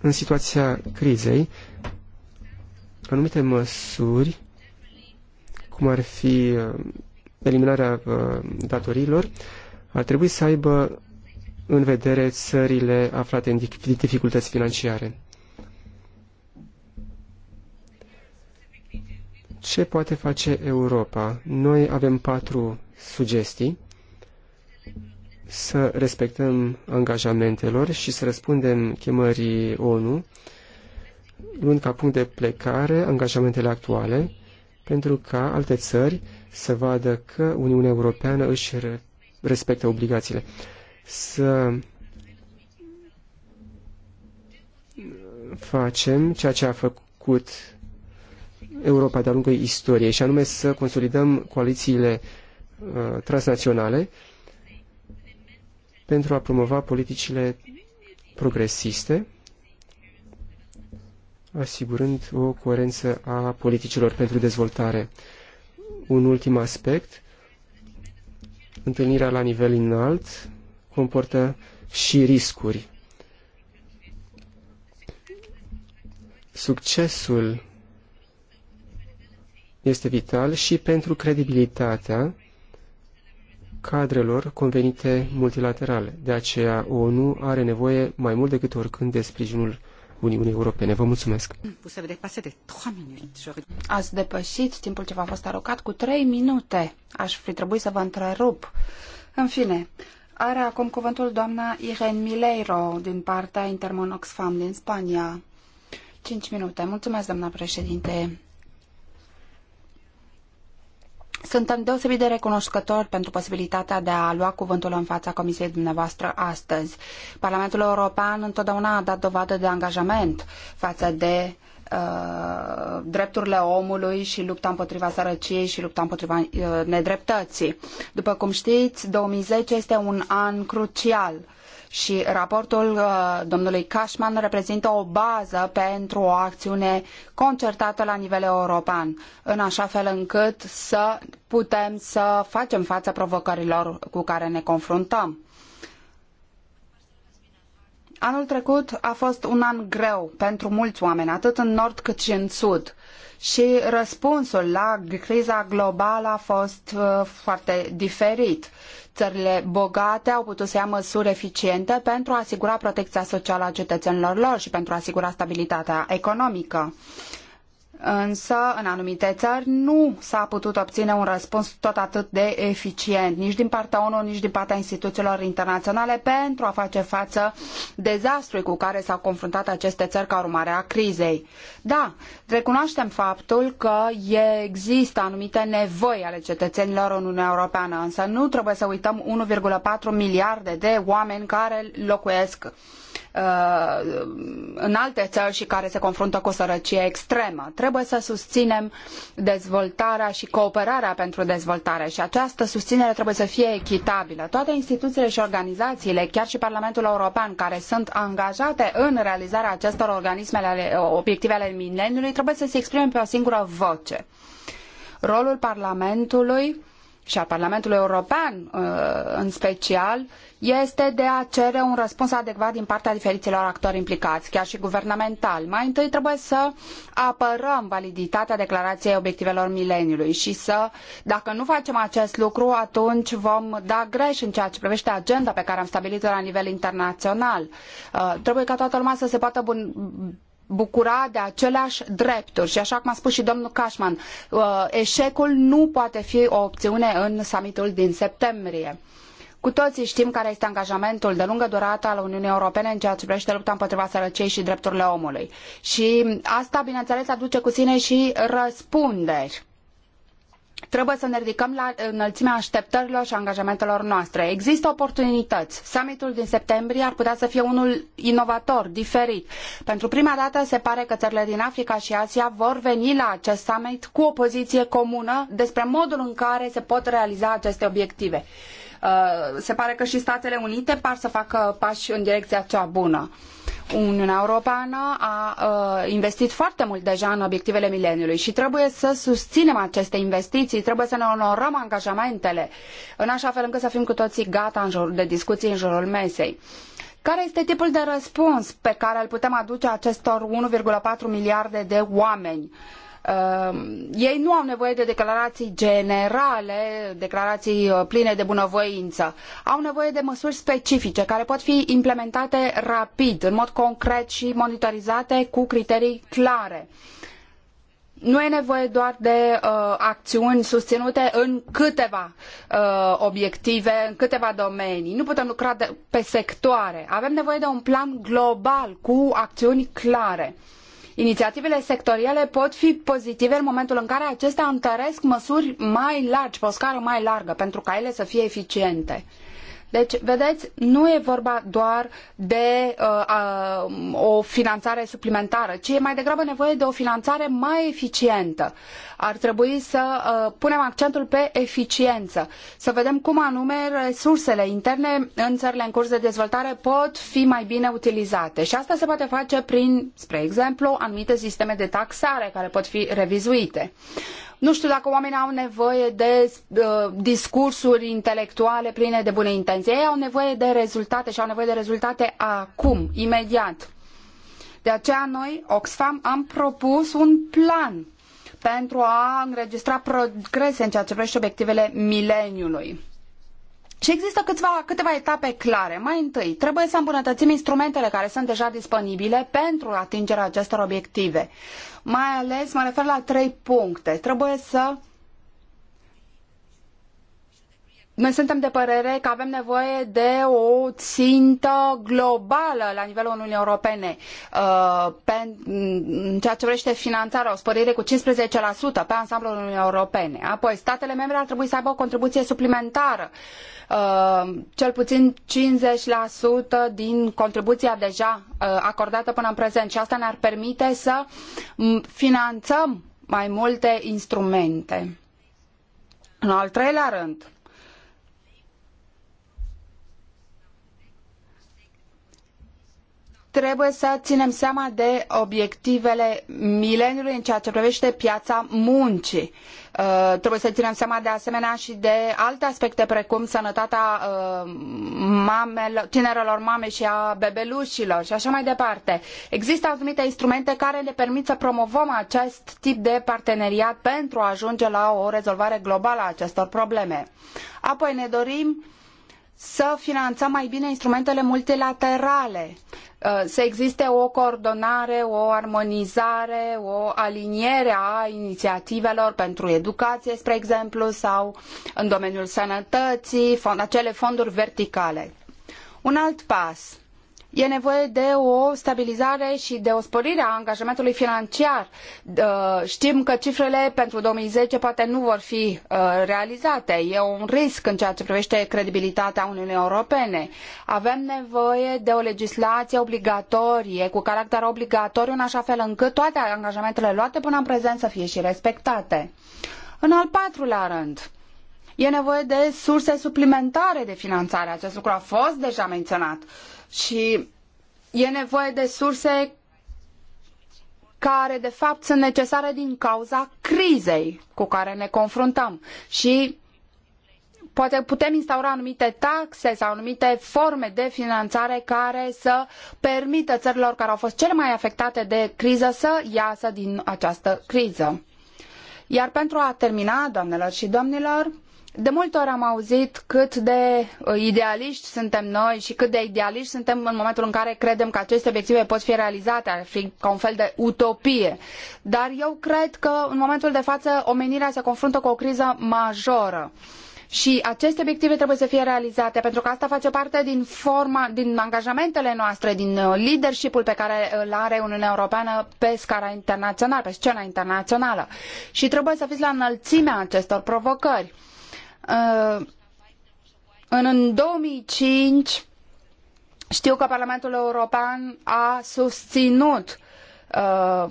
în situația crizei, anumite măsuri, cum ar fi uh, eliminarea uh, datorilor, ar trebui să aibă în vedere țările aflate în dificultăți financiare. Ce poate face Europa? Noi avem patru sugestii să respectăm angajamentelor și să răspundem chemării ONU, luând ca punct de plecare angajamentele actuale, pentru ca alte țări să vadă că Uniunea Europeană își respectă obligațiile. Să facem ceea ce a făcut Europa de-a lungul istoriei, și anume să consolidăm coalițiile uh, transnaționale pentru a promova politicile progresiste, asigurând o coerență a politicilor pentru dezvoltare. Un ultim aspect, întâlnirea la nivel înalt comportă și riscuri. Succesul este vital și pentru credibilitatea cadrelor convenite multilaterale. De aceea, ONU are nevoie mai mult decât oricând de sprijinul Uniunii Europene. Vă mulțumesc! Ați depășit timpul ce v-a fost alocat cu 3 minute. Aș fi trebuit să vă întrerup. În fine, are acum cuvântul doamna Irene Mileiro din partea Intermon Oxfam din Spania. 5 minute. Mulțumesc, doamna președinte. Suntem deosebit de recunoscători pentru posibilitatea de a lua cuvântul în fața comisiei dumneavoastră astăzi. Parlamentul European întotdeauna a dat dovadă de angajament față de uh, drepturile omului și lupta împotriva sărăciei și lupta împotriva uh, nedreptății. După cum știți, 2010 este un an crucial și raportul uh, domnului Cashman reprezintă o bază pentru o acțiune concertată la nivel european, în așa fel încât să putem să facem față provocărilor cu care ne confruntăm. Anul trecut a fost un an greu pentru mulți oameni, atât în nord cât și în sud. Și răspunsul la criza globală a fost uh, foarte diferit. Țările bogate au putut să ia măsuri eficiente pentru a asigura protecția socială a cetățenilor lor și pentru a asigura stabilitatea economică. Uh, Însă, în anumite țări, nu s-a putut obține un răspuns tot atât de eficient, nici din partea ONU, nici din partea instituțiilor internaționale, pentru a face față dezastrului cu care s-au confruntat aceste țări ca urmare a crizei. Da, recunoaștem faptul că există anumite nevoi ale cetățenilor în Uniunea Europeană, însă nu trebuie să uităm 1,4 miliarde de oameni care locuiesc Uh, în alte țări și care se confruntă cu o sărăcie extremă. Trebuie să susținem dezvoltarea și cooperarea pentru dezvoltare și această susținere trebuie să fie echitabilă. Toate instituțiile și organizațiile, chiar și Parlamentul European, care sunt angajate în realizarea acestor organisme, ale ale mileniului, trebuie să se exprime pe o singură voce. Rolul Parlamentului și a Parlamentului European uh, în special este de a cere un răspuns adecvat din partea diferiților actori implicați, chiar și guvernamental. Mai întâi trebuie să apărăm validitatea declarației obiectivelor mileniului și să, dacă nu facem acest lucru, atunci vom da greș în ceea ce privește agenda pe care am stabilit-o la nivel internațional. Uh, trebuie ca toată lumea să se poată bun bucura de aceleași drepturi. Și așa cum a spus și domnul Cashman, uh, eșecul nu poate fi o opțiune în summitul din septembrie. Cu toții știm care este angajamentul de lungă durată al Uniunii Europene în ceea ce privește lupta împotriva sărăciei și drepturile omului. Și asta, bineînțeles, aduce cu sine și răspunderi trebuie să ne ridicăm la înălimea ateptărilor i angajamentelor noastre. Există oportunităi. Summitul din septembrie ar putea să fie unul inovator, diferit. Pentru prima dată se pare că ările din Africa i Asia vor veni la acest summit cu o poziie comună despre modul în care se pot realiza aceste obiective. Uh, se pare că și Statele Unite par să facă pași în direcția cea bună. Uh, Uniunea Europeană a ă, investit foarte mult deja în obiectivele mileniului și trebuie să susținem aceste investiții, trebuie să ne onorăm angajamentele, în așa fel încât să fim cu toții gata în jurul de discuții în jurul mesei. Care este tipul de răspuns pe care îl putem aduce acestor 1,4 miliarde de oameni? Uh, Um, ei nu au nevoie de declarații generale, declarații uh, pline de bunăvoință. Au nevoie de măsuri specifice care pot fi implementate rapid, în mod concret și monitorizate cu criterii clare. Nu e nevoie doar de uh, acțiuni susținute în câteva uh, obiective, în câteva domenii. Nu putem lucra de, pe sectoare. Avem nevoie de un plan global cu acțiuni clare. Uh, Inițiativele sectoriale pot fi pozitive în momentul în care acestea întăresc măsuri mai largi, pe o scară mai largă, pentru ca ele să fie eficiente. Deci, vedeți, nu e vorba doar de uh, uh, o finanțare suplimentară, ci e mai degrabă nevoie de o finanțare mai eficientă. Ar trebui să uh, punem accentul pe eficiență, să vedem cum anume resursele interne în țările în curs de dezvoltare pot fi mai bine utilizate. Și asta se poate face prin, spre exemplu, anumite sisteme de taxare care pot fi revizuite. Nu știu dacă oamenii au nevoie de uh, discursuri intelectuale pline de bune intenții. Ei au nevoie de rezultate și au nevoie de rezultate acum, imediat. De aceea noi, Oxfam, am propus un plan pentru a înregistra progrese în ceea ce privește obiectivele mileniului. Și există câțiva, câteva etape clare. Mai întâi, trebuie să îmbunătățim instrumentele care sunt deja disponibile pentru atingerea acestor obiective. Mai ales mă refer la trei puncte. Trebuie să noi suntem de părere că avem nevoie de o țintă globală la nivelul Uniunii Europene uh, în ceea ce privește finanțarea, o spărire cu 15% pe ansamblul Uniunii Europene. Apoi, statele membre ar trebui să aibă o contribuție suplimentară, uh, cel puțin 50% din contribuția deja uh, acordată până în prezent și asta ne-ar permite să finanțăm mai multe instrumente. În al treilea rând, trebuie să ținem seama de obiectivele mileniului în ceea ce privește piața muncii. Uh, trebuie să ținem seama de asemenea și de alte aspecte precum sănătatea uh, mamelor, tinerelor mame și a bebelușilor și așa mai departe. Există anumite instrumente care ne permit să promovăm acest tip de parteneriat pentru a ajunge la o rezolvare globală a acestor probleme. Apoi ne dorim uh, să finanțăm mai bine instrumentele multilaterale, uh, să existe o coordonare, o armonizare, o aliniere a inițiativelor pentru educație, spre exemplu, sau în domeniul sănătății, acele fonduri verticale. Un alt pas e nevoie de o stabilizare și de o sporire a angajamentului financiar. Știm că cifrele pentru 2010 poate nu vor fi uh, realizate. E un risc în ceea ce privește credibilitatea Uniunii Europene. Avem nevoie de o legislație obligatorie, cu caracter obligatoriu, în așa fel încât toate angajamentele luate până în prezent să fie și respectate. În al patrulea rând, e nevoie de surse suplimentare de finanțare. Acest lucru a fost deja menționat și e nevoie de surse care de fapt sunt necesare din cauza crizei cu care ne confruntăm și poate putem instaura anumite taxe sau anumite forme de finanțare care să permită țărilor care au fost cele mai afectate de criză să iasă din această criză. Iar pentru a termina, doamnelor și domnilor, de multe ori am auzit cât de uh, idealiști suntem noi și cât de idealiști suntem în momentul în care credem că aceste obiective pot fi realizate, ar fi ca un fel de utopie. Dar eu cred că în momentul de față omenirea se confruntă cu o criză majoră. Și aceste obiective trebuie să fie realizate, pentru că asta face parte din forma, din angajamentele noastre, din uh, leadershipul pe care îl are Uniunea Europeană pe scara internațională, pe scena internațională. Și trebuie să fiți la înălțimea acestor provocări. Uh, în 2005 știu că Parlamentul European a susținut uh,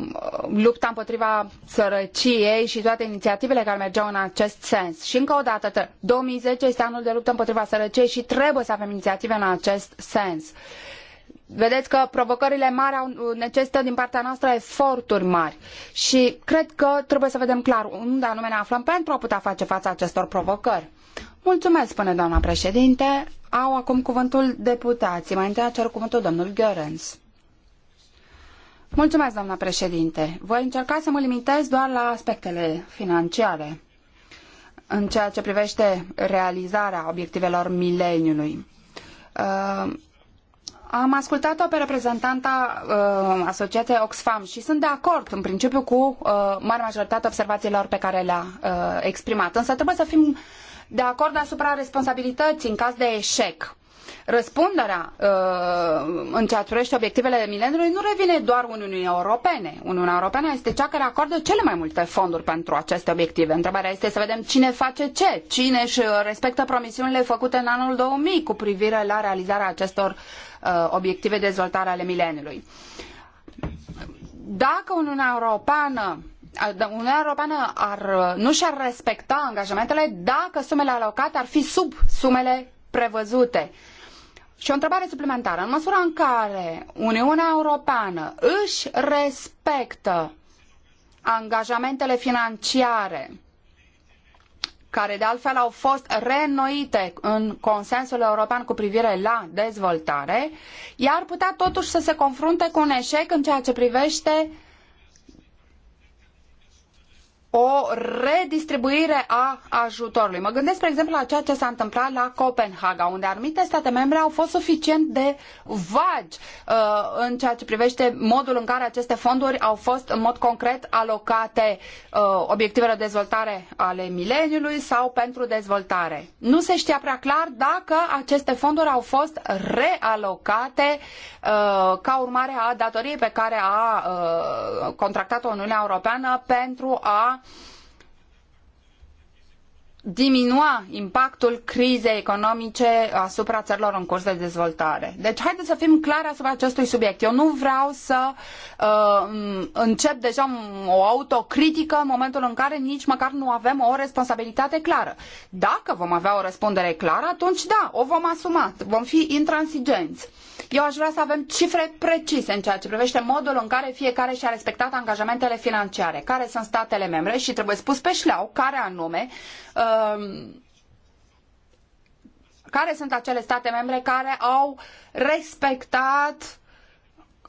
lupta împotriva sărăciei și toate inițiativele care mergeau în acest sens. Și încă o dată, 2010 este anul de luptă împotriva sărăciei și trebuie să avem inițiative în acest sens. Vedeți că provocările mari au, necesită din partea noastră eforturi mari și cred că trebuie să vedem clar unde anume ne aflăm pentru a putea face față acestor provocări. Mulțumesc, spune doamna președinte. Au acum cuvântul deputații. Mai întâi cer cuvântul domnul Görens. Mulțumesc, doamna președinte. Voi încerca să mă limitez doar la aspectele financiare în ceea ce privește realizarea obiectivelor mileniului. Uh, am ascultat-o pe reprezentanta uh, Asociației Oxfam și sunt de acord în principiu cu uh, mare majoritatea observațiilor pe care le-a uh, exprimat. Însă trebuie să fim de acord asupra responsabilității în caz de eșec. Răspunderea uh, în ceea ce privește obiectivele mileniului nu revine doar Uniunii Europene. Uniunea Europeană este cea care acordă cele mai multe fonduri pentru aceste obiective. Întrebarea este să vedem cine face ce, cine își respectă promisiunile făcute în anul 2000 cu privire la realizarea acestor uh, Uh, obiective de dezvoltare ale mileniului. Dacă Uniunea Europeană uh, da, Uniunea Europeană ar, uh, nu și-ar respecta angajamentele dacă sumele alocate ar fi sub sumele prevăzute. Și o întrebare suplimentară. În măsura în care Uniunea Europeană își respectă angajamentele financiare care de altfel au fost reînnoite în consensul european cu privire la dezvoltare, ea ar putea totuși să se confrunte cu un eșec în ceea ce privește o redistribuire a ajutorului. Mă gândesc, spre exemplu, la ceea ce s-a întâmplat la Copenhaga, unde anumite state membre au fost suficient de vagi uh, în ceea ce privește modul în care aceste fonduri au fost în mod concret alocate uh, obiectivelor de dezvoltare ale mileniului sau pentru dezvoltare. Nu se știa prea clar dacă aceste fonduri au fost realocate uh, ca urmare a datoriei pe care a uh, contractat-o Uniunea Europeană pentru a diminua impactul crizei economice asupra țărilor în curs de dezvoltare. Deci haideți să fim clari asupra acestui subiect. Eu nu vreau să uh, încep deja o autocritică în momentul în care nici măcar nu avem o responsabilitate clară. Dacă vom avea o răspundere clară, atunci da, o vom asuma, vom fi intransigenți. Uh, eu aș vrea să avem cifre precise în ceea ce privește modul în care fiecare și-a respectat angajamentele financiare, care sunt statele membre și trebuie spus pe șleau care anume um, care sunt acele state membre care au respectat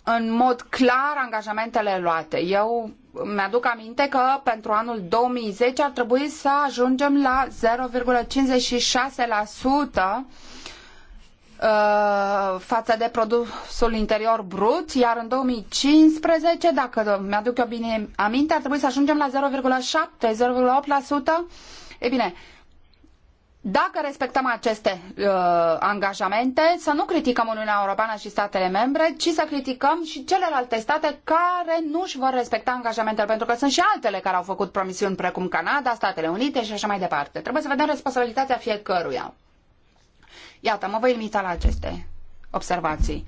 în mod clar angajamentele luate. Eu mi-aduc aminte că pentru anul 2010 ar trebui să ajungem la 0,56% Uh, față de produsul interior brut, iar în 2015, dacă mi-aduc eu bine aminte, ar trebui să ajungem la 0,7-0,8%. E bine, dacă respectăm aceste uh, angajamente, să nu criticăm Uniunea Europeană și statele membre, ci să criticăm și celelalte state care nu își vor respecta angajamentele, pentru că sunt și altele care au făcut promisiuni, precum Canada, Statele Unite și așa mai departe. Trebuie să vedem responsabilitatea fiecăruia. Iată, mă voi limita la aceste observații.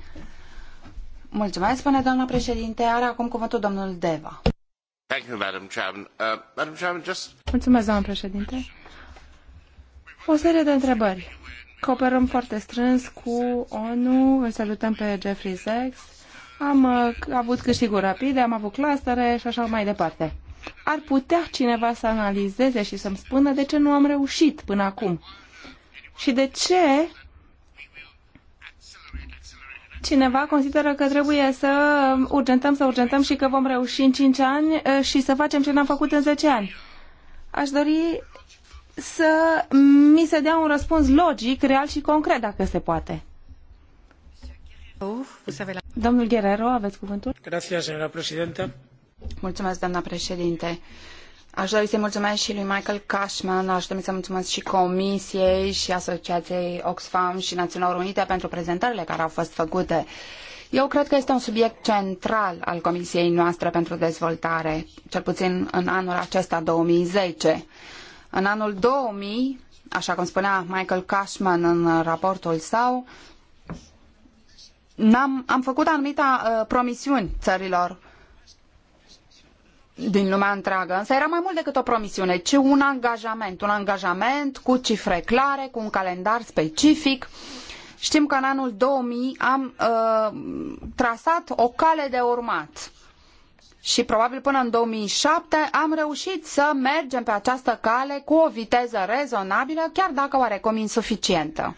Mulțumesc, spune doamna președinte. Are acum cuvântul domnul Deva. Uh, Mulțumesc, doamnă președinte. O serie de întrebări. Cooperăm foarte strâns cu ONU, îl salutăm pe Jeffrey Sachs, am uh, avut câștiguri rapide, am avut clastere și așa mai departe. Ar putea cineva să analizeze și să-mi spună de ce nu am reușit până acum? Și de ce cineva consideră că trebuie să urgentăm, să urgentăm și că vom reuși în 5 ani și să facem ce n-am făcut în 10 ani. Aș dori să mi se dea un răspuns logic, real și concret, dacă se poate. Domnul Guerrero, aveți cuvântul? Gracias, señora presidenta. Mulțumesc, doamna președinte. Aș dori să-i mulțumesc și lui Michael Cashman, aș dori să mulțumesc și Comisiei și Asociației Oxfam și Națiunilor Unite pentru prezentările care au fost făcute. Eu cred că este un subiect central al Comisiei noastre pentru dezvoltare, cel puțin în anul acesta 2010. În anul 2000, așa cum spunea Michael Cashman în raportul său, am făcut anumite uh, promisiuni țărilor din lumea întreagă, însă era mai mult decât o promisiune, ci un angajament, un angajament cu cifre clare, cu un calendar specific. Știm că în anul 2000 am uh, trasat o cale de urmat și probabil până în 2007 am reușit să mergem pe această cale cu o viteză rezonabilă, chiar dacă oarecum insuficientă.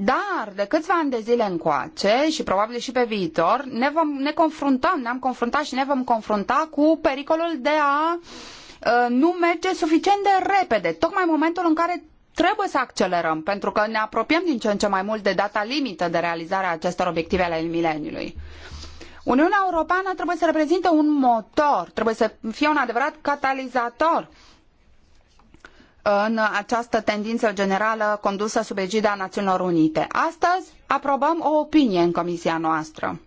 Dar de câțiva ani de zile încoace și probabil și pe viitor ne, vom, ne confruntăm, ne-am confruntat și ne vom confrunta cu pericolul de a uh, nu merge suficient de repede, tocmai în momentul în care trebuie să accelerăm, pentru că ne apropiem din ce în ce mai mult de data limită de realizare a acestor obiective ale mileniului. Uniunea Europeană trebuie să reprezinte un motor, trebuie să fie un adevărat catalizator în această tendință generală condusă sub egida Națiunilor Unite. Astăzi aprobăm o opinie în comisia noastră.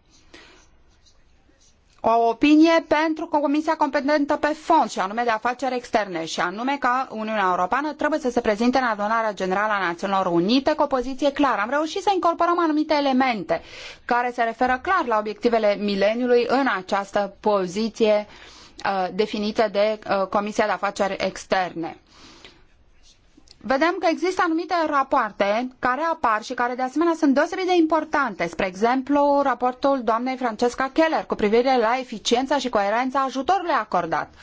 O opinie pentru comisia competentă pe fond și anume de afaceri externe și anume că Uniunea Europeană trebuie să se prezinte în adunarea generală a Națiunilor Unite cu o poziție clară. Am reușit să incorporăm anumite elemente care se referă clar la obiectivele mileniului în această poziție uh, definită de uh, Comisia de Afaceri Externe vedem că există anumite rapoarte care apar și care de asemenea sunt deosebit de importante. Spre exemplu, raportul doamnei Francesca Keller cu privire la eficiența și coerența ajutorului acordat.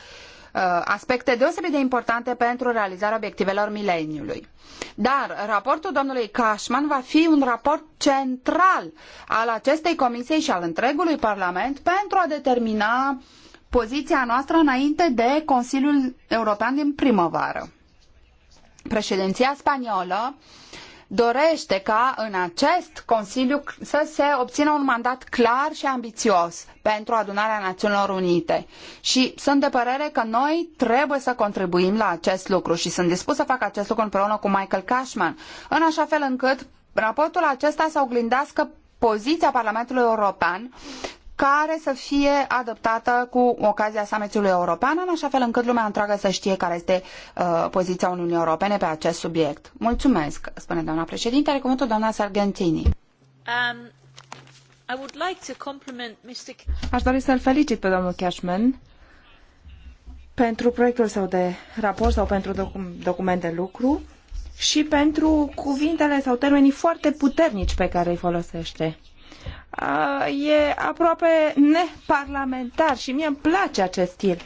Uh, aspecte deosebit de importante pentru realizarea obiectivelor mileniului. Dar raportul domnului Cashman va fi un raport central al acestei comisii și al întregului Parlament pentru a determina poziția noastră înainte de Consiliul European din primăvară preedinia spaniolă dorește ca în acest Consiliu să se obțină un mandat clar și ambiios pentru adunarea Națiunilor Unite. Și sunt de părere că noi trebuie să contribuim la acest lucru și sunt dispus să fac acest lucru împreună cu Michael Cashman, în așa fel încât raportul acesta să oglindească poziția Parlamentului European care să fie adoptată cu ocazia summitului european, în așa fel încât lumea întreagă să știe care este uh, poziția Uniunii Europene pe acest subiect. Mulțumesc, spune doamna președinte, are cuvântul doamna Sargentini. Um... I would like to compliment Mr. Aș dori să-l felicit pe domnul Cashman pentru proiectul său de raport sau pentru document, document de lucru și pentru cuvintele sau termenii foarte puternici pe care îi folosește. Ah, e aproape neparlamentar și mie îmi place acest stil.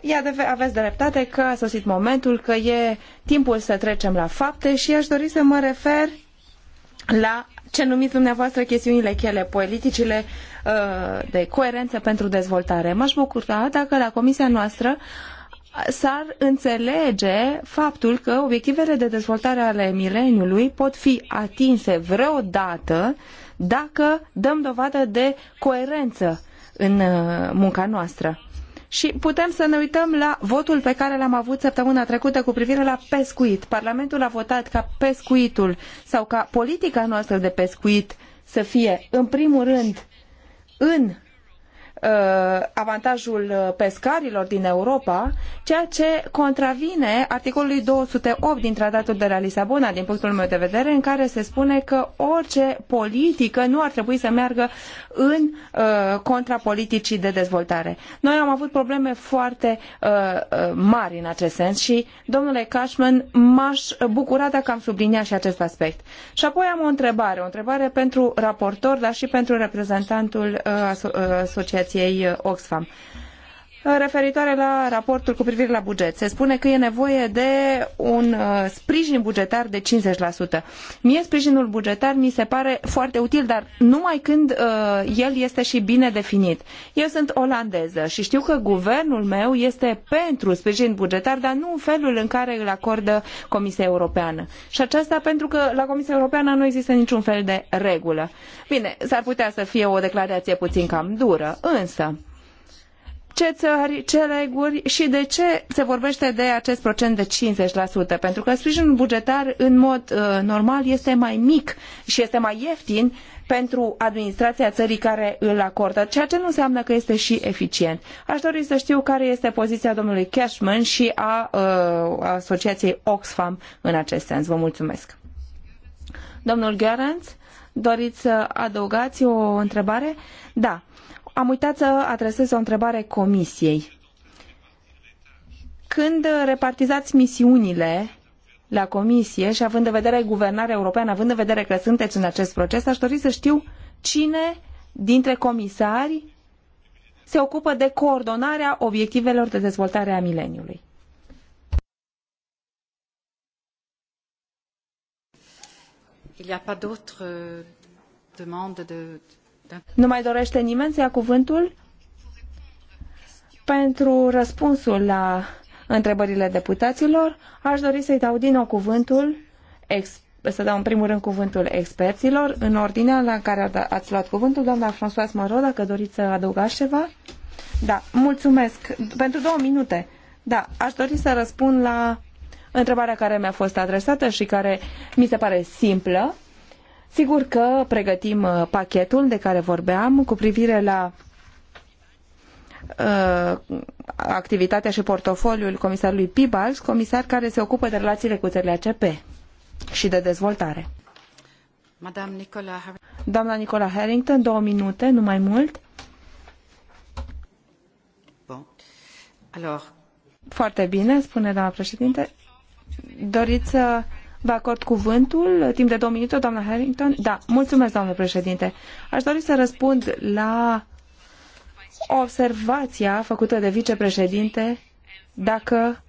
Ia aveți dreptate că a sosit momentul, că e timpul să trecem la fapte și aș dori să mă refer la ce numiți dumneavoastră chestiunile chele, politicile uh, de coerență pentru dezvoltare. M-aș bucura dacă la comisia noastră s-ar înțelege faptul că obiectivele de dezvoltare ale mileniului pot fi atinse vreodată uh, dacă dăm dovadă de coerență în uh, munca noastră. Și putem să ne uităm la votul pe care l-am avut săptămâna trecută cu privire la pescuit. Parlamentul a votat ca pescuitul sau ca politica noastră de pescuit să fie, în primul rând, în Uh, avantajul pescarilor din Europa, ceea ce contravine articolului 208 din Tratatul de la Lisabona, din punctul meu de vedere, în care se spune că orice politică nu ar trebui să meargă în uh, contra politicii de dezvoltare. Noi am avut probleme foarte uh, uh mari în acest sens și, domnule Cashman, m-aș bucura dacă am subliniat și acest aspect. Și apoi am o întrebare, o întrebare pentru raportor, dar și pentru reprezentantul uh, uh asociației Fundației uh, Oxfam referitoare la raportul cu privire la buget. Se spune că e nevoie de un uh, sprijin bugetar de 50%. Mie sprijinul bugetar mi se pare foarte util, dar numai când uh, el este și bine definit. Eu sunt olandeză și știu că guvernul meu este pentru sprijin bugetar, dar nu în felul în care îl acordă Comisia Europeană. Și aceasta pentru că la Comisia Europeană nu există niciun fel de regulă. Bine, s-ar putea să fie o declarație puțin cam dură, însă ce țări, ce reguli și de ce se vorbește de acest procent de 50%? Pentru că sprijinul bugetar, în mod uh, normal, este mai mic și este mai ieftin pentru administrația țării care îl acordă, ceea ce nu înseamnă că este și eficient. Aș dori să știu care este poziția domnului Cashman și a uh, asociației Oxfam în acest sens. Vă mulțumesc. Domnul Gerenț, doriți să adăugați o întrebare? Da. Uh, am uitat să adresez o întrebare comisiei. Când repartizați misiunile la comisie și având în vedere guvernarea europeană, având în vedere că sunteți în acest proces, aș dori să știu cine dintre comisari se ocupă de coordonarea obiectivelor de dezvoltare a mileniului. Il n'y a pas d'autres demandes de, da. Nu mai dorește nimeni să ia cuvântul? Pentru răspunsul la întrebările deputaților, aș dori să-i dau din nou cuvântul, ex, să dau în primul rând cuvântul experților, în ordinea la care da- ați luat cuvântul, doamna François Moro, dacă doriți să adăugați ceva. Da, mulțumesc. Pentru două minute. Da, aș dori să răspund la întrebarea care mi-a fost adresată și care mi se pare simplă. Sigur că pregătim uh, pachetul de care vorbeam cu privire la uh, activitatea și portofoliul comisarului Pibals, comisar care se ocupă de relațiile cu țările ACP și de dezvoltare. Nicola... Doamna Nicola Harrington, două minute, nu mai mult. Bun. Alors... Foarte bine, spune doamna președinte. Doriți să Vă acord cuvântul, timp de două minute, doamna Harrington? Da, mulțumesc, doamnă președinte. Aș dori să răspund la observația făcută de vicepreședinte dacă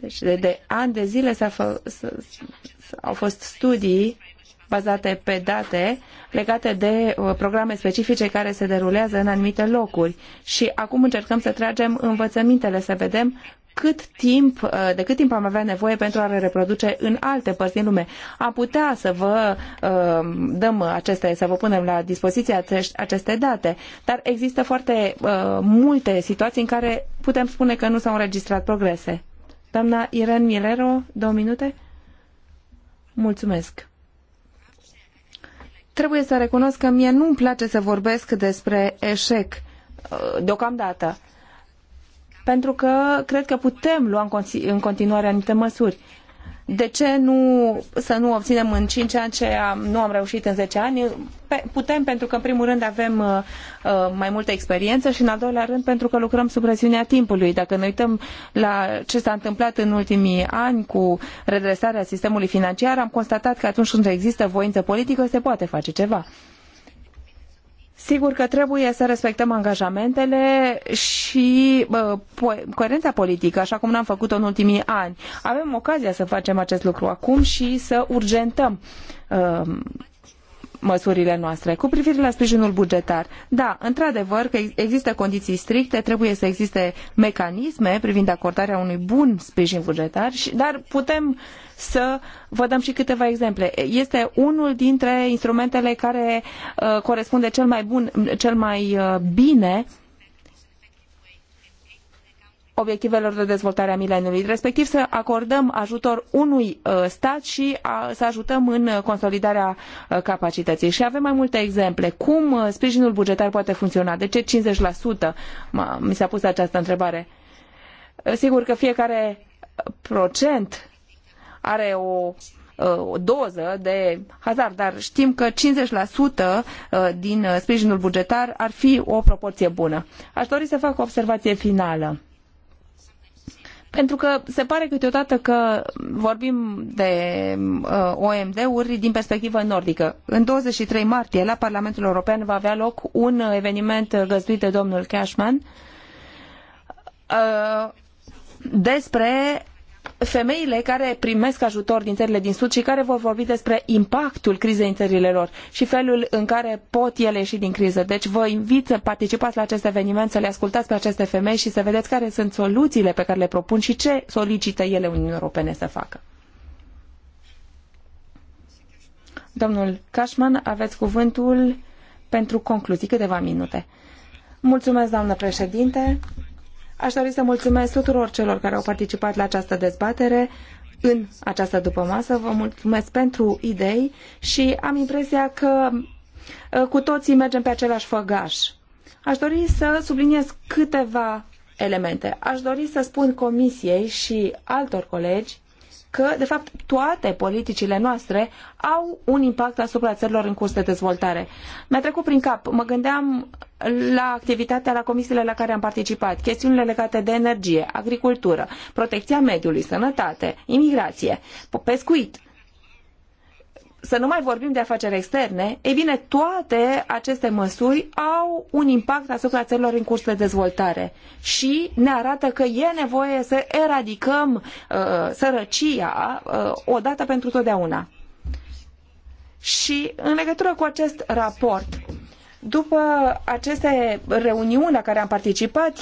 deci de, de ani de zile s-a fă, s -a, s -a, au fost studii bazate pe date legate de uh, programe specifice care se derulează în anumite locuri. Și acum încercăm să tragem învățămintele, să vedem cât timp, uh, de cât timp am avea nevoie pentru a le reproduce în alte părți din lume. Am putea să vă uh, dăm aceste, să vă punem la dispoziție aceste date, dar există foarte uh, multe situații în care putem spune că nu s-au înregistrat progrese. Doamna Irene Milero, două minute. Mulțumesc. Trebuie să recunosc că mie nu-mi place să vorbesc despre eșec deocamdată pentru că cred că putem lua în continuare anumite măsuri. De ce nu, să nu obținem în 5 ani ce am, nu am reușit în 10 ani? Pe, putem pentru că, în primul rând, avem uh, uh, mai multă experiență și, în al doilea rând, pentru că lucrăm sub presiunea timpului. Dacă ne uităm la ce s-a întâmplat în ultimii ani cu redresarea sistemului financiar, am constatat că atunci când există voință politică, se poate face ceva. Uh, Sigur că trebuie să respectăm angajamentele și coerența politică, așa cum n-am făcut-o în ultimii ani. Avem ocazia să facem acest lucru acum și să urgentăm uh, măsurile noastre. Cu privire la sprijinul bugetar, da, într-adevăr că există condiții stricte, trebuie să existe mecanisme privind acordarea unui bun sprijin bugetar, dar putem să vă dăm și câteva exemple. Este unul dintre instrumentele care uh, corespunde cel mai, bun, cel mai uh, bine uh, obiectivelor de dezvoltare a mileniului, respectiv să acordăm ajutor unui uh, stat și a, să ajutăm în consolidarea uh, capacității. Și avem mai multe exemple. Cum uh, sprijinul bugetar poate funcționa? De ce 50%? Mi s-a pus această întrebare. Sigur că fiecare procent are o o doză de hazard, dar știm că 50% din sprijinul bugetar ar fi o proporție bună. Aș dori să fac o observație finală. Pentru că se pare câteodată că vorbim de uh, OMD-uri din perspectivă nordică. În 23 martie, la Parlamentul European, va avea loc un eveniment găzduit de domnul Cashman uh, despre femeile care primesc ajutor din țările din Sud și care vor vorbi despre impactul crizei în țările lor și felul în care pot ele ieși din criză. Deci vă invit să participați la acest eveniment, să le ascultați pe aceste femei și să vedeți care sunt soluțiile pe care le propun și ce solicită ele Uniunii Europene să facă. Domnul Cashman, aveți cuvântul pentru concluzii, câteva minute. Mulțumesc, doamnă președinte. Aș dori să mulțumesc tuturor celor care au participat la această dezbatere în această dupămasă. Vă mulțumesc pentru idei și am impresia că uh, cu toții mergem pe același făgaș. Aș dori să subliniez câteva elemente. Aș dori să spun comisiei și altor colegi că, de fapt, toate politicile noastre au un impact asupra țărilor în curs de dezvoltare. Mi-a trecut prin cap, mă gândeam la activitatea la comisiile la care am participat, chestiunile legate de energie, agricultură, protecția mediului, sănătate, imigrație, pescuit, să nu mai vorbim de afaceri externe, ei bine, toate aceste măsuri au un impact asupra țărilor în curs de dezvoltare și ne arată că e nevoie să eradicăm uh, sărăcia uh, odată pentru totdeauna. Și în legătură cu acest raport, uh, după aceste reuniuni la care am participat,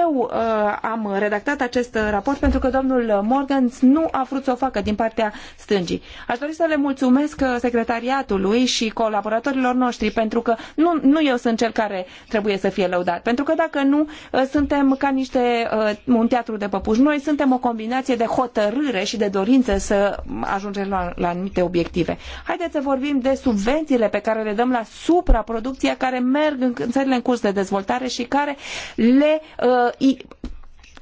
eu uh, am redactat acest raport pentru că domnul Morgans nu a vrut să o facă din partea stângii. Aș dori să le mulțumesc secretariatului și colaboratorilor noștri pentru că nu, nu eu sunt cel care trebuie să fie lăudat. Pentru că dacă nu, uh, suntem ca niște uh, un teatru de păpuși. Noi suntem o combinație de hotărâre și de dorință să ajungem la, la anumite obiective. Haideți să vorbim de subvențiile pe care le dăm la supraproducția care care merg în țările în curs de dezvoltare și care le uh,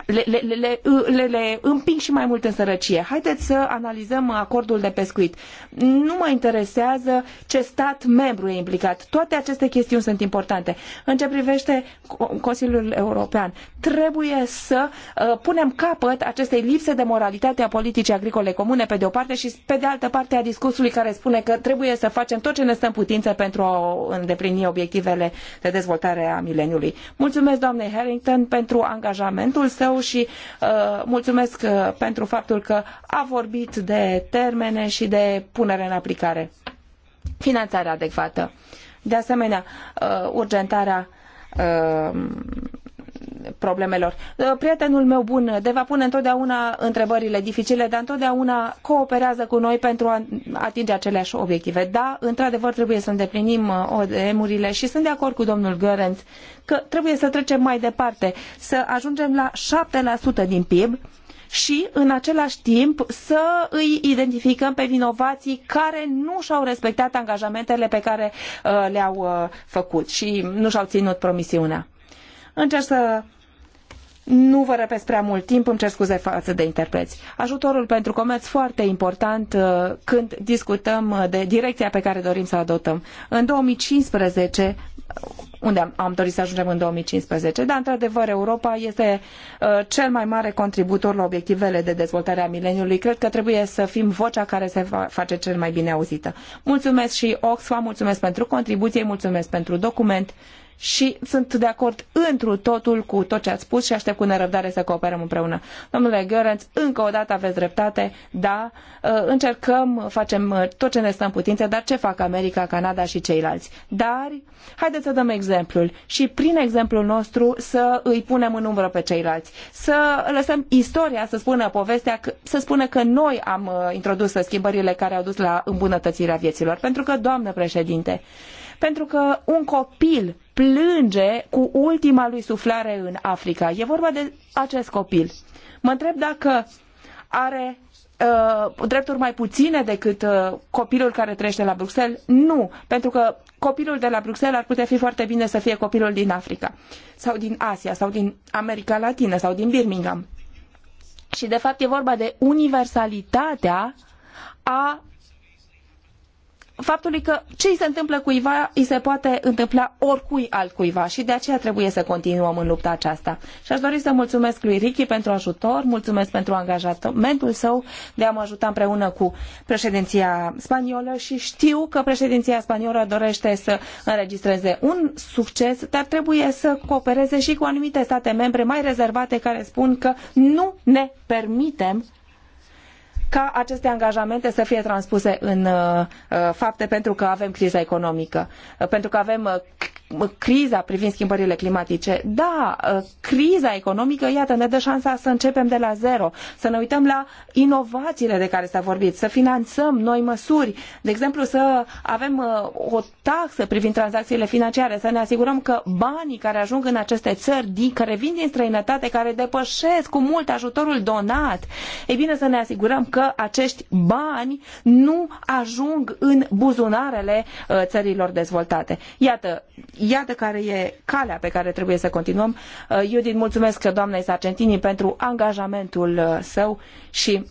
le, le, le, le, le împing și mai mult în sărăcie. Haideți să analizăm acordul de pescuit. Nu mă interesează ce stat membru e implicat. Toate aceste chestiuni sunt importante. În ce privește Consiliul European, trebuie să uh, punem capăt acestei lipse de moralitate a politicii agricole comune, pe de o parte, și pe de altă parte a discursului care spune că trebuie să facem tot ce ne stă în putință pentru a îndeplini obiectivele de dezvoltare a mileniului. Mulțumesc doamnei Harrington pentru angajamentul său greu și uh, mulțumesc uh, pentru faptul că a vorbit de termene și de punere în aplicare. Finanțarea adecvată. De asemenea, uh, urgentarea uh, problemelor. Uh, prietenul meu bun, de va pune întotdeauna întrebările dificile, dar întotdeauna cooperează cu noi pentru a atinge aceleași obiective. Da, într-adevăr trebuie să îndeplinim uh, ODM-urile și sunt de acord cu domnul Görent că trebuie să trecem mai departe, să ajungem la 7% din PIB, și în același timp să îi identificăm pe vinovații care nu și-au respectat angajamentele pe care uh, le-au uh, făcut și nu și-au ținut promisiunea. Încerc să nu vă răpesc prea mult timp, îmi cer scuze față de interpreți. Ajutorul pentru comerț foarte important uh, când discutăm uh, de direcția pe care dorim să o adoptăm. În 2015, unde am, am dorit să ajungem în 2015, dar într-adevăr Europa este uh, cel mai mare contributor la obiectivele de dezvoltare a mileniului. Cred că trebuie să fim vocea care se face cel mai bine auzită. Mulțumesc și Oxfam, mulțumesc pentru contribuție, mulțumesc pentru document și sunt de acord întru totul cu tot ce ați spus și aștept cu nerăbdare să cooperăm împreună. Domnule Gheorenț, încă o dată aveți dreptate, da, uh, încercăm, facem uh, tot ce ne stă în putință, dar ce fac America, Canada și ceilalți? Dar haideți să dăm exemplul și prin exemplul nostru să îi punem în umbră pe ceilalți, să lăsăm istoria să spună povestea, să spună că noi am uh, introdus schimbările care au dus la îmbunătățirea vieților. Pentru că, doamnă președinte, pentru că un copil plânge cu ultima lui suflare în Africa. E vorba de acest copil. Mă întreb dacă are uh, drepturi mai puține decât uh, copilul care trăiește la Bruxelles? Nu, pentru că copilul de la Bruxelles ar putea fi foarte bine să fie copilul din Africa sau din Asia sau din America Latină sau din Birmingham. Și de fapt e vorba de universalitatea a faptului că ce îi se întâmplă cuiva, îi se poate întâmpla oricui altcuiva și de aceea trebuie să continuăm în lupta aceasta. Și aș dori să mulțumesc lui Ricky pentru ajutor, mulțumesc pentru angajamentul său de a mă ajuta împreună cu președinția spaniolă și știu că președinția spaniolă dorește să înregistreze un succes, dar trebuie să coopereze și cu anumite state membre mai rezervate care spun că nu ne permitem ca aceste angajamente să fie transpuse în uh, uh, fapte pentru că avem criza economică, uh, pentru că avem criza privind schimbările climatice. Da, uh, criza economică, iată, ne dă șansa să începem de la zero, să ne uităm la inovațiile de care s-a vorbit, să finanțăm noi măsuri, de exemplu să avem uh, o taxă privind tranzacțiile financiare, să ne asigurăm că banii care ajung în aceste țări, din, care vin din străinătate, care depășesc cu mult ajutorul donat, e bine să ne asigurăm că acești bani nu ajung în buzunarele uh, țărilor dezvoltate. Iată, iată care e calea pe care trebuie să continuăm. Eu uh, din mulțumesc doamnei Sargentini pentru angajamentul uh, său și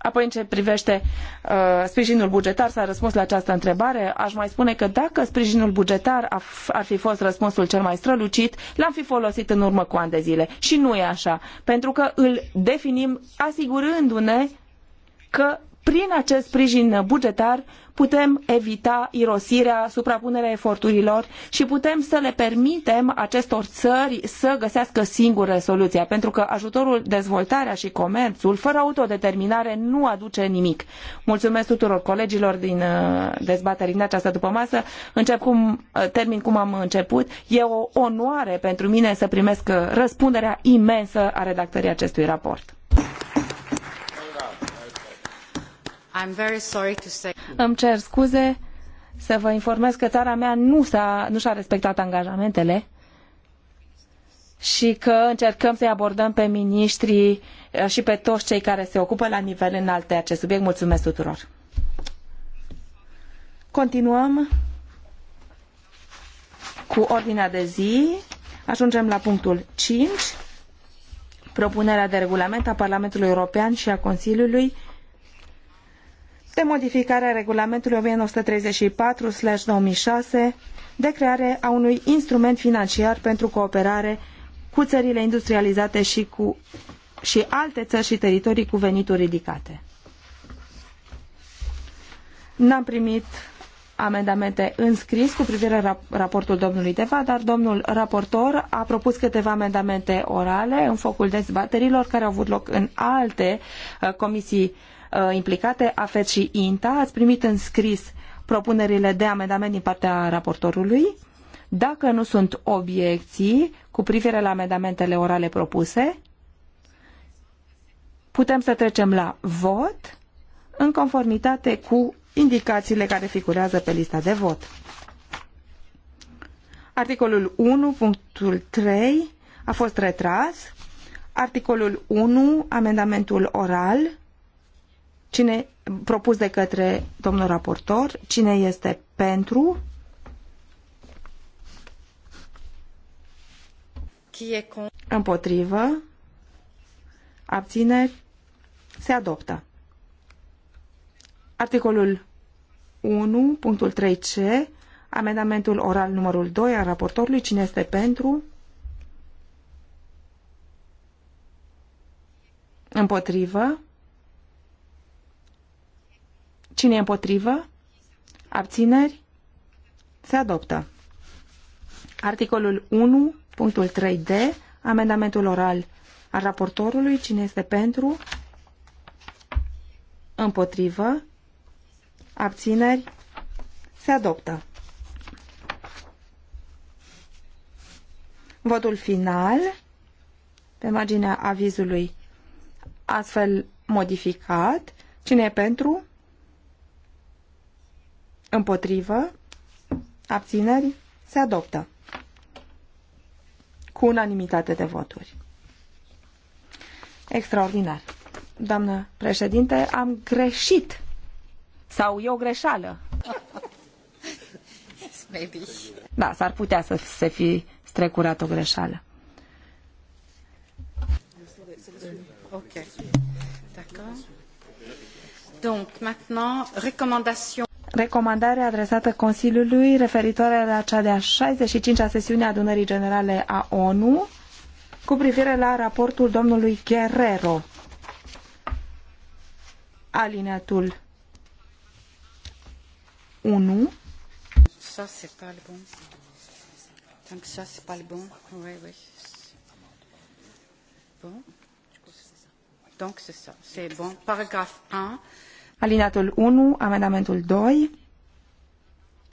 Apoi, în ce privește uh, sprijinul bugetar, s-a răspuns la această întrebare. Aș mai spune că dacă sprijinul bugetar ar fi fost răspunsul cel mai strălucit, l-am fi folosit în urmă cu ani de zile. Și nu e așa, pentru că îl definim asigurându-ne că prin acest sprijin bugetar putem evita irosirea, suprapunerea eforturilor și putem să le permitem acestor țări să găsească singure soluția, pentru că ajutorul, dezvoltarea și comerțul fără autodeterminare nu aduce nimic. Mulțumesc tuturor colegilor din uh, dezbaterii din această dupămasă. Încep cum, uh, termin cum am început. E o onoare pentru mine să primesc uh, răspunderea imensă a redactării acestui raport. I'm Îmi cer scuze să vă informez că țara mea nu, s-a, nu și-a respectat angajamentele și că încercăm să-i abordăm pe miniștrii eh, și pe toți cei care se ocupă la nivel înalt de acest subiect. Mulțumesc tuturor! Continuăm cu ordinea de zi. Ajungem la punctul 5, propunerea de regulament a Parlamentului European și a Consiliului de modificare a regulamentului 1934-2006 de creare a unui instrument financiar pentru cooperare cu țările industrializate și cu și alte țări și teritorii cu venituri ridicate. N-am primit amendamente înscris cu privire la raportul domnului Deva, dar domnul raportor a propus câteva amendamente orale în focul dezbaterilor care au avut loc în alte uh, comisii Uh, implicate, AFET și INTA. Ați primit în scris propunerile de amendament din partea raportorului. Dacă nu sunt obiecții cu privire la amendamentele orale propuse, putem să trecem la vot în conformitate cu indicațiile care figurează pe lista de vot. Articolul 1, punctul 3 a fost retras. Articolul 1, amendamentul oral, Cine propus de către domnul raportor, cine este pentru? Împotrivă? Abțineri? Se adoptă. Articolul 1, punctul 3c, amendamentul oral numărul 2 al raportorului, cine este pentru? Împotrivă? Cine e împotrivă? Abțineri? Se adoptă. Articolul 1, punctul 3D, amendamentul oral al raportorului. Cine este pentru? Împotrivă? Abțineri? Se adoptă. Votul final pe marginea avizului astfel modificat. Cine e pentru? Împotrivă. Abțineri. Se adoptă. Cu unanimitate de voturi. Extraordinar. Doamnă președinte, am greșit. Sau e o greșeală. Maybe. Da, s-ar putea să se fi strecurat o greșeală. Ok. D'accord. Donc, maintenant, recommandations recomandare adresată Consiliului referitoare la cea de-a 65-a sesiune a adunării generale a ONU cu privire la raportul domnului Guerrero. Alineatul 1. Ça, c'est pas le bon. Tant que ça, c'est pas le bon. Oui, oui. Bon. Donc, c'est ça. C'est bon. Paragraphe 1 Alinatul 1, amendamentul 2,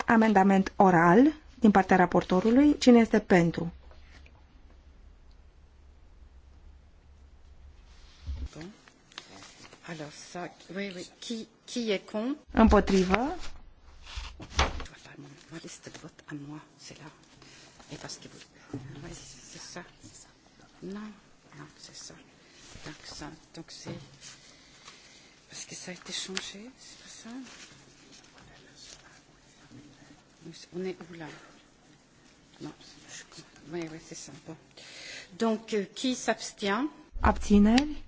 amendament oral din partea raportorului. Cine este pentru? Alors ça, oui, oui. Qui, qui est contre Împotrivă. Ma liste de vote à moi, c'est là. Et parce que vous... Oui, c'est ça. Non, non, c'est ça. Donc ça, donc c'est parce que ça a été changé, c'est pas ça On est où là Non, je... oui, oui, c'est ça. Bon. Donc, euh, qui s'abstient Abțineri.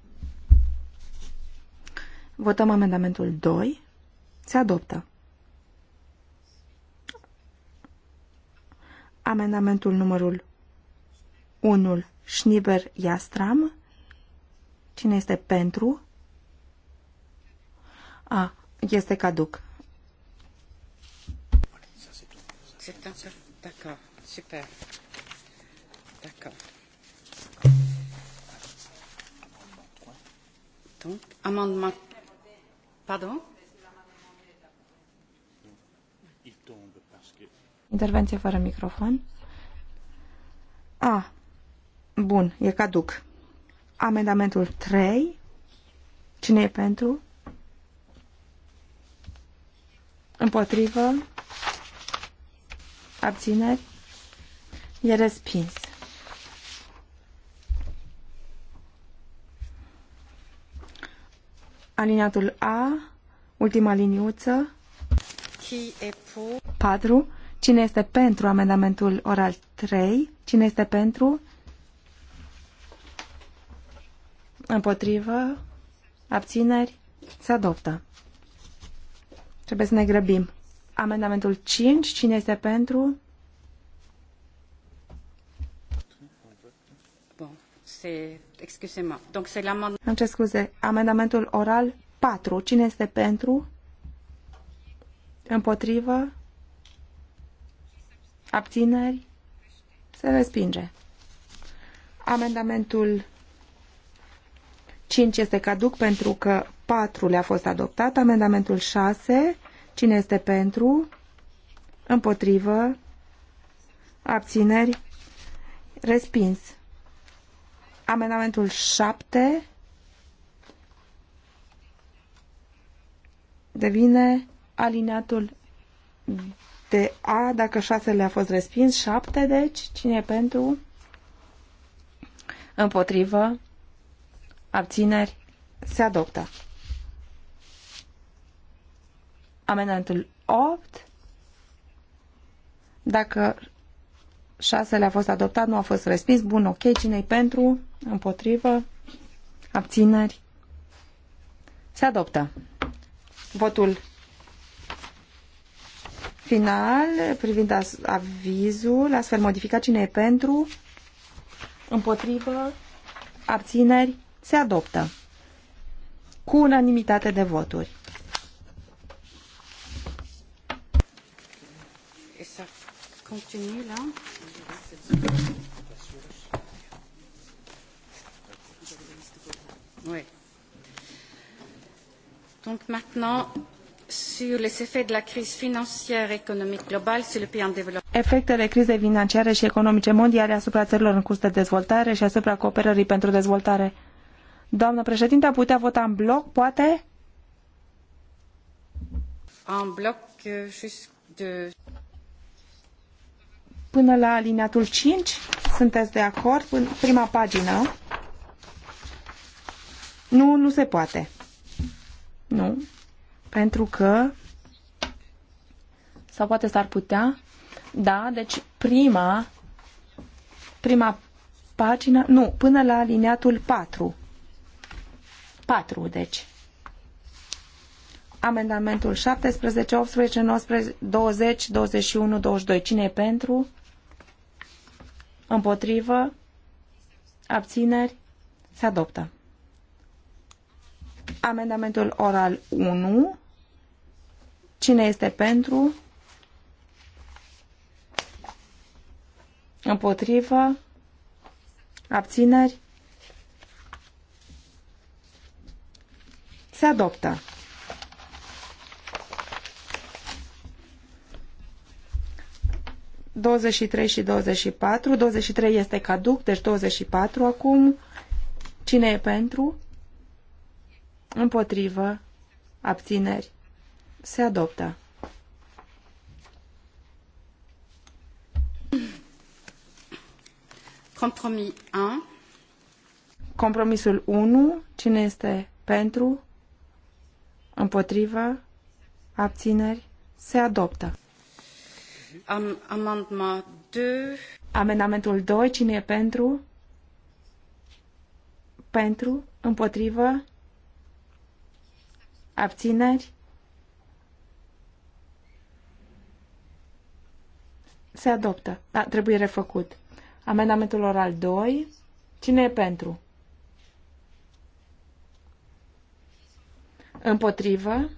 Votăm amendamentul 2. Se adoptă. Amendamentul numărul 1, Schnieber-Jastram. Cine este pentru? A, este caduc. D'accord, super. D'accord. Donc, amendement. Pardon Intervenție fără microfon. A. Bun, e caduc. Amendamentul 3. Cine e pentru? Împotrivă. Abțineri. E respins. Aliniatul A, ultima liniuță. 4. Cine este pentru amendamentul oral 3? Cine este pentru? Împotrivă? Abțineri? Se adoptă. Trebuie să ne grăbim. Amendamentul 5. Cine este pentru? Îmi cer scuze. Amendamentul oral 4. Cine este pentru? Împotrivă? Abțineri? Se respinge. Amendamentul 5 este caduc pentru că 4 le-a fost adoptat. Amendamentul 6. Cine este pentru? Împotrivă? Abțineri? Respins. Amendamentul 7 devine alineatul de A, dacă 6 le-a fost respins, 7, deci, cine e pentru? Împotrivă? abțineri, se adoptă. Amendamentul 8, dacă 6 le-a fost adoptat, nu a fost respins, bun, ok, cine-i pentru, împotrivă, abțineri, se adoptă. Votul final privind avizul, astfel modificat cine e pentru, împotrivă, abțineri, se adoptă cu unanimitate de voturi. Oui. Donc maintenant, sur les effets de la crise financière et économique globale sur le pays en développement. Efectele crizei financiare și economice mondiale asupra țărilor în curs de dezvoltare și asupra cooperării pentru dezvoltare. Doamnă președinte, a putea vota în bloc, poate? În bloc, uh, de... Până la alineatul 5, sunteți de acord? În prima pagină. Nu, nu se poate. Nu. Pentru că... Sau poate s-ar putea... Da, deci prima... Prima pagină... Nu, până la alineatul 4. 4, deci. Amendamentul 17, 18, 19, 20, 21, 22. Cine e pentru? Împotrivă? Abțineri? Se adoptă. Amendamentul oral 1. Cine este pentru? Împotrivă? Abțineri? Se adoptă. ...23 și 24. 23 este caduc, deci 24 acum. Cine e pentru? Împotrivă. Abțineri. Se adoptă. Compromis 1. Compromisul 1. Cine este pentru? Împotrivă? Abțineri? Se adoptă. Am, amendment 2. Amendamentul 2. Cine e pentru? Pentru? Împotrivă? Abțineri? Se adoptă. Da, trebuie refăcut. Amendamentul oral 2. Cine e pentru? Împotrivă.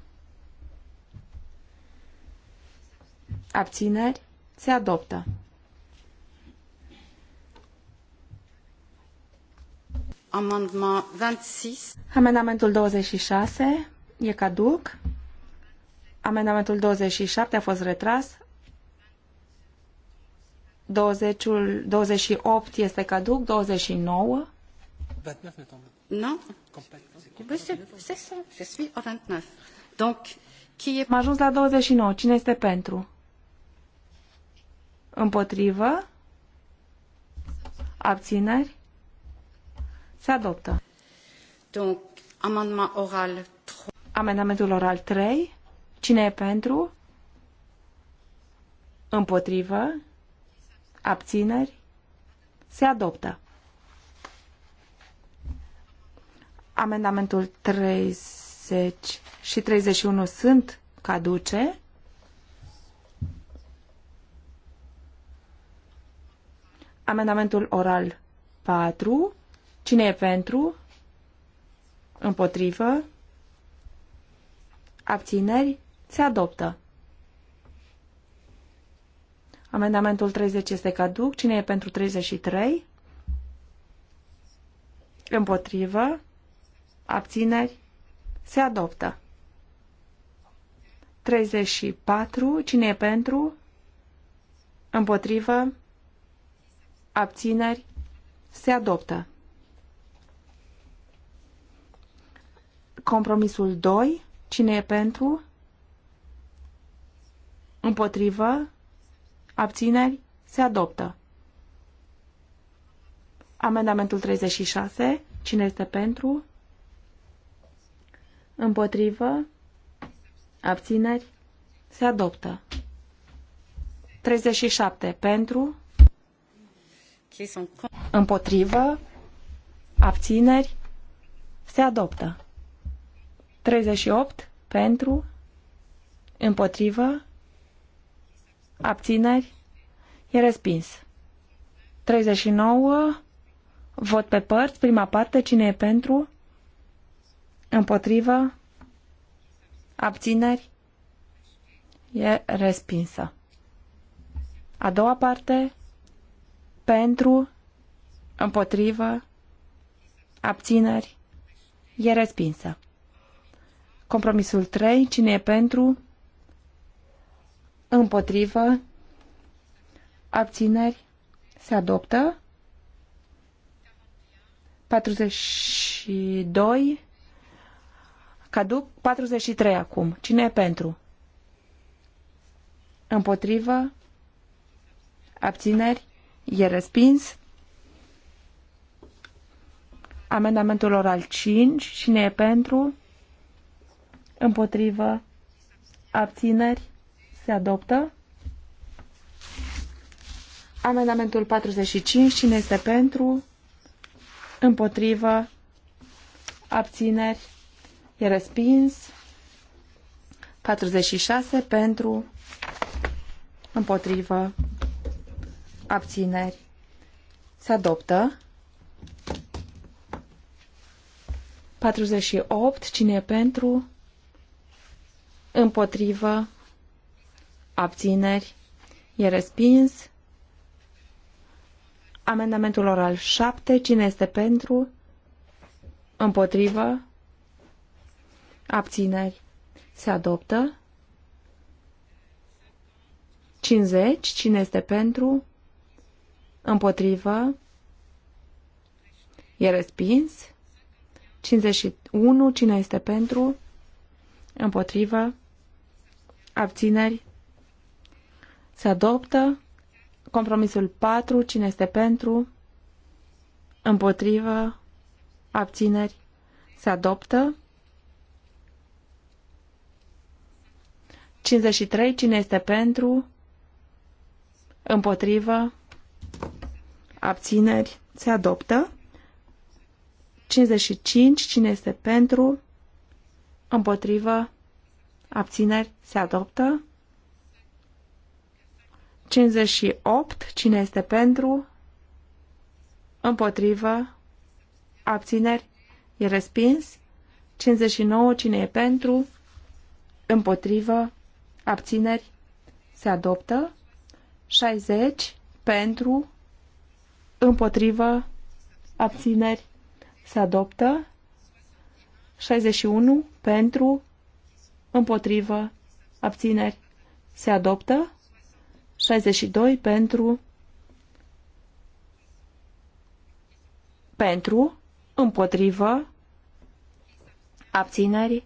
Abțineri. Se adoptă. Amendamentul 26 e caduc. Amendamentul 27 a fost retras. 20, 28 este caduc, 29. 29 am ajuns la 29. Cine este pentru? Împotrivă? Abțineri? Se adoptă. Donc, amendement oral 3. Amendamentul oral 3. Cine e pentru? Împotrivă? Abțineri? Se adoptă. Amendamentul 30 și 31 sunt caduce. Amendamentul oral 4. Cine e pentru? Împotrivă? Abțineri? Se adoptă. Amendamentul 30 este caduc. Cine e pentru 33? Împotrivă? abțineri, se adoptă. 34. Cine e pentru? Împotrivă? Abțineri? Se adoptă. Compromisul 2. Cine e pentru? Împotrivă? Abțineri? Se adoptă. Amendamentul 36. Cine este pentru? Împotrivă. Abțineri. Se adoptă. 37. Pentru. Împotrivă. Abțineri. Se adoptă. 38. Pentru. Împotrivă. Abțineri. E respins. 39. Vot pe părți. Prima parte. Cine e pentru? Împotrivă? Abțineri? E respinsă. A doua parte? Pentru? Împotrivă? Abțineri? E respinsă. Compromisul 3. Cine e pentru? Împotrivă? Abțineri? Se adoptă? 42 Caduc 43 acum. Cine e pentru? Împotrivă? Abțineri? E respins? Amendamentul oral 5. Cine e pentru? Împotrivă? Abțineri? Se adoptă? Amendamentul 45. Cine este pentru? Împotrivă? Abțineri? E respins. 46 pentru, împotrivă, abțineri. Se adoptă. 48. Cine e pentru? Împotrivă. Abțineri. E respins. Amendamentul oral 7. Cine este pentru? Împotrivă. Abțineri. Se adoptă. 50. Cine este pentru? Împotrivă. E respins. 51. Cine este pentru? Împotrivă. Abțineri. Se adoptă. Compromisul 4. Cine este pentru? Împotrivă. Abțineri. Se adoptă. 53. Cine este pentru? Împotrivă? Abțineri? Se adoptă. 55. Cine este pentru? Împotrivă? Abțineri? Se adoptă. 58. Cine este pentru? Împotrivă? Abțineri? E respins. 59. Cine e pentru? Împotrivă? abțineri, se adoptă. 60 pentru, împotrivă, abțineri, se adoptă. 61 pentru, împotrivă, abțineri, se adoptă. 62 pentru, pentru, împotrivă, abțineri,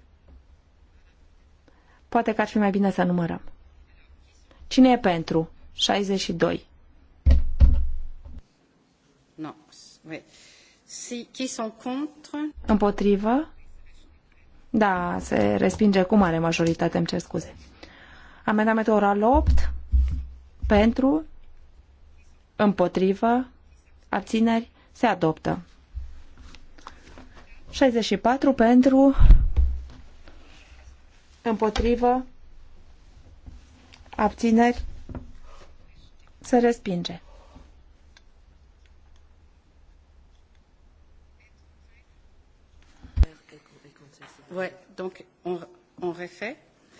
Poate că ar fi mai bine să numărăm. Cine e pentru? 62. No. Si, qui sont contre? Împotrivă? Da, se respinge cu mare majoritate, îmi cer scuze. Amendamentul oral 8 pentru, împotrivă, abțineri, se adoptă. 64 pentru, împotrivă, abțineri, se respinge. on, on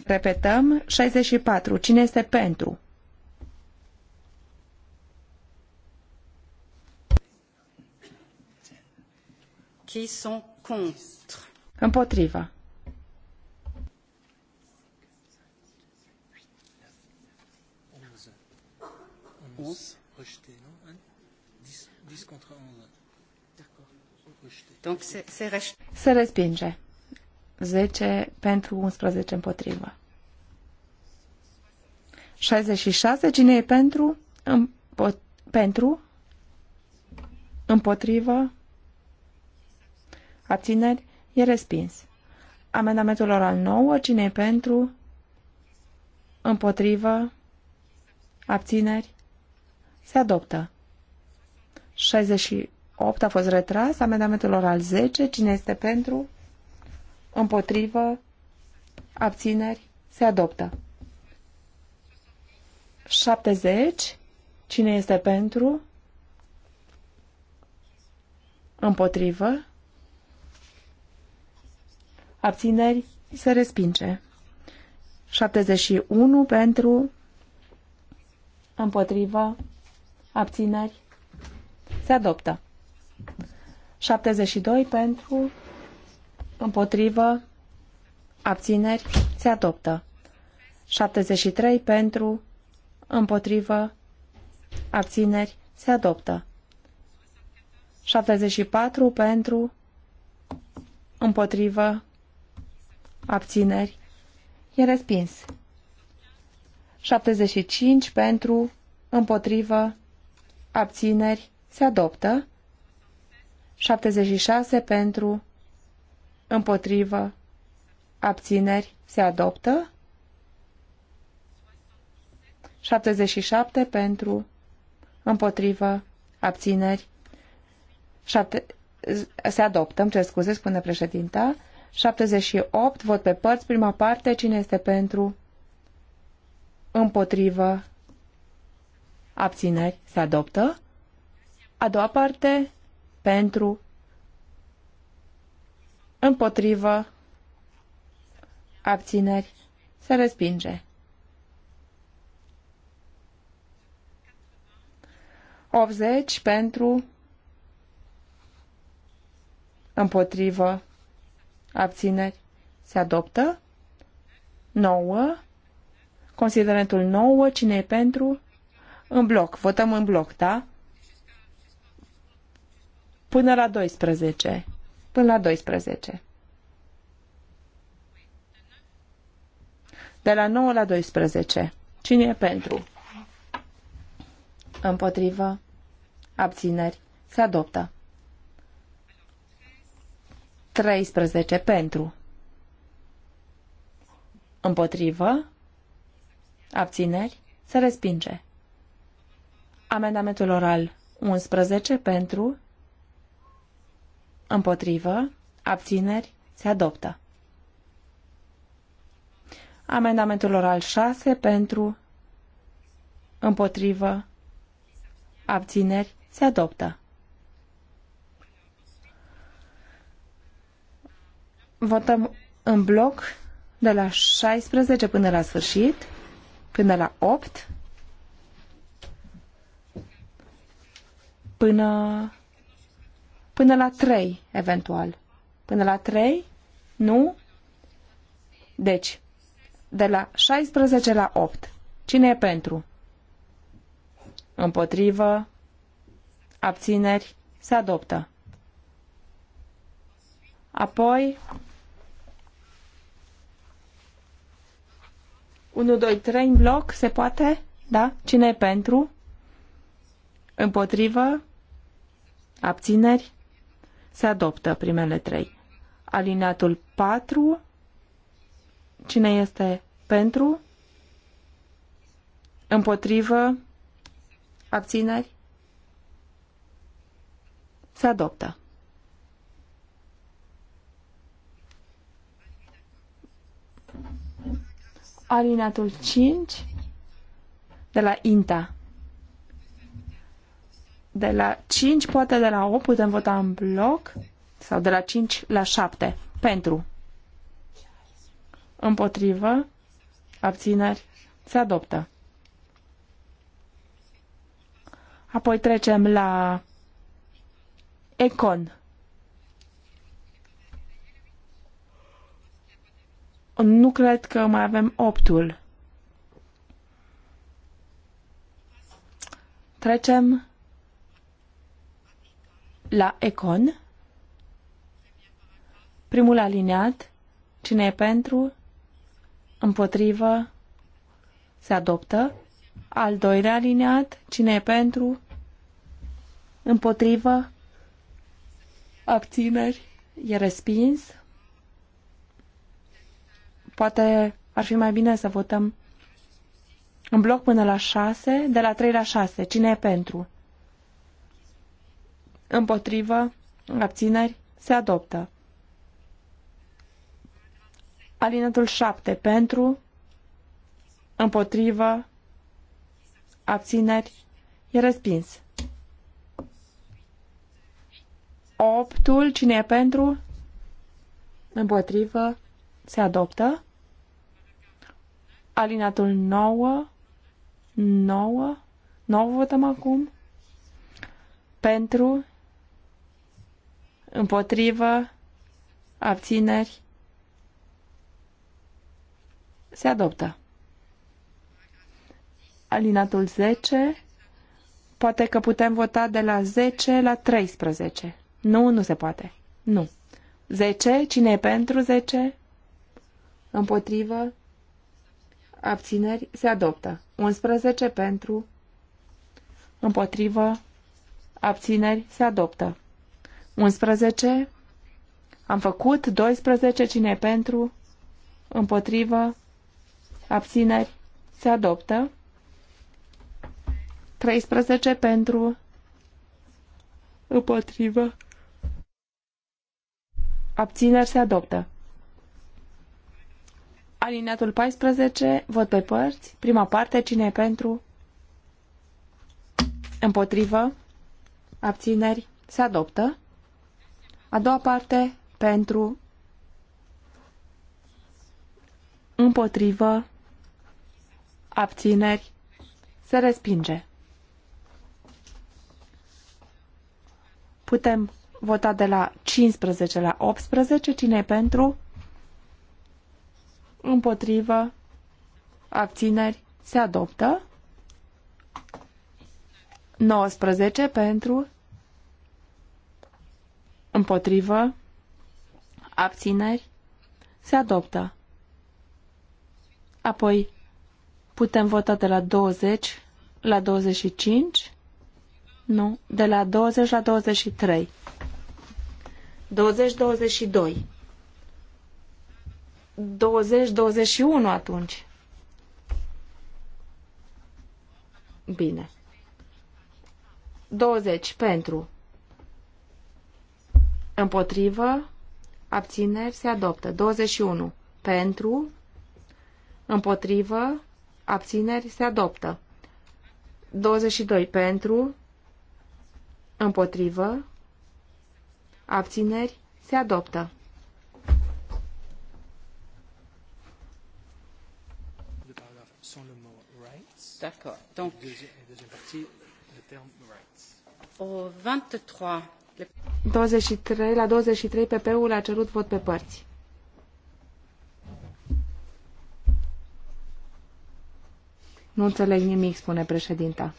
Repetăm 64. Cine este pentru? Qui sont contre? Împotriva. 11. Rejeté, non Anne 10, 10 contre 11. D'accord. Rejeté. Donc c'est rejeté. Se respinge. 10 pentru 11 împotrivă. 66. Cine e pentru? Împo- pentru? Împotrivă? Abțineri? E respins. Amendamentul oral 9. Cine e pentru? Împotrivă? Abțineri? Se adoptă. 68 a fost retras. Amendamentul oral 10. Cine este pentru? Împotrivă? Abțineri? Se adoptă. 70. Cine este pentru? Împotrivă? Abțineri? Se respinge. 71 pentru? Împotrivă? Abțineri. Se adoptă. 72 pentru. Împotrivă. Abțineri. Se adoptă. 73 pentru. Împotrivă. Abțineri. Se adoptă. 74 pentru. Împotrivă. Abțineri. E respins. 75 pentru. Împotrivă abțineri, se adoptă. 76 pentru, împotrivă, abțineri, se adoptă. 77 pentru, împotrivă, abțineri, 7, se adoptă, îmi cer scuze, spune președinta. 78, vot pe părți, prima parte, cine este pentru, împotrivă, abțineri, se adoptă. A doua parte, pentru, împotrivă, abțineri, se respinge. 80 pentru, împotrivă, abțineri, se adoptă. 9, considerentul 9, cine e pentru, în bloc. Votăm în bloc, da? Până la 12. Până la 12. De la 9 la 12. Cine e pentru? Împotrivă. Abțineri. Se adoptă. 13 pentru. Împotrivă. Abțineri. Se respinge. Amendamentul oral 11 pentru, împotrivă, abțineri, se adoptă. Amendamentul oral 6 pentru, împotrivă, abțineri, se adoptă. Votăm în bloc de la 16 până la sfârșit, până la 8, până, până la 3, eventual. Până la 3? Nu? Deci, de la 16 la 8. Cine e pentru? Împotrivă? Abțineri? Se adoptă. Apoi, 1, 2, 3 în bloc, se poate? Da? Cine e pentru? Împotrivă? Abțineri? Se adoptă primele trei. Alineatul 4. Cine este pentru? Împotrivă? Abțineri? Se adoptă. Alineatul 5 de la INTA de la 5, poate de la 8 putem vota în bloc sau de la 5 la 7 pentru împotrivă abțineri se adoptă. Apoi trecem la Econ. Nu cred că mai avem optul. Trecem la Econ. Primul aliniat. Cine e pentru? Împotrivă? Se adoptă. Al doilea aliniat. Cine e pentru? Împotrivă? Abțineri? E respins? Poate ar fi mai bine să votăm în bloc până la 6, de la 3 la 6. Cine e pentru? împotrivă, abțineri, se adoptă. Alinatul 7 pentru, împotrivă, abțineri, e respins. 8 cine e pentru, împotrivă, se adoptă. Alinatul 9, 9, 9 votăm acum, pentru, împotrivă, abțineri, se adoptă. Alinatul 10, poate că putem vota de la 10 la 13. Nu, nu se poate. Nu. 10, cine e pentru 10? Împotrivă, abțineri, se adoptă. 11 pentru, împotrivă, abțineri, se adoptă. 11. Am făcut. 12. Cine e pentru? Împotrivă? Abțineri? Se adoptă. 13 pentru împotrivă. Abțineri se adoptă. Alineatul 14, vot pe părți. Prima parte, cine e pentru? Împotrivă. Abțineri se adoptă. A doua parte pentru împotrivă abțineri se respinge. Putem vota de la 15 la 18. Cine e pentru? Împotrivă. Abțineri. Se adoptă. 19 pentru. Împotrivă. Abțineri. Se adoptă. Apoi putem vota de la 20 la 25. Nu, de la 20 la 23. 20-22. 20-21 atunci. Bine. 20 pentru. Împotrivă. Abțineri se adoptă. 21. Pentru. Împotrivă. Abțineri se adoptă. 22. Pentru. Împotrivă. Abțineri se adoptă. D'accord. Donc, au 23, 23, la 23 PP-ul a cerut vot pe părți. Nu înțeleg nimic, spune președinta.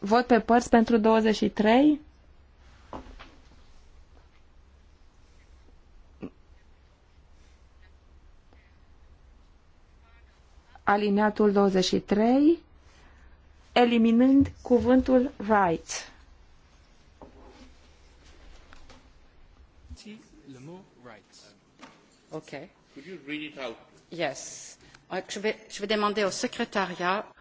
Vot pe părți pentru 23? Alineatul 23, eliminând cuvântul rights.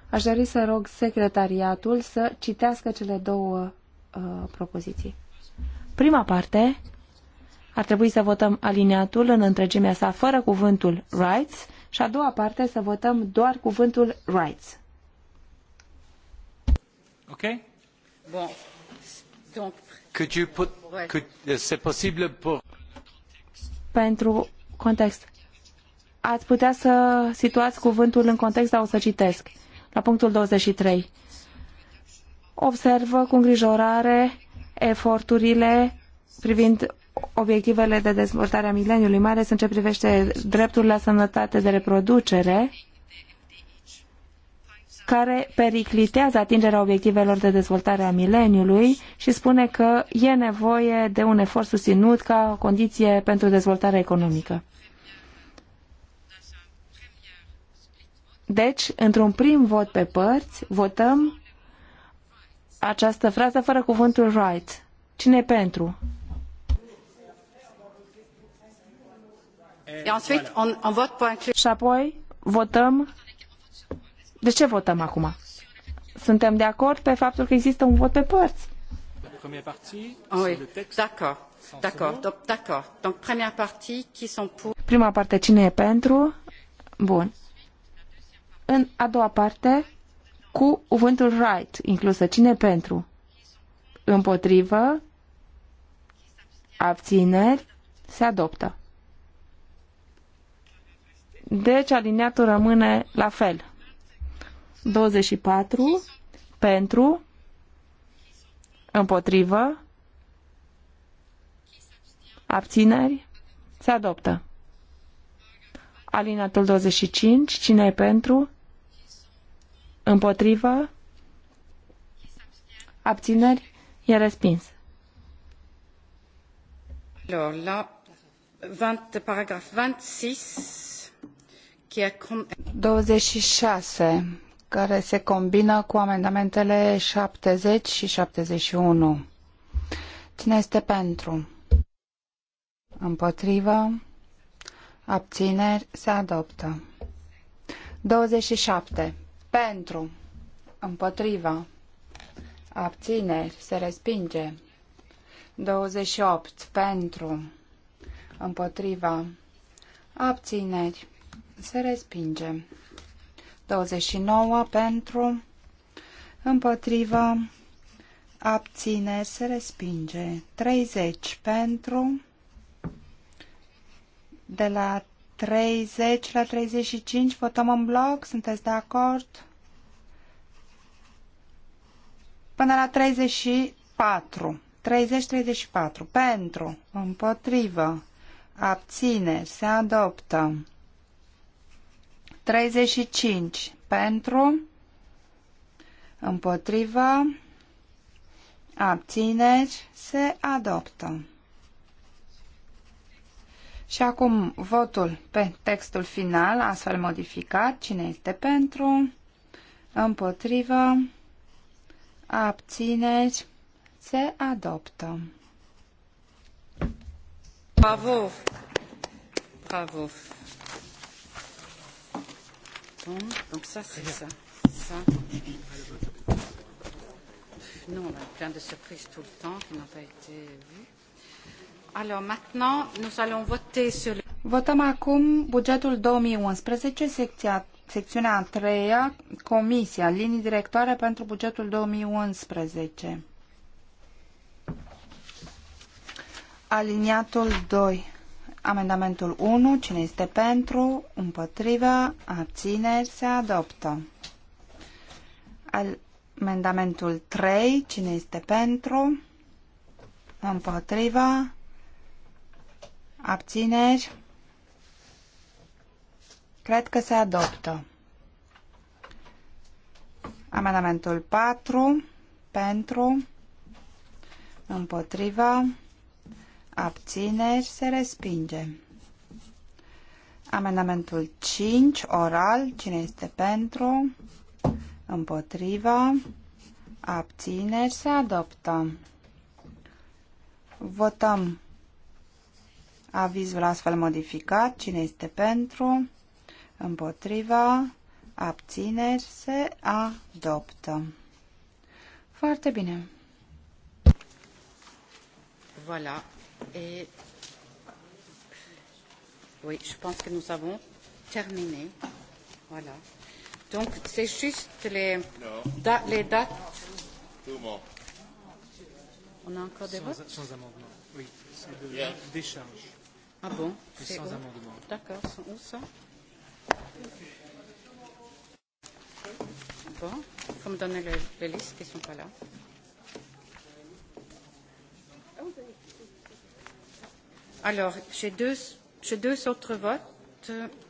Aș dori să rog secretariatul să citească cele două uh, propoziții. Prima parte ar trebui să votăm alineatul în întregimea sa fără cuvântul rights și a doua parte să votăm doar cuvântul rights. Ok? Bun. could you put, could, uh, posibil pour... Pentru Context. Ați putea să situați cuvântul în context, dar o să citesc. La punctul 23. Observă cu îngrijorare eforturile privind obiectivele de dezvoltare a mileniului, mai ales în ce privește drepturile la sănătate de reproducere care periclitează atingerea obiectivelor de dezvoltare a mileniului și spune că e nevoie de un efort susținut ca o condiție pentru dezvoltarea economică. Deci, într-un prim vot pe părți, votăm această frază fără cuvântul right. Cine e pentru? Și apoi votăm de ce votăm acum? Suntem de acord pe faptul că există un vot pe părți. Ah Prima parte, cine e pentru? Bun. În a doua parte, cu cuvântul right inclusă. Cine e pentru? Împotrivă? Abțineri? Se adoptă. Deci alineatul rămâne la fel. 24 pentru, împotrivă, abțineri, se adoptă. Alinatul 25, cine e pentru, împotrivă, abțineri, e respins. la 20, paragraf 26, 26 care se combină cu amendamentele 70 și 71. Cine este pentru? Împotrivă? Abțineri? Se adoptă. 27. Pentru. Împotriva. Abțineri. Se respinge. 28. Pentru. Împotriva. Abțineri. Se respinge. 29 pentru, împotrivă, abține, se respinge. 30 pentru, de la 30 la 35 votăm în bloc, sunteți de acord? Până la 34. 30-34. Pentru, împotrivă, abține, se adoptă. 35 pentru, împotrivă, abțineri, se adoptă. Și acum votul pe textul final, astfel modificat, cine este pentru, împotrivă, abțineri, se adoptă. Bravo! Bravo! ensemble. Donc ça, c'est ça. ça. Nous, on a plein de surprises tout le temps qui n'ont pas été vues. Alors maintenant, nous allons voter sur le... Votăm acum bugetul 2011, secția, secțiunea a treia, Comisia, linii directoare pentru bugetul 2011. Aliniatul 2. Amendamentul 1. Cine este pentru? Împotrivă? Abțineri? Se adoptă. Amendamentul 3. Cine este pentru? Împotrivă? Abțineri? Cred că se adoptă. Amendamentul 4. Pentru? Împotrivă? abțineri, se respinge. Amendamentul 5, oral, cine este pentru, împotriva, abțineri, se adoptă. Votăm avizul astfel modificat, cine este pentru, împotriva, abțineri, se adoptă. Foarte bine. Voilà. Et oui, je pense que nous avons terminé. Voilà. Donc, c'est juste les, da, les dates. On a encore des sans, votes Sans amendement. Oui, c'est de yeah. décharge. Ah bon C'est sans où amendement. D'accord, c'est où ça Bon, il faut me donner les, les listes qui ne sont pas là.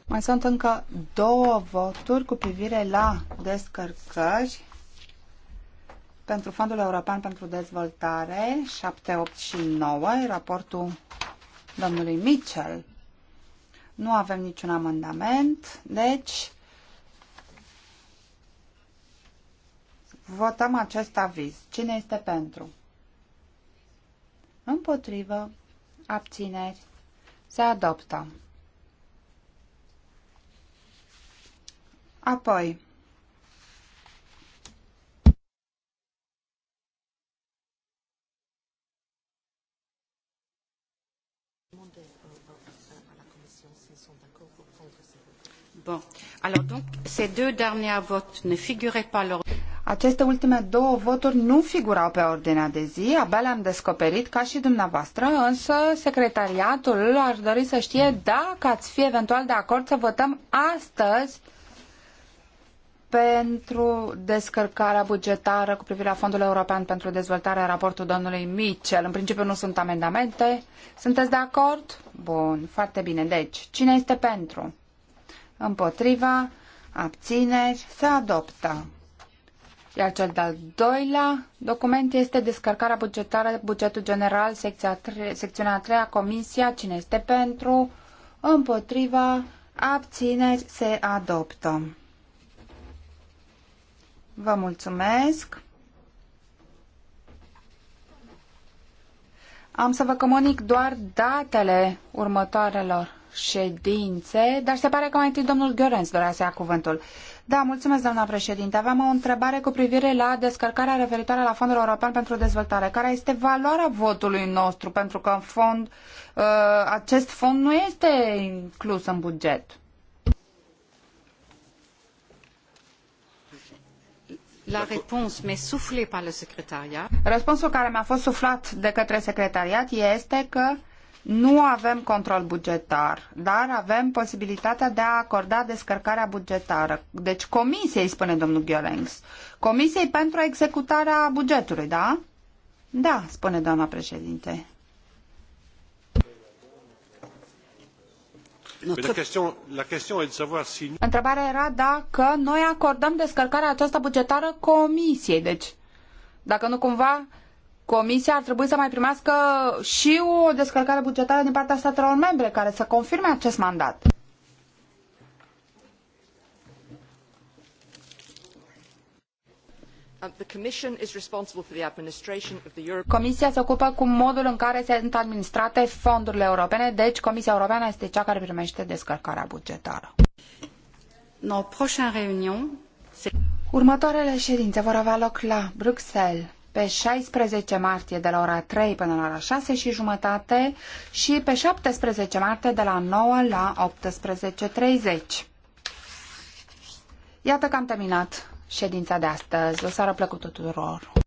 Mai sunt încă două voturi cu privire la descărcări pentru Fondul European pentru Dezvoltare 7, 8 și 9, raportul domnului Mitchell. Nu avem niciun amendament, deci votăm acest aviz. Cine este pentru? Împotrivă abțineri, se adoptă. Apoi, Bon. Alors donc, ces deux derniers votes ne figuraient pas lors. Aceste ultime două voturi nu figurau pe ordinea de zi, abia le-am descoperit ca și dumneavoastră, însă secretariatul ar dori să știe dacă ați fi eventual de acord să votăm astăzi pentru descărcarea bugetară cu privire la Fondul European pentru Dezvoltare, raportul domnului Mitchell. În principiu nu sunt amendamente. Sunteți de acord? Bun, foarte bine. Deci, cine este pentru? Împotriva? Abțineri? Se adoptă. Iar cel de-al doilea document este descărcarea bugetară, bugetul general, secția tre- secțiunea a treia, Comisia, cine este pentru, împotriva, abțineri, se adoptă. Vă mulțumesc! Am să vă comunic doar datele următoarelor ședințe, dar se pare că mai întâi domnul Gheorenț dorea să ia cuvântul. Da, mulțumesc, doamna președinte. Aveam o întrebare cu privire la descărcarea referitoare la Fondul European pentru Dezvoltare. Care este valoarea votului nostru? Pentru că, în fond, uh, acest fond nu este inclus în buget. La răspuns m'est suflat par secretariat. Răspunsul care mi-a fost suflat de către secretariat este că nu avem control bugetar, dar avem posibilitatea de a acorda descărcarea bugetară. Deci comisiei, spune domnul Gheorengs, comisiei pentru executarea bugetului, da? Da, spune doamna președinte. Întrebarea era dacă noi acordăm descărcarea aceasta bugetară comisiei, deci dacă nu cumva Comisia ar trebui să mai primească și o descărcare bugetară din partea statelor membre care să confirme acest mandat. Uh, Comisia se ocupă cu modul în care sunt administrate fondurile europene, deci Comisia Europeană este cea care primește descărcarea bugetară. Următoarele ședințe vor avea loc la Bruxelles pe 16 martie de la ora 3 până la ora 6 și jumătate și pe 17 martie de la 9 la 18.30. Iată că am terminat ședința de astăzi. O seară plăcută tuturor!